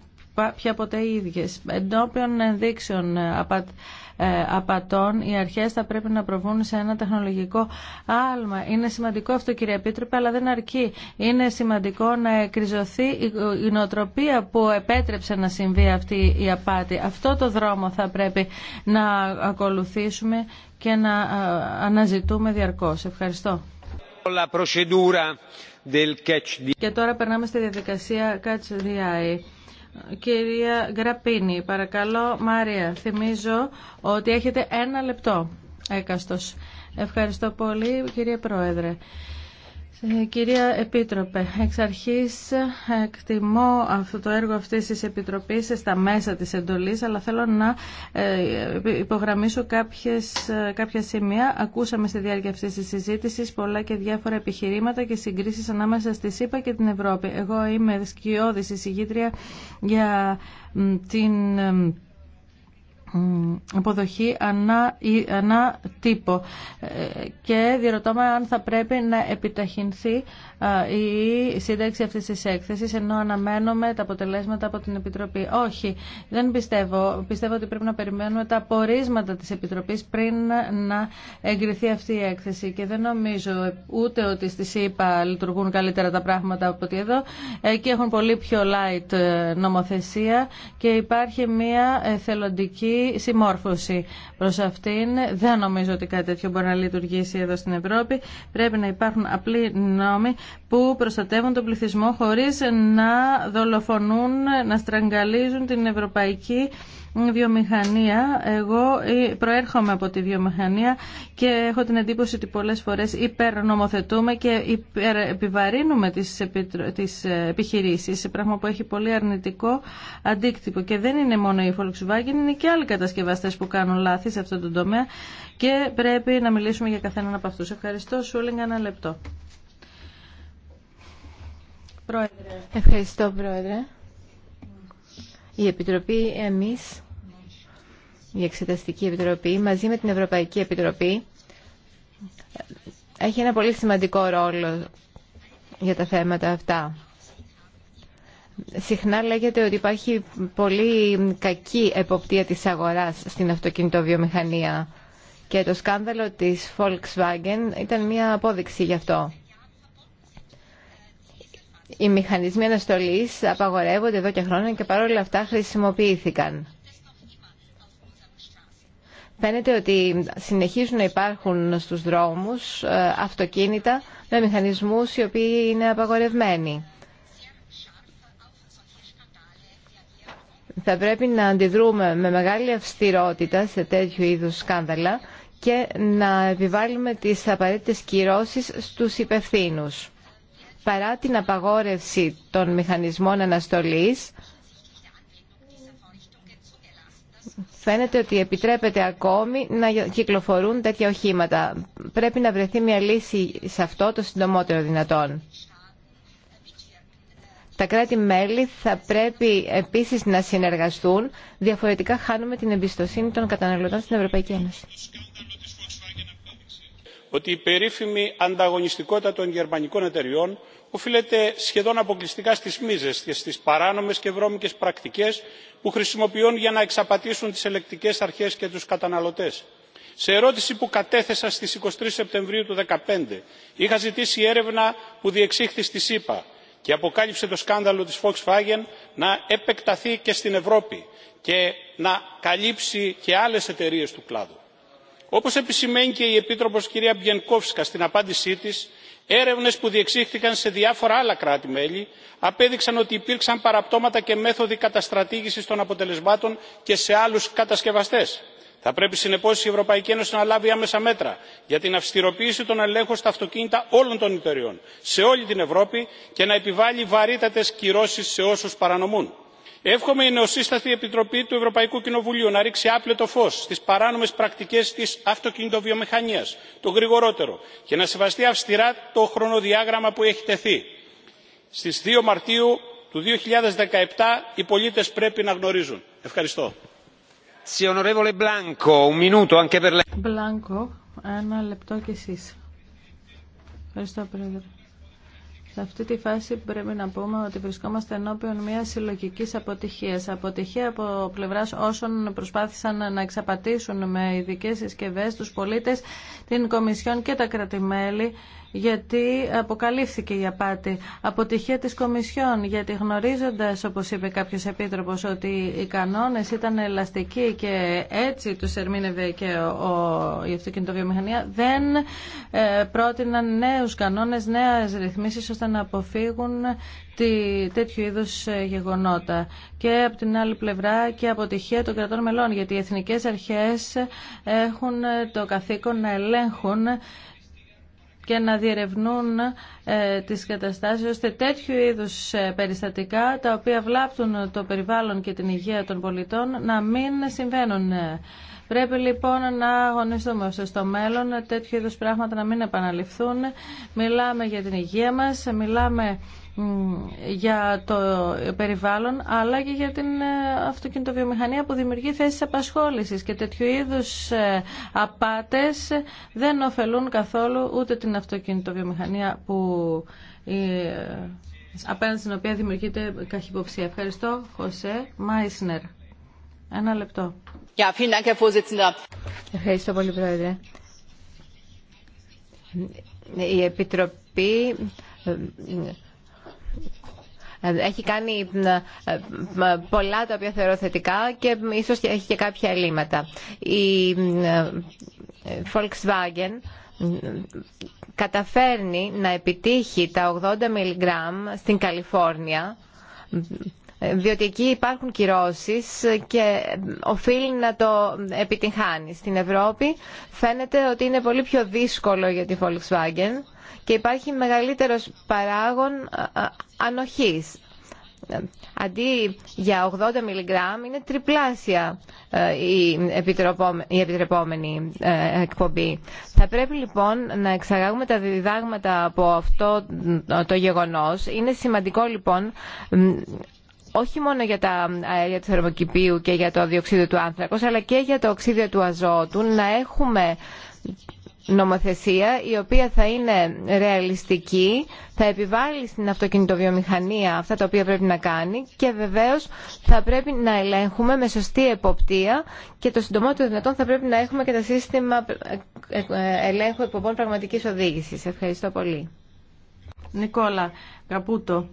πια ποτέ οι ίδιες. Εντόπιον ενδείξεων ε, ε, απατών, οι αρχές θα πρέπει να προβούν σε ένα τεχνολογικό άλμα. Είναι σημαντικό αυτό κύριε Επίτροπε, αλλά δεν αρκεί. Είναι σημαντικό να εκριζωθεί η νοοτροπία που επέτρεψε να συμβεί αυτή η απάτη. Αυτό το δρόμο θα πρέπει να ακολουθήσουμε και να ε, αναζητούμε διαρκώς. Ευχαριστώ. Και τώρα περνάμε στη διαδικασία Catch the Eye. Κυρία Γραπίνη, παρακαλώ Μάρια, θυμίζω ότι έχετε ένα λεπτό έκαστος. Ευχαριστώ πολύ κύριε Πρόεδρε. Ε, κυρία Επίτροπε, εξ αρχής ε, εκτιμώ αυτό το έργο αυτής της Επιτροπής στα μέσα της εντολής, αλλά θέλω να ε, υπογραμμίσω κάποιες, κάποια σημεία. Ακούσαμε στη διάρκεια αυτής της συζήτησης πολλά και διάφορα επιχειρήματα και συγκρίσεις ανάμεσα στη ΣΥΠΑ και την Ευρώπη. Εγώ είμαι σκιώδης εισηγήτρια για την αποδοχή ανά, ανά τύπο ε, και διερωτώμε αν θα πρέπει να επιταχυνθεί η σύνταξη αυτής της έκθεσης ενώ αναμένουμε τα αποτελέσματα από την Επιτροπή. Όχι, δεν πιστεύω. Πιστεύω ότι πρέπει να περιμένουμε τα απορίσματα της Επιτροπής πριν να εγκριθεί αυτή η έκθεση και δεν νομίζω ούτε ότι στη ΣΥΠΑ λειτουργούν καλύτερα τα πράγματα από ότι εδώ ε, και έχουν πολύ πιο light ε, νομοθεσία και υπάρχει μια θελοντική συμμόρφωση. Προς αυτήν δεν νομίζω ότι κάτι τέτοιο μπορεί να λειτουργήσει εδώ στην Ευρώπη. Πρέπει να υπάρχουν απλοί νόμοι που προστατεύουν τον πληθυσμό χωρίς να δολοφονούν, να στραγγαλίζουν την ευρωπαϊκή βιομηχανία. Εγώ ε, προέρχομαι από τη βιομηχανία και έχω την εντύπωση ότι πολλές φορές υπερνομοθετούμε και επιβαρύνουμε τις, επιτρο... τις ε, επιχειρήσεις, πράγμα που έχει πολύ αρνητικό αντίκτυπο. Και δεν είναι μόνο η Volkswagen, είναι και άλλοι κατασκευαστές που κάνουν λάθη σε αυτό το τομέα και πρέπει να μιλήσουμε για καθέναν από αυτούς. Ευχαριστώ. Σούλινγκ, ένα λεπτό. Πρόεδρε. Ευχαριστώ, Πρόεδρε. Η Επιτροπή εμείς, η Εξεταστική Επιτροπή, μαζί με την Ευρωπαϊκή Επιτροπή, έχει ένα πολύ σημαντικό ρόλο για τα θέματα αυτά. Συχνά λέγεται ότι υπάρχει πολύ κακή εποπτεία της αγοράς στην αυτοκινητοβιομηχανία και το σκάνδαλο της Volkswagen ήταν μια απόδειξη γι' αυτό. Οι μηχανισμοί αναστολή απαγορεύονται εδώ και χρόνια και παρόλα αυτά χρησιμοποιήθηκαν. Φαίνεται ότι συνεχίζουν να υπάρχουν στους δρόμους ε, αυτοκίνητα με μηχανισμούς οι οποίοι είναι απαγορευμένοι. Θα πρέπει να αντιδρούμε με μεγάλη αυστηρότητα σε τέτοιου είδους σκάνδαλα και να επιβάλλουμε τις απαραίτητες κυρώσεις στους υπευθύνους παρά την απαγόρευση των μηχανισμών αναστολής φαίνεται ότι επιτρέπεται ακόμη να κυκλοφορούν τέτοια οχήματα. Πρέπει να βρεθεί μια λύση σε αυτό το συντομότερο δυνατόν. Τα κράτη-μέλη θα πρέπει επίσης να συνεργαστούν, διαφορετικά χάνουμε την εμπιστοσύνη των καταναλωτών στην Ευρωπαϊκή Ένωση ότι η περίφημη ανταγωνιστικότητα των γερμανικών εταιριών οφείλεται σχεδόν αποκλειστικά στις μίζες και στις παράνομες και βρώμικες πρακτικές που χρησιμοποιούν για να εξαπατήσουν τις ελεκτικές αρχές και τους καταναλωτές. Σε ερώτηση που κατέθεσα στις 23 Σεπτεμβρίου του 2015 είχα ζητήσει έρευνα που διεξήχθη στη ΣΥΠΑ και αποκάλυψε το σκάνδαλο της Volkswagen να επεκταθεί και στην Ευρώπη και να καλύψει και άλλες εταιρείες του κλάδου όπως επισημαίνει και η επίτροπος κυρία μπιενκόφσκα στην απάντησή της έρευνες που διεξήχθηκαν σε διάφορα άλλα κράτη μέλη απέδειξαν ότι υπήρξαν παραπτώματα και μέθοδοι καταστρατήγησης των αποτελεσμάτων και σε άλλους κατασκευαστές. θα πρέπει συνεπώς η ευρωπαϊκή ένωση να λάβει άμεσα μέτρα για την αυστηροποίηση των ελέγχων στα αυτοκίνητα όλων των εταιριών σε όλη την ευρώπη και να επιβάλλει βαρύτατες κυρώσεις σε όσους παρανομούν εύχομαι η νεοσύστατη επιτροπή του ευρωπαϊκού κοινοβουλίου να ρίξει άπλετο φω στι παράνομε πρακτικέ τη αυτοκινητοβιομηχανία το γρηγορότερο και να σεβαστεί αυστηρά το χρονοδιάγραμμα που έχει τεθεί. στι 2 μαρτίου του 2017 οι πολίτε πρέπει να γνωρίζουν. ευχαριστώ. Σε αυτή τη φάση πρέπει να πούμε ότι βρισκόμαστε ενώπιον μια συλλογική αποτυχία. Αποτυχία από πλευρά όσων προσπάθησαν να εξαπατήσουν με ειδικέ συσκευέ του πολίτε, την Κομισιόν και τα κρατημέλη γιατί αποκαλύφθηκε η απάτη. Αποτυχία της Κομισιόν, γιατί γνωρίζοντας, όπως είπε κάποιος επίτροπος, ότι οι κανόνες ήταν ελαστικοί και έτσι τους ερμήνευε και ο, η αυτοκινητοβιομηχανία, δεν ε, πρότειναν νέους κανόνες, νέες ρυθμίσεις, ώστε να αποφύγουν τη, τέτοιου είδους ε, γεγονότα. Και από την άλλη πλευρά και αποτυχία των κρατών μελών, γιατί οι εθνικές αρχές έχουν ε, το καθήκον να ελέγχουν και να διερευνούν ε, τις καταστάσεις ώστε τέτοιου είδους ε, περιστατικά τα οποία βλάπτουν το περιβάλλον και την υγεία των πολιτών να μην συμβαίνουν. Πρέπει λοιπόν να αγωνιστούμε ώστε στο μέλλον τέτοιου είδους πράγματα να μην επαναληφθούν. Μιλάμε για την υγεία μας, μιλάμε για το περιβάλλον αλλά και για την ε, αυτοκινητοβιομηχανία που δημιουργεί θέσεις απασχόλησης και τέτοιου είδους ε, απάτες δεν ωφελούν καθόλου ούτε την αυτοκινητοβιομηχανία που ε, απέναντι στην οποία δημιουργείται καχυποψία. Ευχαριστώ, Χωσέ Μάισνερ. Ένα λεπτό. Ευχαριστώ πολύ, Πρόεδρε. Η Επιτροπή ε, έχει κάνει ε, ε, πολλά τα οποία θεωρώ θετικά και ίσως έχει και κάποια ελλείμματα. Η Volkswagen καταφέρνει να επιτύχει τα 80 μιλιγκράμμ στην Καλιφόρνια διότι εκεί υπάρχουν κυρώσεις και οφείλει να το επιτυγχάνει. Στην Ευρώπη φαίνεται ότι είναι πολύ πιο δύσκολο για τη Volkswagen και υπάρχει μεγαλύτερος παράγων ανοχής. Αντί για 80 μιλιγκράμμ είναι τριπλάσια ε, η επιτρεπόμενη ε, εκπομπή. Θα πρέπει λοιπόν να εξαγάγουμε τα διδάγματα από αυτό ε, το γεγονός. Είναι σημαντικό λοιπόν όχι μόνο για τα αέρια του θερμοκηπίου και για το διοξείδιο του άνθρακος αλλά και για το οξύδιο του αζότου να έχουμε νομοθεσία η οποία θα είναι ρεαλιστική, θα επιβάλλει στην αυτοκινητοβιομηχανία αυτά τα οποία πρέπει να κάνει και βεβαίως θα πρέπει να ελέγχουμε με σωστή εποπτεία και το συντομότερο δυνατόν θα πρέπει να έχουμε και τα σύστημα ελέγχου εκπομπών πραγματικής οδήγησης. Ευχαριστώ πολύ. Νικόλα Καπούτο.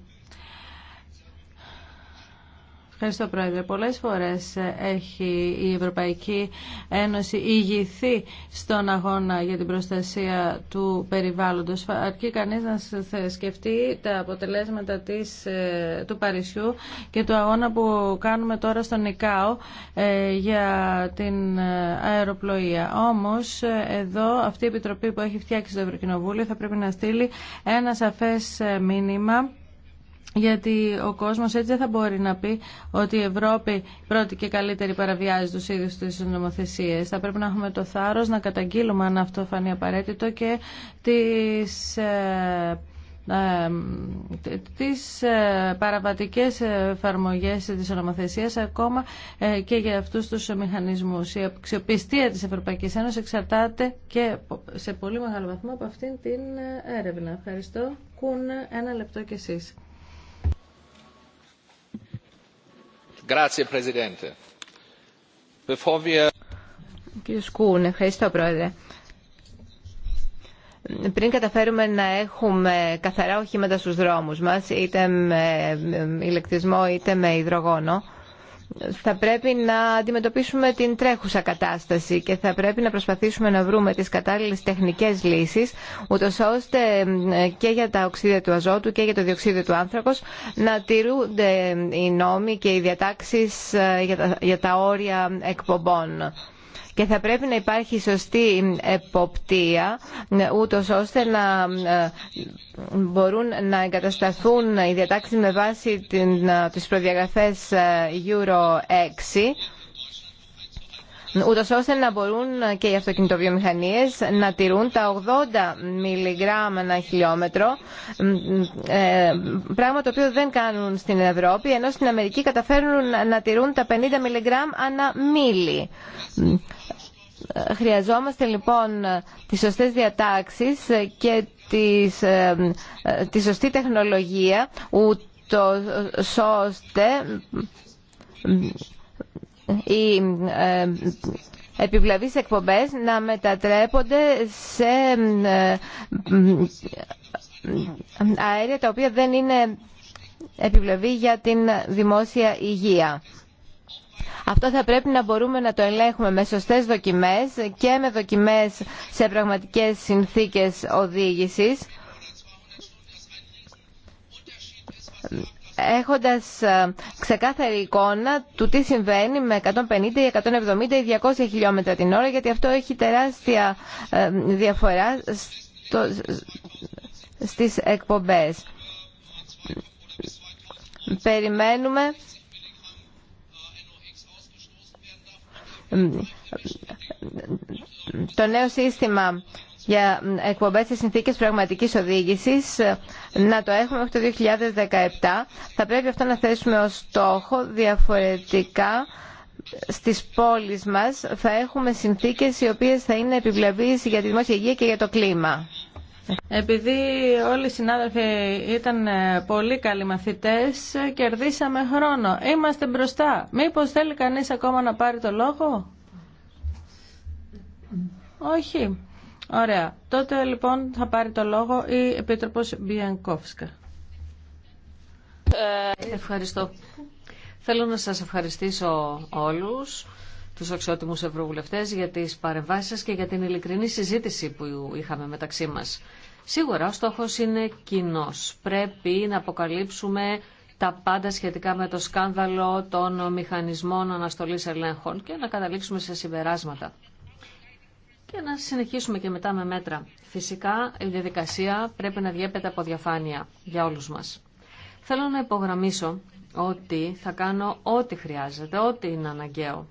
Ευχαριστώ Πρόεδρε. Πολλές φορές ε, έχει η Ευρωπαϊκή Ένωση ηγηθεί στον αγώνα για την προστασία του περιβάλλοντος. Αρκεί κανείς να σκεφτεί τα αποτελέσματα της, ε, του Παρισιού και του αγώνα που κάνουμε τώρα στον ΙΚΑΟ ε, για την αεροπλοεία. Όμως εδώ αυτή η Επιτροπή που έχει φτιάξει το Ευρωκοινοβούλιο θα πρέπει να στείλει ένα σαφές μήνυμα γιατί ο κόσμος έτσι δεν θα μπορεί να πει ότι η Ευρώπη πρώτη και καλύτερη παραβιάζει τους ίδιους τις νομοθεσίες. Θα πρέπει να έχουμε το θάρρος να καταγγείλουμε αν αυτό φανεί απαραίτητο και τις ε, ε, τις ε, παραβατικές εφαρμογές της νομοθεσίας ακόμα και για αυτούς τους μηχανισμούς. Η αξιοπιστία της Ευρωπαϊκής Ένωσης εξαρτάται και σε πολύ μεγάλο βαθμό από αυτήν την έρευνα. Ευχαριστώ. Κούν ένα λεπτό κι εσείς. Κύριε Σκούν, ευχαριστώ πρόεδρε. Πριν καταφέρουμε να έχουμε καθαρά οχήματα στους δρόμους μας, είτε με ε, ηλεκτρισμό είτε με υδρογόνο, θα πρέπει να αντιμετωπίσουμε την τρέχουσα κατάσταση και θα πρέπει να προσπαθήσουμε να βρούμε τις κατάλληλες τεχνικές λύσεις ούτως ώστε και για τα οξύδια του αζότου και για το διοξίδιο του άνθρακος να τηρούνται οι νόμοι και οι διατάξεις ε, για τα όρια εκπομπών και θα πρέπει να υπάρχει σωστή εποπτεία ε, ούτως ώστε να ε, μπορούν να εγκατασταθούν οι διατάξεις με βάση ε, τις προδιαγραφές Euro 6 ούτως ώστε να μπορούν και οι αυτοκινητοβιομηχανίε να τηρούν τα 80 μιλιγκράμμα ένα χιλιόμετρο, ε, πράγμα το οποίο δεν κάνουν στην Ευρώπη, ενώ στην Αμερική καταφέρνουν να τηρούν τα 50 μιλιγραμμ ανά μίλι. Χρειαζόμαστε λοιπόν τις σωστές διατάξεις και τις, ε, τη σωστή τεχνολογία, ούτως ώστε οι ε, επιβλαβείς εκπομπές να μετατρέπονται σε ε, αέρια τα οποία δεν είναι επιβλαβή για την δημόσια υγεία. Αυτό θα πρέπει να μπορούμε να το ελέγχουμε με σωστές δοκιμές και με δοκιμές σε πραγματικές συνθήκες οδήγησης έχοντας ε, ξεκάθαρη εικόνα του τι συμβαίνει με 150 ή 170 ή 200 χιλιόμετρα την ώρα γιατί αυτό έχει τεράστια ε, διαφορά στο, στις εκπομπές. Περιμένουμε ε, το νέο σύστημα για εκπομπές σε συνθήκες πραγματικής οδήγησης να το έχουμε μέχρι το 2017. Θα πρέπει αυτό να θέσουμε ως στόχο διαφορετικά στις πόλεις μας θα έχουμε συνθήκες οι οποίες θα είναι επιβλαβείς για τη δημόσια υγεία και για το κλίμα. Επειδή όλοι οι συνάδελφοι ήταν ε, πολύ καλοί μαθητές, ε, κερδίσαμε χρόνο. Είμαστε μπροστά. Μήπως θέλει κανείς ακόμα να πάρει το λόγο? Όχι. Ωραία. Τότε λοιπόν θα πάρει το λόγο η Επίτροπος Μπιανκόφσκα. Ευχαριστώ. Θέλω να σας ευχαριστήσω όλους τους αξιότιμους ευρωβουλευτές για τις παρεμβάσεις σας και για την ειλικρινή συζήτηση που είχαμε μεταξύ μας. Σίγουρα ο στόχος είναι κοινό. Πρέπει να αποκαλύψουμε τα πάντα σχετικά με το σκάνδαλο των μηχανισμών αναστολής ελέγχων και να καταλήξουμε σε συμπεράσματα και να συνεχίσουμε και μετά με μέτρα. Φυσικά η διαδικασία πρέπει να διέπεται από διαφάνεια για όλους μας. Θέλω να υπογραμμίσω ότι θα κάνω ό,τι χρειάζεται, ό,τι είναι αναγκαίο.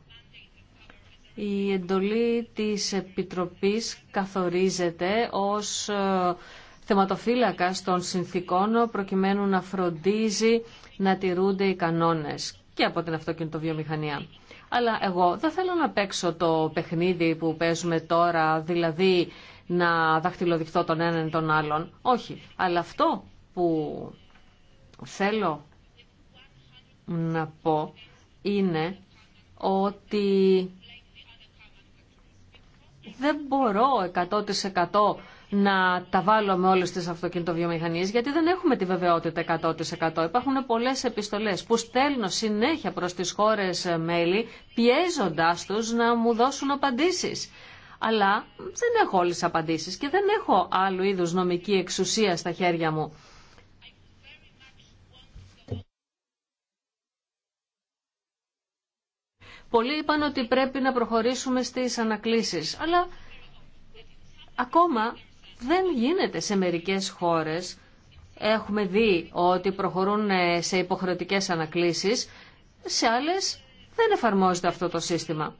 Η εντολή της Επιτροπής καθορίζεται ως ε, θεματοφύλακα των συνθήκων προκειμένου να φροντίζει να τηρούνται οι κανόνες και από την αυτοκινητοβιομηχανία. Αλλά εγώ δεν θέλω να παίξω το παιχνίδι που παίζουμε τώρα, δηλαδή να δαχτυλοδειχθώ τον έναν τον άλλον. Όχι. Αλλά αυτό που θέλω να πω είναι ότι δεν μπορώ 100% να τα βάλουμε όλες τις αυτοκινητοβιομηχανίες γιατί δεν έχουμε τη βεβαιότητα 100%. Υπάρχουν πολλές επιστολές που στέλνω συνέχεια προς τις χώρες ε, μέλη πιέζοντάς τους να μου δώσουν απαντήσεις. Αλλά δεν έχω όλες τις απαντήσεις και δεν έχω άλλου είδους νομική εξουσία στα χέρια μου. Πολλοί είπαν ότι πρέπει να προχωρήσουμε στις ανακλήσεις, αλλά ακόμα δεν γίνεται σε μερικές χώρες, έχουμε δει ότι προχωρούν ε, σε υποχρεωτικές ανακλήσεις, σε άλλες δεν εφαρμόζεται αυτό το σύστημα.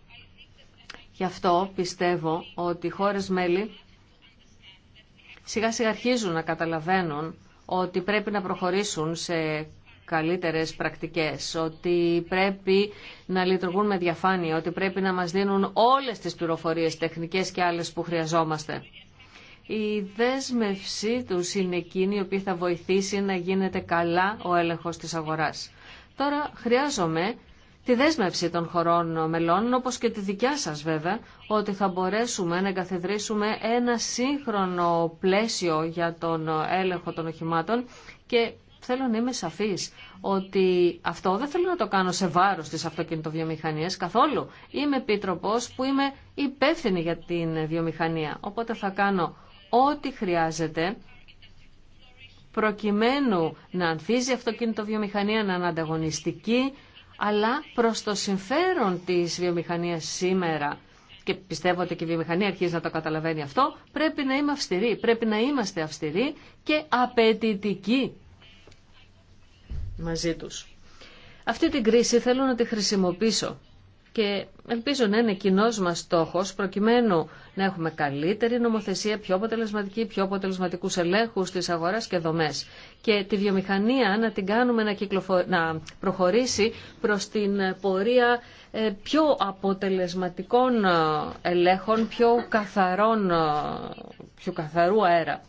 Γι' αυτό πιστεύω ότι οι χώρες μέλη σιγά σιγά αρχίζουν να καταλαβαίνουν ότι πρέπει να προχωρήσουν σε καλύτερες πρακτικές, ότι πρέπει να λειτουργούν με διαφάνεια, ότι πρέπει να μας δίνουν όλες τις πληροφορίες τεχνικές και άλλες που χρειαζόμαστε η δέσμευσή του είναι εκείνη η οποία θα βοηθήσει να γίνεται καλά ο έλεγχος της αγοράς. Τώρα χρειάζομαι τη δέσμευση των χωρών μελών, όπως και τη δικιά σας βέβαια, ότι θα μπορέσουμε να εγκαθιδρύσουμε ένα σύγχρονο πλαίσιο για τον έλεγχο των οχημάτων και θέλω να είμαι σαφής ότι αυτό δεν θέλω να το κάνω σε βάρος της αυτοκινητοβιομηχανίας καθόλου. Είμαι που είμαι υπεύθυνη για την βιομηχανία, οπότε θα κάνω ό,τι χρειάζεται προκειμένου να ανθίζει η αυτοκινητοβιομηχανία, να είναι ανταγωνιστική, αλλά προς το συμφέρον της βιομηχανίας σήμερα και πιστεύω ότι και η βιομηχανία αρχίζει να το καταλαβαίνει αυτό, πρέπει να είμαι αυστηρή, πρέπει να είμαστε αυστηροί και απαιτητικοί μαζί τους. Αυτή την κρίση θέλω να τη χρησιμοποιήσω και ελπίζω να είναι κοινό μα στόχο προκειμένου να έχουμε καλύτερη νομοθεσία, πιο αποτελεσματική, πιο αποτελεσματικού ελέγχου τη αγορά και δομέ. Και τη βιομηχανία να την κάνουμε να, κυκλοφο... να προχωρήσει προ την πορεία ε, πιο αποτελεσματικών ε, ελέγχων, πιο, καθαρών, ε, πιο καθαρού αέρα.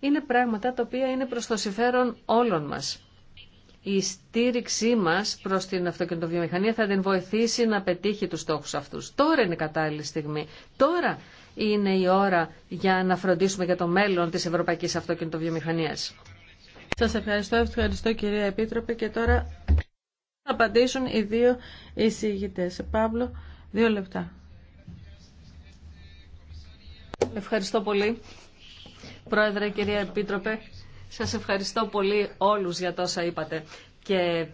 Είναι πράγματα τα οποία είναι προ το συμφέρον όλων μας η στήριξή μας προς την αυτοκινητοβιομηχανία θα την βοηθήσει να πετύχει τους στόχους αυτούς. Τώρα είναι η κατάλληλη στιγμή. Τώρα είναι η ώρα για να φροντίσουμε για το μέλλον της ευρωπαϊκής αυτοκινητοβιομηχανίας. Σας ευχαριστώ, ευχαριστώ κυρία Επίτροπε και τώρα θα απαντήσουν οι δύο εισηγητές. Παύλο, δύο λεπτά. Ευχαριστώ πολύ. Πρόεδρε, κυρία Επίτροπε, σας ευχαριστώ πολύ όλους για τόσα είπατε. Και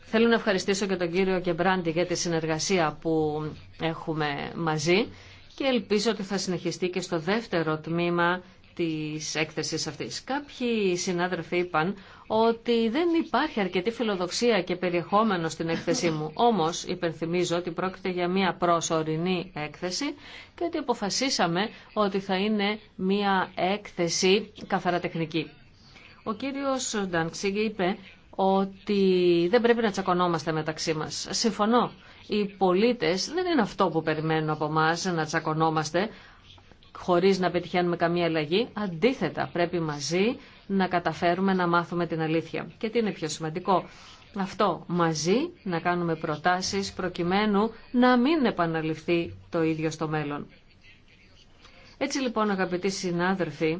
θέλω να ευχαριστήσω και τον κύριο Κεμπράντη για τη συνεργασία που έχουμε μαζί και ελπίζω ότι θα συνεχιστεί και στο δεύτερο τμήμα της έκθεσης αυτής. Κάποιοι συνάδελφοι είπαν ότι δεν υπάρχει αρκετή φιλοδοξία και περιεχόμενο στην έκθεσή μου. Όμως υπενθυμίζω ότι πρόκειται για μια προσωρινή έκθεση και ότι αποφασίσαμε ότι θα είναι μια έκθεση καθαρά τεχνική. Ο κύριος Ντανξίγκη είπε ότι δεν πρέπει να τσακωνόμαστε μεταξύ μας. Συμφωνώ. Οι πολίτες δεν είναι αυτό που περιμένουν από εμά να τσακωνόμαστε χωρίς να πετυχαίνουμε καμία αλλαγή. Αντίθετα, πρέπει μαζί να καταφέρουμε να μάθουμε την αλήθεια. Και τι είναι πιο σημαντικό. Αυτό μαζί να κάνουμε προτάσεις προκειμένου να μην επαναληφθεί το ίδιο στο μέλλον. Έτσι λοιπόν αγαπητοί συνάδελφοι,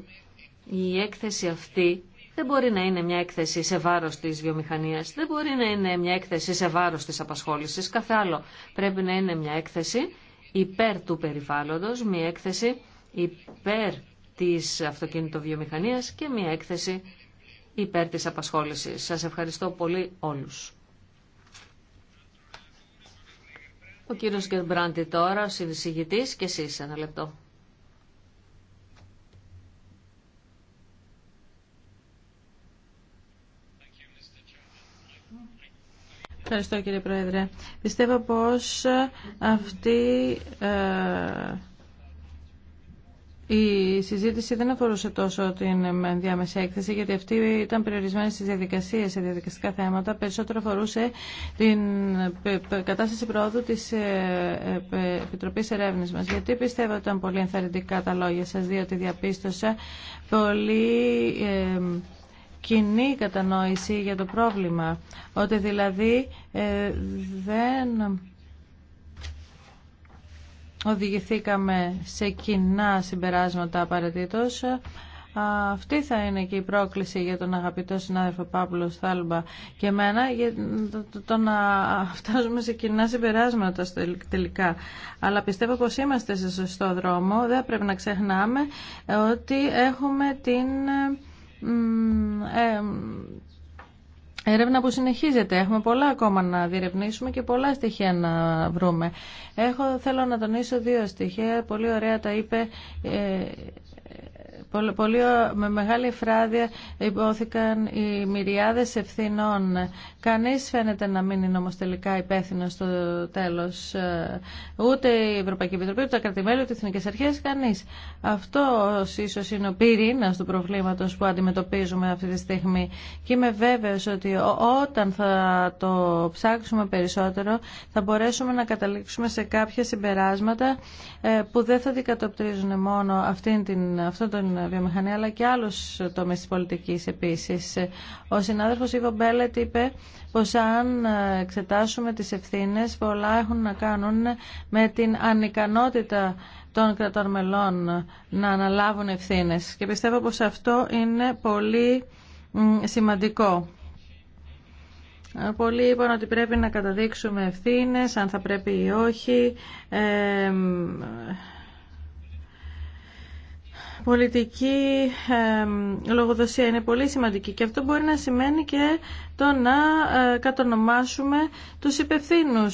η έκθεση αυτή δεν μπορεί να είναι μια έκθεση σε βάρος της βιομηχανίας, δεν μπορεί να είναι μια έκθεση σε βάρος της απασχόλησης, καθ' άλλο. Πρέπει να είναι μια έκθεση υπέρ του περιβάλλοντος, μια έκθεση υπέρ της αυτοκινητοβιομηχανίας και μια έκθεση υπέρ της απασχόλησης. Σας ευχαριστώ πολύ όλους. Ο κύριος Γκερμπράντη τώρα, ο συνεισηγητής και εσείς ένα λεπτό. Ευχαριστώ κύριε Πρόεδρε. Πιστεύω πως αυτή... Ε η συζήτηση δεν αφορούσε τόσο την διάμεση έκθεση, γιατί αυτή ήταν περιορισμένη στις διαδικασίες, σε διαδικαστικά θέματα. Περισσότερο αφορούσε την κατάσταση προόδου της ε, ε, Επιτροπής Ερεύνης μας. Γιατί πιστεύω ότι ήταν πολύ ενθαρρυντικά τα λόγια σας, διότι διαπίστωσα πολύ ε, κοινή κατανόηση για το πρόβλημα. Ότι δηλαδή δεν οδηγηθήκαμε σε κοινά συμπεράσματα απαραίτητος. Αυτή θα είναι και η πρόκληση για τον αγαπητό συνάδελφο Παύλο Στάλμπα και εμένα για το, να φτάσουμε σε κοινά συμπεράσματα τελικά. Αλλά πιστεύω πως είμαστε σε σωστό δρόμο. Δεν πρέπει να ξεχνάμε ότι έχουμε την... Ε, Έρευνα που συνεχίζεται. Έχουμε πολλά ακόμα να διερευνήσουμε και πολλά στοιχεία να βρούμε. Έχω, θέλω να τονίσω δύο στοιχεία. Πολύ ωραία τα είπε ε, Πολύ, με μεγάλη φράδια υπόθηκαν οι μυριάδες ευθυνών. Κανείς φαίνεται να μην είναι όμως τελικά υπεύθυνο στο τέλος. Ε, ούτε η Ευρωπαϊκή Επιτροπή, ούτε τα κρατημέλη, ούτε οι Εθνικές Αρχές, κανείς. Αυτό ίσως είναι ο πυρήνας του προβλήματος που αντιμετωπίζουμε αυτή τη στιγμή. Και είμαι βέβαιος ότι όταν θα το ψάξουμε περισσότερο θα μπορέσουμε να καταλήξουμε σε κάποια συμπεράσματα ε, που δεν θα δικατοπτρίζουν μόνο αυτήν την, αυτόν τον βιομηχανία αλλά και άλλου τομείς τη πολιτική επίση. Ο συνάδελφος Ιβο Μπέλετ είπε πως αν εξετάσουμε τι ευθύνε, πολλά έχουν να κάνουν με την ανικανότητα των κρατών μελών να αναλάβουν ευθύνε. και πιστεύω πως αυτό είναι πολύ σημαντικό. Πολλοί είπαν ότι πρέπει να καταδείξουμε ευθύνες, αν θα πρέπει ή όχι. Ε, πολιτική λογοδοσία είναι πολύ σημαντική και αυτό μπορεί να σημαίνει και το να ε, κατονομάσουμε τους υπευθύνου.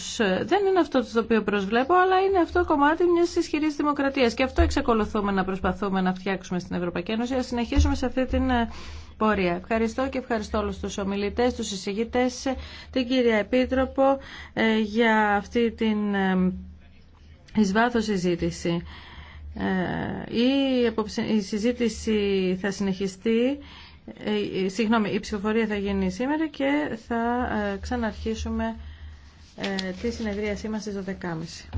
Δεν είναι αυτό το οποίο προσβλέπω, αλλά είναι αυτό κομμάτι μιας ισχυρής δημοκρατίας και αυτό εξακολουθούμε να προσπαθούμε να φτιάξουμε στην Ευρωπαϊκή Ένωση, να συνεχίσουμε σε αυτή την ε, πορεία. Ευχαριστώ και ευχαριστώ όλους τους ομιλητές, τους εισηγητές, την κυρία Επίτροπο ε, για αυτή την εις συζήτηση. Ε, η συζήτηση θα συνεχιστεί ε, συγγνώμη, η ψηφοφορία θα γίνει σήμερα και θα ε, ξαναρχίσουμε τη συνεδρίασή μας στις 12.30.